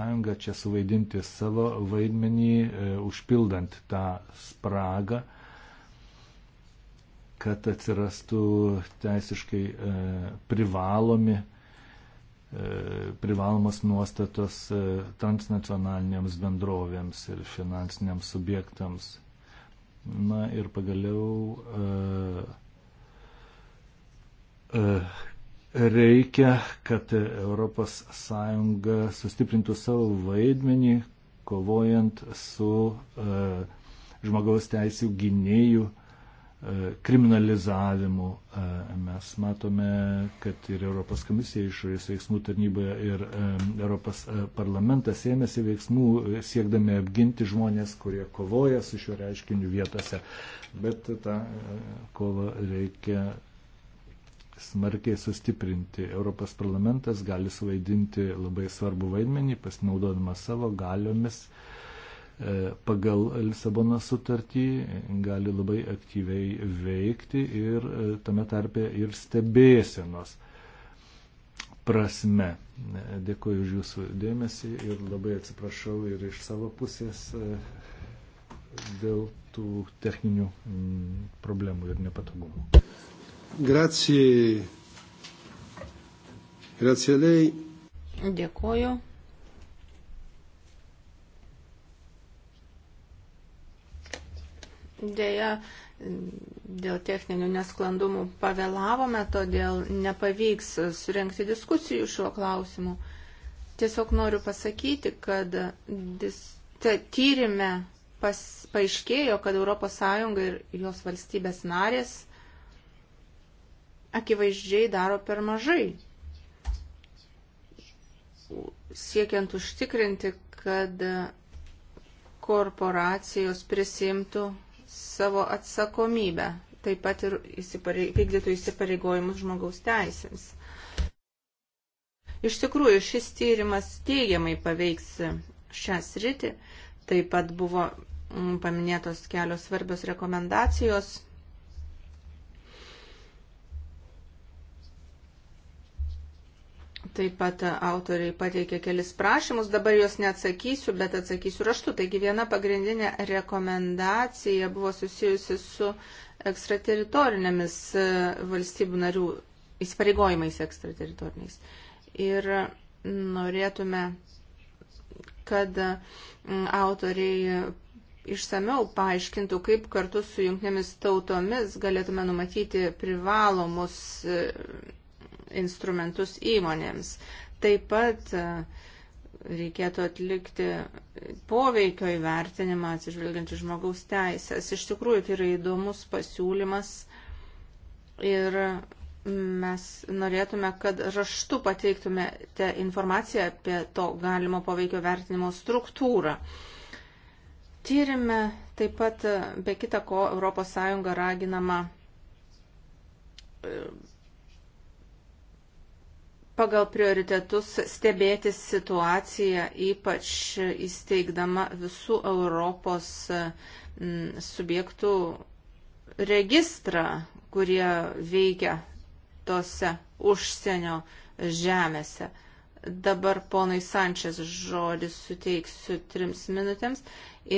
čia suvaidinti savo vaidmenį, užpildant tą spragą kad atsirastų teisiškai e, privalomi, e, privalomas nuostatos e, transnacionalinėms bendrovėms ir finansiniams subjektams. Na ir pagaliau e, e, reikia, kad ES sustiprintų savo vaidmenį, kovojant su e, žmogaus teisų gynėjų E, kriminalizavimu. E, mes matome, kad ir Europos komisija išorės veiksmų tarnyboje ir e, Europos parlamentas ėmėsi veiksmų siekdami apginti žmonės, kurie kovoja su šiuo reiškiniu vietose. Bet tą kovą reikia smarkiai sustiprinti. Europos parlamentas gali suvaidinti labai svarbu vaidmenį, pasinaudodamas savo galiomis E, pagal Lisabono sutartį gali labai aktyviai veikti ir e, tame tarpe ir stebėsenos prasme. E, dėkuoju už jūsų dėmesį ir labai atsiprašau ir iš savo pusės dėl tų techninių mm, problemų ir nepatogumų. Grazie. Grazie lei. Dėkuoju. Deja, dėl techninių nesklandumų pavėlavome, todėl nepavyks surenkti diskusijų šiuo klausimu. Tiesiog noriu pasakyti, kad dis, ta, tyrime pas, paaiškėjo, kad ES ir jos valstybės narės akivaizdžiai daro per mažai, siekiant užtikrinti, kad korporacijos prisimtų savo atsakomybę, taip pat ir įsiparei, vykdytų įsipareigojimus žmogaus teisėms. Iš tikrųjų, šis tyrimas teigiamai paveiks šią sritį, taip pat buvo mm, paminėtos kelios svarbios rekomendacijos Taip pat autoriai pateikė kelis prašymus, dabar juos neatsakysiu, bet atsakysiu raštu. Taigi viena pagrindinė rekomendacija buvo susijusi su ekstrateritorinėmis e, valstybių narių įsipareigojimais ekstrateritoriniais. Ir norėtume, kad e, autoriai išsameu paaiškintų, kaip kartu su jungtinėmis tautomis galėtume numatyti privalomus e, instrumentus įmonėms. Taip pat e, reikėtų atlikti poveikio įvertinimą atsižvelgiant į žmogaus teisės. Iš tikrųjų, tai yra įdomus pasiūlymas ir mes norėtume, kad raštu pateiktumėte informaciją apie to galimo poveikio vertinimo struktūrą. Tyrime taip pat be kita ko ES raginama e, pagal prioritetus stebėti situaciją, ypač įsteigdama visų Europos subjektų registrą, kurie veikia tose užsienio žemėse. Dabar ponai Sančias žodį suteiksiu trims minutėms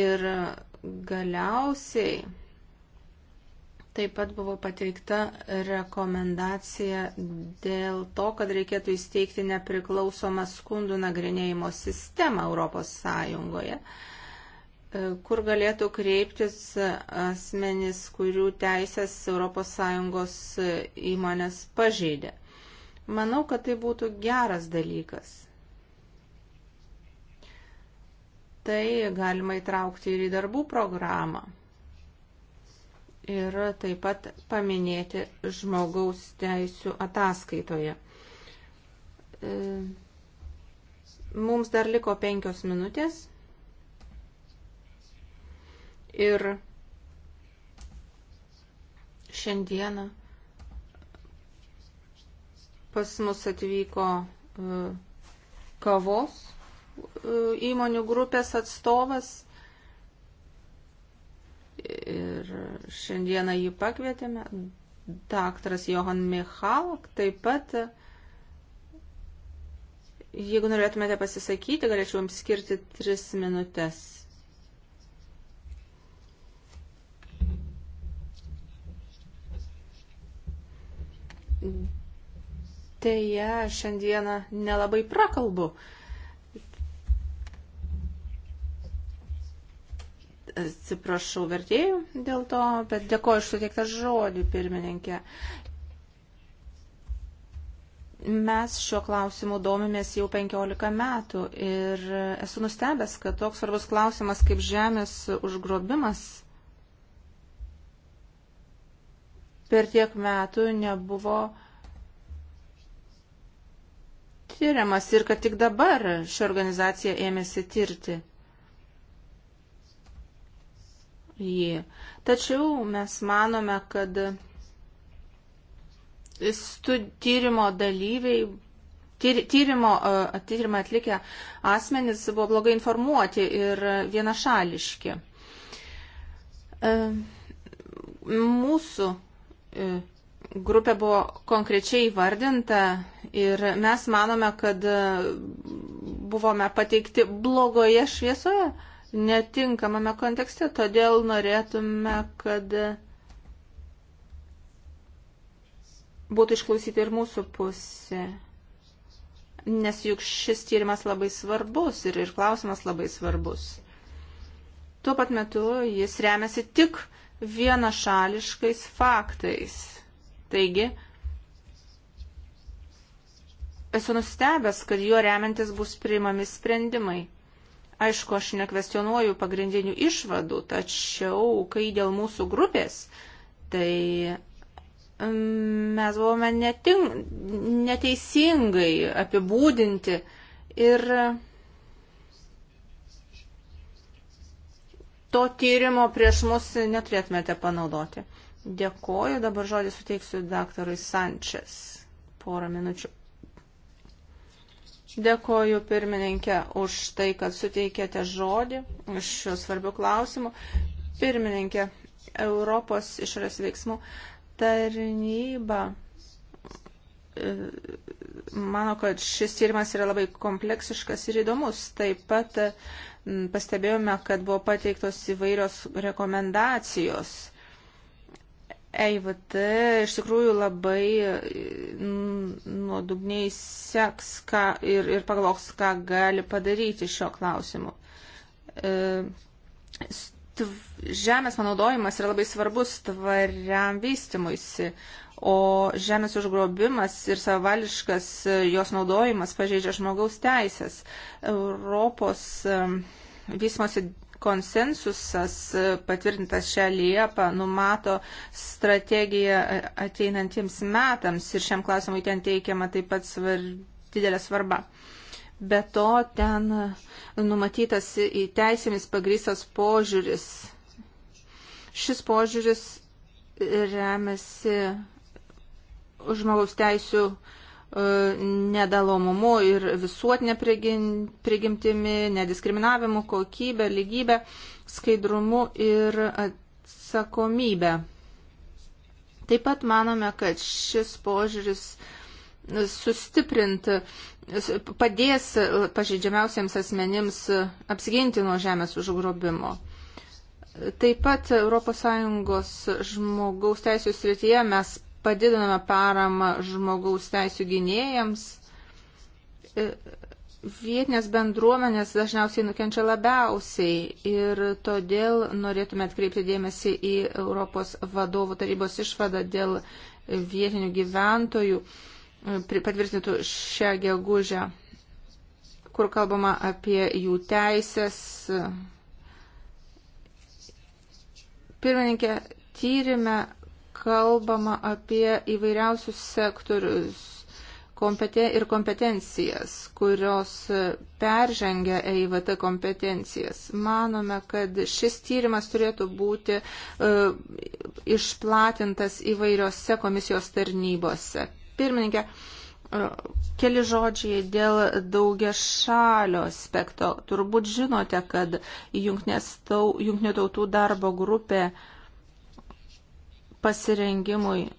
ir galiausiai Taip pat buvo pateikta rekomendacija dėl to, kad reikėtų įsteigti nepriklausomą skundų nagrinėjimo sistemą Europos Sąjungoje, e, kur galėtų kreiptis asmenys, kurių teisės Europos Sąjungos įmonės pažeidė. Manau, kad tai būtų geras dalykas. Tai galima įtraukti ir į darbų programą ir taip pat paminėti žmogaus teisų ataskaitoje. E, mums dar liko penkios minutės ir šiandieną pas mus atvyko e, kavos e, įmonių grupės atstovas Ir šiandieną jį pakvietėme. Daktaras Johan Michalak taip pat. Jeigu norėtumėte pasisakyti, galėčiau jums skirti tris minutės. Deja, šiandieną nelabai prakalbu. Uh, Atsiprašau vertėjų dėl to, bet dėkoju iš suteiktą žodį, pirmininkė. Mes šiuo klausimu domimės jau 15 metų ir esu nustebęs, kad toks svarbus klausimas kaip žemės užgrobimas per tiek metų nebuvo tyriamas ir kad tik dabar ši organizacija ėmėsi tirti. jį. Tačiau mes manome, kad tyrimo dalyviai, tyr, tyrimo, tyrimą atlikę asmenys buvo blogai informuoti ir vienašališki. Mūsų e, grupė buvo konkrečiai įvardinta ir mes manome, kad e, buvome pateikti blogoje šviesoje netinkamame kontekste, todėl norėtume, kad būtų išklausyti ir mūsų pusė. Nes juk šis tyrimas labai svarbus ir, ir klausimas labai svarbus. Tuo pat metu jis remiasi tik vienašališkais faktais. Taigi, esu nustebęs, kad juo remiantis bus priimami sprendimai. Aišku, aš nekvestionuoju pagrindinių išvadų, tačiau kai dėl mūsų grupės, tai mm, mes buvome neting, neteisingai apibūdinti ir to tyrimo prieš mus neturėtumėte panaudoti. Dėkoju, dabar žodį suteiksiu daktarui Sančias. Porą minučių. Dėkoju pirmininkė už tai, kad suteikėte žodį iš šių svarbių klausimų. Pirmininkė, Europos išorės veiksmų tarnyba e, mano, kad šis tyrimas yra labai kompleksiškas ir įdomus. Taip pat pastebėjome, kad buvo pateiktos įvairios rekomendacijos EIVT iš tikrųjų labai e, nuodugniai seks ką, ir, ir pagalvos, ką gali padaryti šio klausimu. E, žemės panaudojimas yra labai svarbus tvariam vystimuisi, o žemės užgrobimas ir savališkas e, jos naudojimas pažeidžia žmogaus teisės. Europos vystimosi konsensusas e, patvirtintas šią Liepą numato strategiją e, ateinantiems metams ir šiam klausimui ten teikiama taip pat svar, didelė svarba. Be to ten e, numatytas į teisėmis pagrysas požiūris. Šis požiūris remiasi žmogaus teisų E, nedalomumu ir visuotinė prigimtimi, nediskriminavimu, kokybė, lygybė, skaidrumu ir atsakomybė. Taip pat manome, kad šis požiūris sustiprinti, padės pažeidžiamiausiems asmenims apsiginti nuo žemės užgrobimo. Taip pat ES žmogaus teisų srityje mes padidiname paramą žmogaus teisų gynėjams. E, vietinės bendruomenės dažniausiai nukenčia labiausiai ir todėl norėtume atkreipti dėmesį į Europos vadovų tarybos išvadą dėl vietinių gyventojų e, patvirtintų šią gegužę, kur kalbama apie jų teisės. Pirmininkė, tyrimė kalbama apie įvairiausius sektorius kompeten ir kompetencijas, kurios peržengia EIVT kompetencijas. Manome, kad šis tyrimas turėtų būti uh, išplatintas įvairiose komisijos tarnybose. Pirmininkė, e, Keli žodžiai dėl daugia šalio aspekto. Turbūt žinote, kad Junknių tautų darbo grupė uh, pasirengimui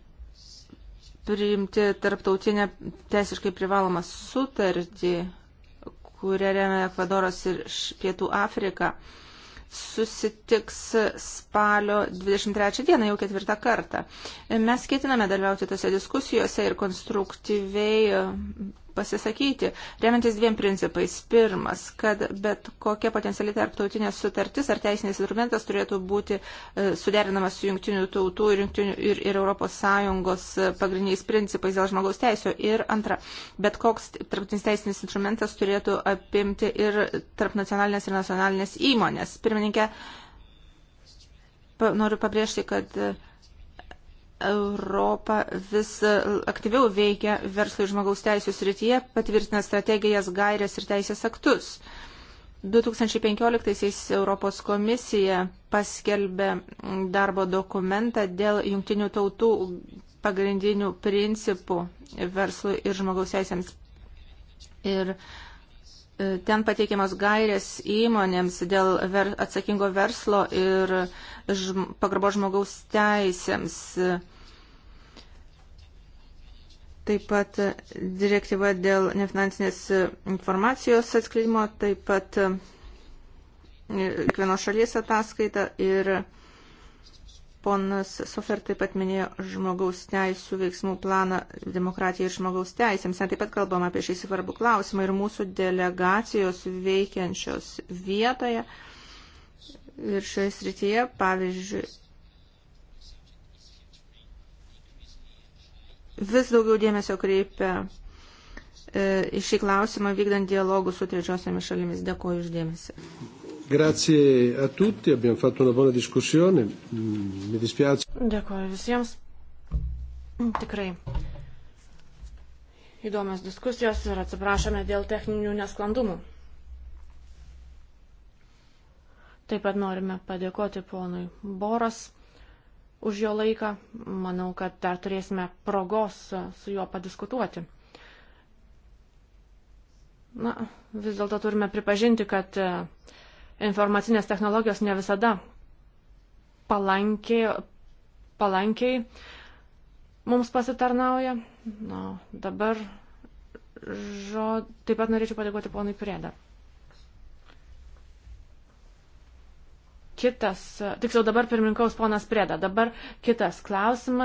priimti tarptautinę teisiškai privalomą sutartį, kurią remia Ekvadoras ir Pietų Afrika, susitiks spalio 23 dieną, jau ketvirtą kartą. Mes ketiname dalyvauti tose diskusijose ir konstruktyviai pasisakyti, remiantis dviem principais. Pirmas, kad bet kokia potencialiai tarptautinė sutartis ar teisinis instrumentas turėtų būti e, suderinamas su jungtinių tautų ir, jungtinių, ir, ir ES e, pagrindiniais principais dėl žmogaus teisio. Ir antra, bet koks tarptautinis teisinis instrumentas turėtų apimti ir tarpnacionalinės ir nacionalinės įmonės. Pirmininkė, noriu pabrėžti, kad e, Europa vis e, aktyviau veikia verslo ir žmogaus teisų srityje, patvirtina strategijas, gairias ir teisės aktus. 2015-aisiais Europos komisija paskelbė darbo dokumentą dėl jungtinių tautų pagrindinių principų verslui ir žmogaus teisėms. Ir uh, E, ten pateikiamos gairės įmonėms dėl ver, atsakingo verslo ir žm, pagarbo žmogaus teisėms. Taip pat direktyva dėl nefinansinės informacijos atskleidimo, taip pat e, kiekvienos šalies ataskaita ir Ponas Sofer taip pat minėjo žmogaus teisų veiksmų planą demokratijai ir žmogaus teisėms. Mes taip pat kalbam apie šį svarbų klausimą ir mūsų delegacijos veikiančios vietoje ir šioje srityje, pavyzdžiui, vis daugiau dėmesio kreipia e, į šį klausimą vykdant dialogų su trečiosiamis šalimis. Dėkuoju uždėmesi. Grazie a tutti, abbiamo fatto una buona discussione. Mi dispiace. Dėkuoju visiems. Tikrai. Įdomios diskusijos ir atsiprašome dėl techninių nesklandumų. Taip pat norime padėkoti ponui Boras už jo laiką. Manau, kad dar turėsime progos su juo padiskutuoti. Na, vis dėlto turime pripažinti, kad uh, informacinės technologijos ne visada palankiai, palankiai mums pasitarnauja. Na, dabar žo... taip pat norėčiau padėkoti ponui Prėdą. Kitas, tiksliau dabar pirmininkaus ponas Prėda, dabar kitas klausimas.